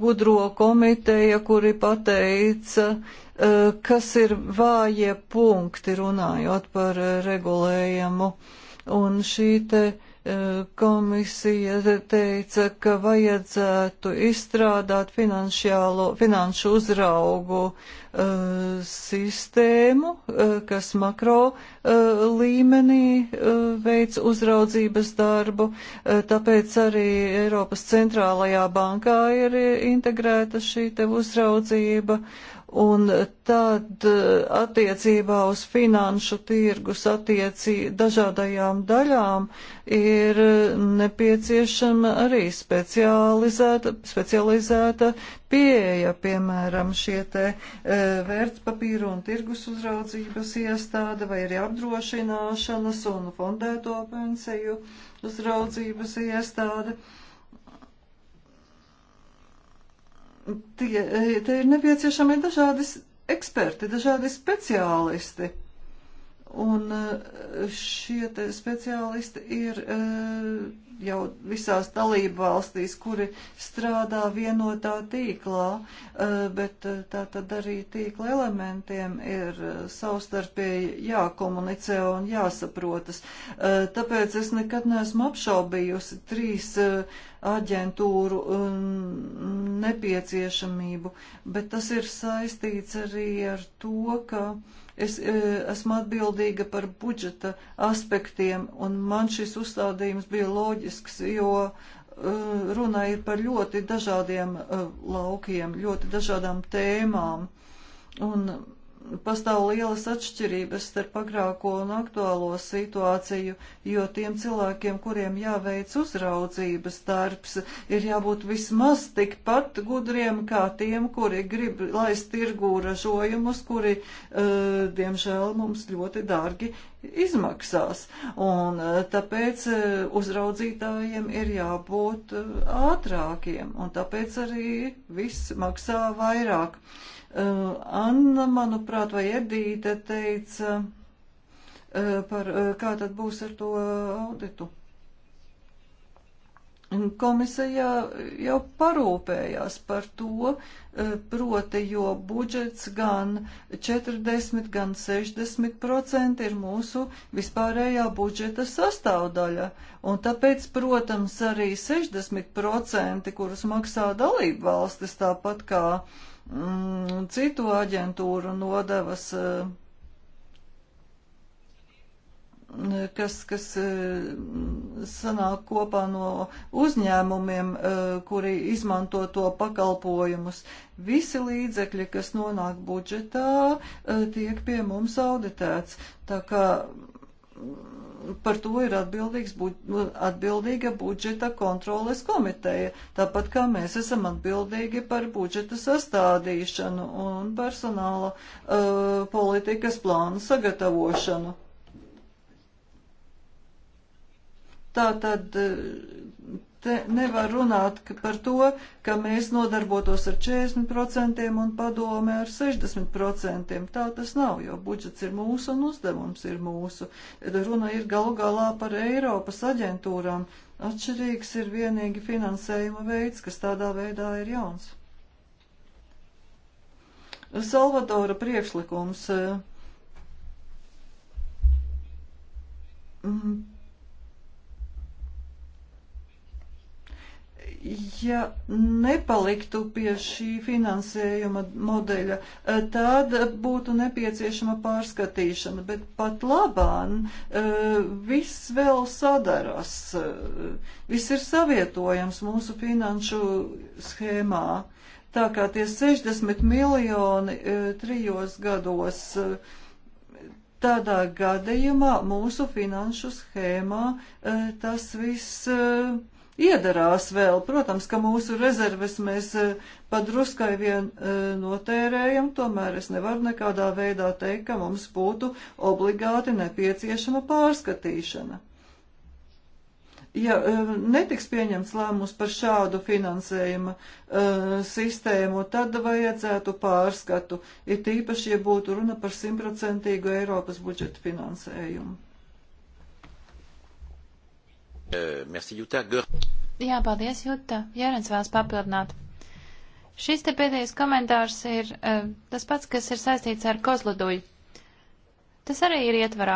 gudro komiteja, kuri pateica, uh, kas ir vājie punkti runājot par uh, regulējumu. Un šī te uh, Komisija teica, ka vajadzētu izstrādāt finanšu uzraugu uh, sistēmu, uh, kas makro uh, līmenī veic uzraudzības darbu, tāpēc arī Eiropas centrālajā bankā ir integrēta šī te uzraudzība Un tad eh, attiecībā uz finanšu tirgus attiecī dažādajām daļām ir nepieciešama arī specializēta, specializēta pieeja, piemēram, šie te e, vērtspapīru un tirgus uzraudzības iestāde vai arī apdrošināšanas un fondēto pensiju uzraudzības iestāde. E, Tie, eh, tie ir nepieciešami dažādi eksperti, dažādi speciālisti. Un eh, šie speciālisti ir eh, jau visās dalību valstīs, kuri strādā vienotā tīklā, bet tā tad arī tīkla elementiem ir savstarpēji jākomunicē un jāsaprotas. Tāpēc es nekad neesmu apšaubījusi trīs uh, aģentūru um, nepieciešamību, bet tas ir saistīts arī ar to, ka es e, esmu atbildīga par budžeta aspektiem, un man šis uzstādījums bija loģisks, jo e, runa ir par ļoti dažādiem e, laukiem, ļoti dažādām tēmām. Un pastāv lielas atšķirības starp agrāko un aktuālo situāciju, jo tiem cilvēkiem, kuriem jāveic uzraudzības darbs, ir jābūt vismaz tikpat gudriem kā tiem, kuri grib laist tirgū ražojumus, kuri, uh, diemžēl, mums ļoti dārgi izmaksās. Un eh, tāpēc eh, uzraudzītājiem ir jābūt ātrākiem, un tāpēc arī viss maksā vairāk. Uh, Eh, Anna, manuprāt, vai Edīte teica eh, par eh, kā tad būs ar to auditu. Komisija jau parūpējās par to, proti, jo budžets gan 40, gan 60 procenti ir mūsu vispārējā budžeta sastāvdaļa. Un tāpēc, protams, arī 60 procenti, kurus maksā dalību valstis, tāpat kā uh, Mm, citu aģentūru nodevas, eh, kas, kas eh, sanāk kopā no uzņēmumiem, eh, kuri izmanto to pakalpojumus. Visi līdzekļi, kas nonāk budžetā, tiek pie mums auditēts. Tā kā par to ir atbildīga budžeta kontroles komiteja, tāpat kā mēs esam atbildīgi par budžeta sastādīšanu un personāla uh, politikas plānu sagatavošanu. Tātad eh, Te nevar runāt par to, ka mēs nodarbotos ar 40% un padome ar 60%. Tā tas nav, jo budžets ir mūsu un uzdevums ir mūsu. Runa ir galu galā par Eiropas aģentūrām. Atšķirīgs ir vienīgi finansējuma veids, kas tādā veidā ir jauns. Salvadora priekšlikums. Mm ja nepaliktu pie šī finansējuma modeļa, eh, tad būtu nepieciešama pārskatīšana, bet pat labāk eh, viss vēl sadaras, eh, viss ir savietojams mūsu finanšu schēmā. Tā kā tie 60 miljoni trijos gados Tādā gadījumā mūsu finanšu schēmā tas viss iedarās vēl. Protams, ka mūsu rezerves mēs eh, padruskai vien eh, notērējam, tomēr es nevaru nekādā veidā teikt, ka mums būtu obligāti nepieciešama pārskatīšana. Ja eh, netiks pieņemts lēmums par šādu finansējuma uh, sistēmu, tad vajadzētu pārskatu, ir tīpaši, ja būtu runa par simtprocentīgu Eiropas budžeta finansējumu. Eh, merci, Jūtā. Jā, paldies, Jūtā. Jērens vēlas papildināt. Šis te pēdējais komentārs ir uh, tas pats, kas ir saistīts ar kozluduju. Tas arī ir ietvarā,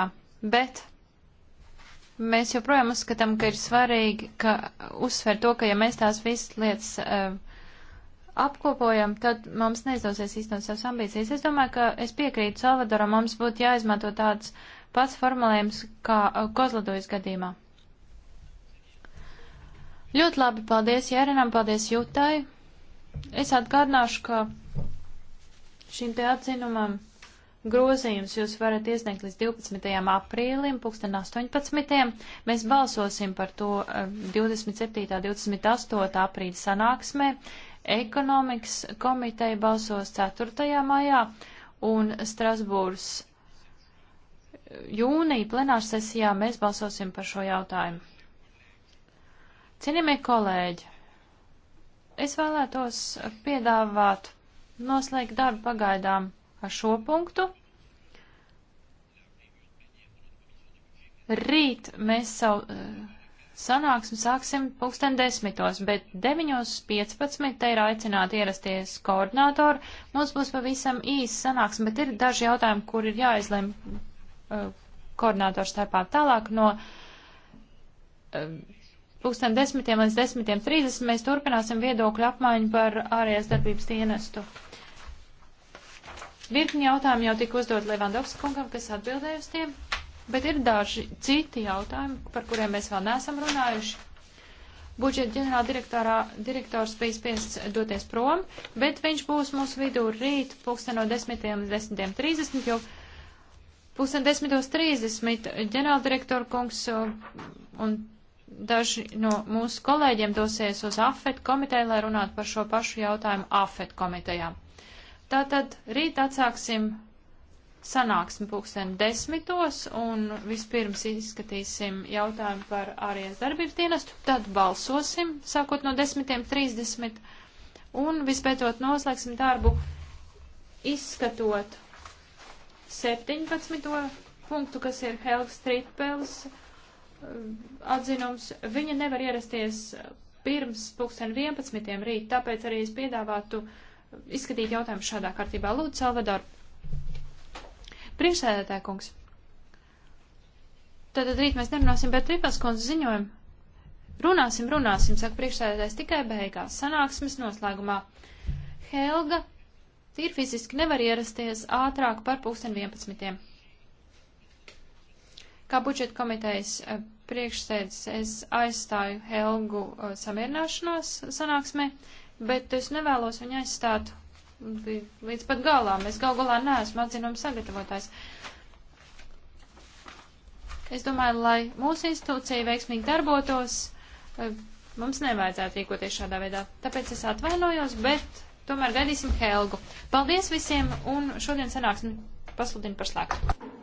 bet mēs joprojām uzskatām, ka ir svarīgi, ka uzsver to, ka ja mēs tās visas lietas uh, apkopojam, tad mums neizdosies īstenot savas ambīcijas. Es domāju, ka es piekrītu Salvadoram, mums būtu jāizmanto tāds pats formulējums kā uh, kozludojas gadījumā. Ļoti labi, paldies Jērenam, paldies Jūtai. Es atgādināšu, ka šim te atzinumam grozījums jūs varat iesniegt līdz 12. aprīlim, pulksten 18. Mēs balsosim par to 27. Eh, 28. aprīļa sanāksmē. Ekonomikas komiteja balsos 4. maijā un Strasbūras eh, jūnija plenārsesijā mēs balsosim par šo jautājumu. Cienījamie kolēģi, es vēlētos piedāvāt noslēgt darbu pagaidām ar šo punktu. Rīt mēs savu eh, sanāksmi sāksim pulksten desmitos, bet 9.15 te ir aicināti ierasties koordinātori. Mums būs pavisam īsa sanāksme, bet ir daži jautājumi, kur ir jāizlem eh, koordinātoru starpā tālāk no eh, pulksten desmitiem līdz desmitiem trīsdesmit mēs turpināsim viedokļu apmaiņu par ārējās darbības dienestu. Virkni jautājumi jau tika uzdot Levandovskis kungam, kas atbildēja uz tiem, bet ir daži citi jautājumi, par kuriem mēs vēl neesam runājuši. Budžeta ģenerāla direktors bija spiests doties prom, bet viņš būs mūsu vidū rīt pulksten no desmitiem līdz desmitiem trīsdesmit, jo Pusdien desmitos trīsdesmit ģenerāldirektora kungs uh, un daži no mūsu kolēģiem dosies uz AFET komiteju, lai runātu par šo pašu jautājumu AFET komitejā. Tātad rīt atsāksim sanāksmi pulksten desmitos un vispirms izskatīsim jautājumu par ārējās darbības dienestu, tad balsosim, sākot no 10.30 un vispētot noslēgsim darbu izskatot 17. punktu, kas ir Helga Strītpels atzinums, viņa nevar ierasties pirms pulksten 11. rīt, tāpēc arī es piedāvātu izskatīt jautājumu šādā kārtībā. Lūdzu, Salvador. Priekšsēdētāj, kungs. Tātad rīt mēs nerunāsim par Tripaskundas ziņojumu. Runāsim, runāsim, saka priekšsēdētājs tikai beigās, sanāksmes noslēgumā. Helga tīri fiziski nevar ierasties ātrāk par pulksten 11. Kā budžeta komitejas e, priekšsēdis es aizstāju Helgu e, samierināšanās sanāksmē, bet es nevēlos viņu aizstāt līdz pat galām. Es gal galā neesmu atzinums sagatavotājs. Es domāju, lai mūsu institūcija veiksmīgi darbotos, e, mums nevajadzētu rīkoties šādā veidā. Tāpēc es atvainojos, bet tomēr gaidīsim Helgu. Paldies visiem un šodien sanāksim pasludinu par slēgtu.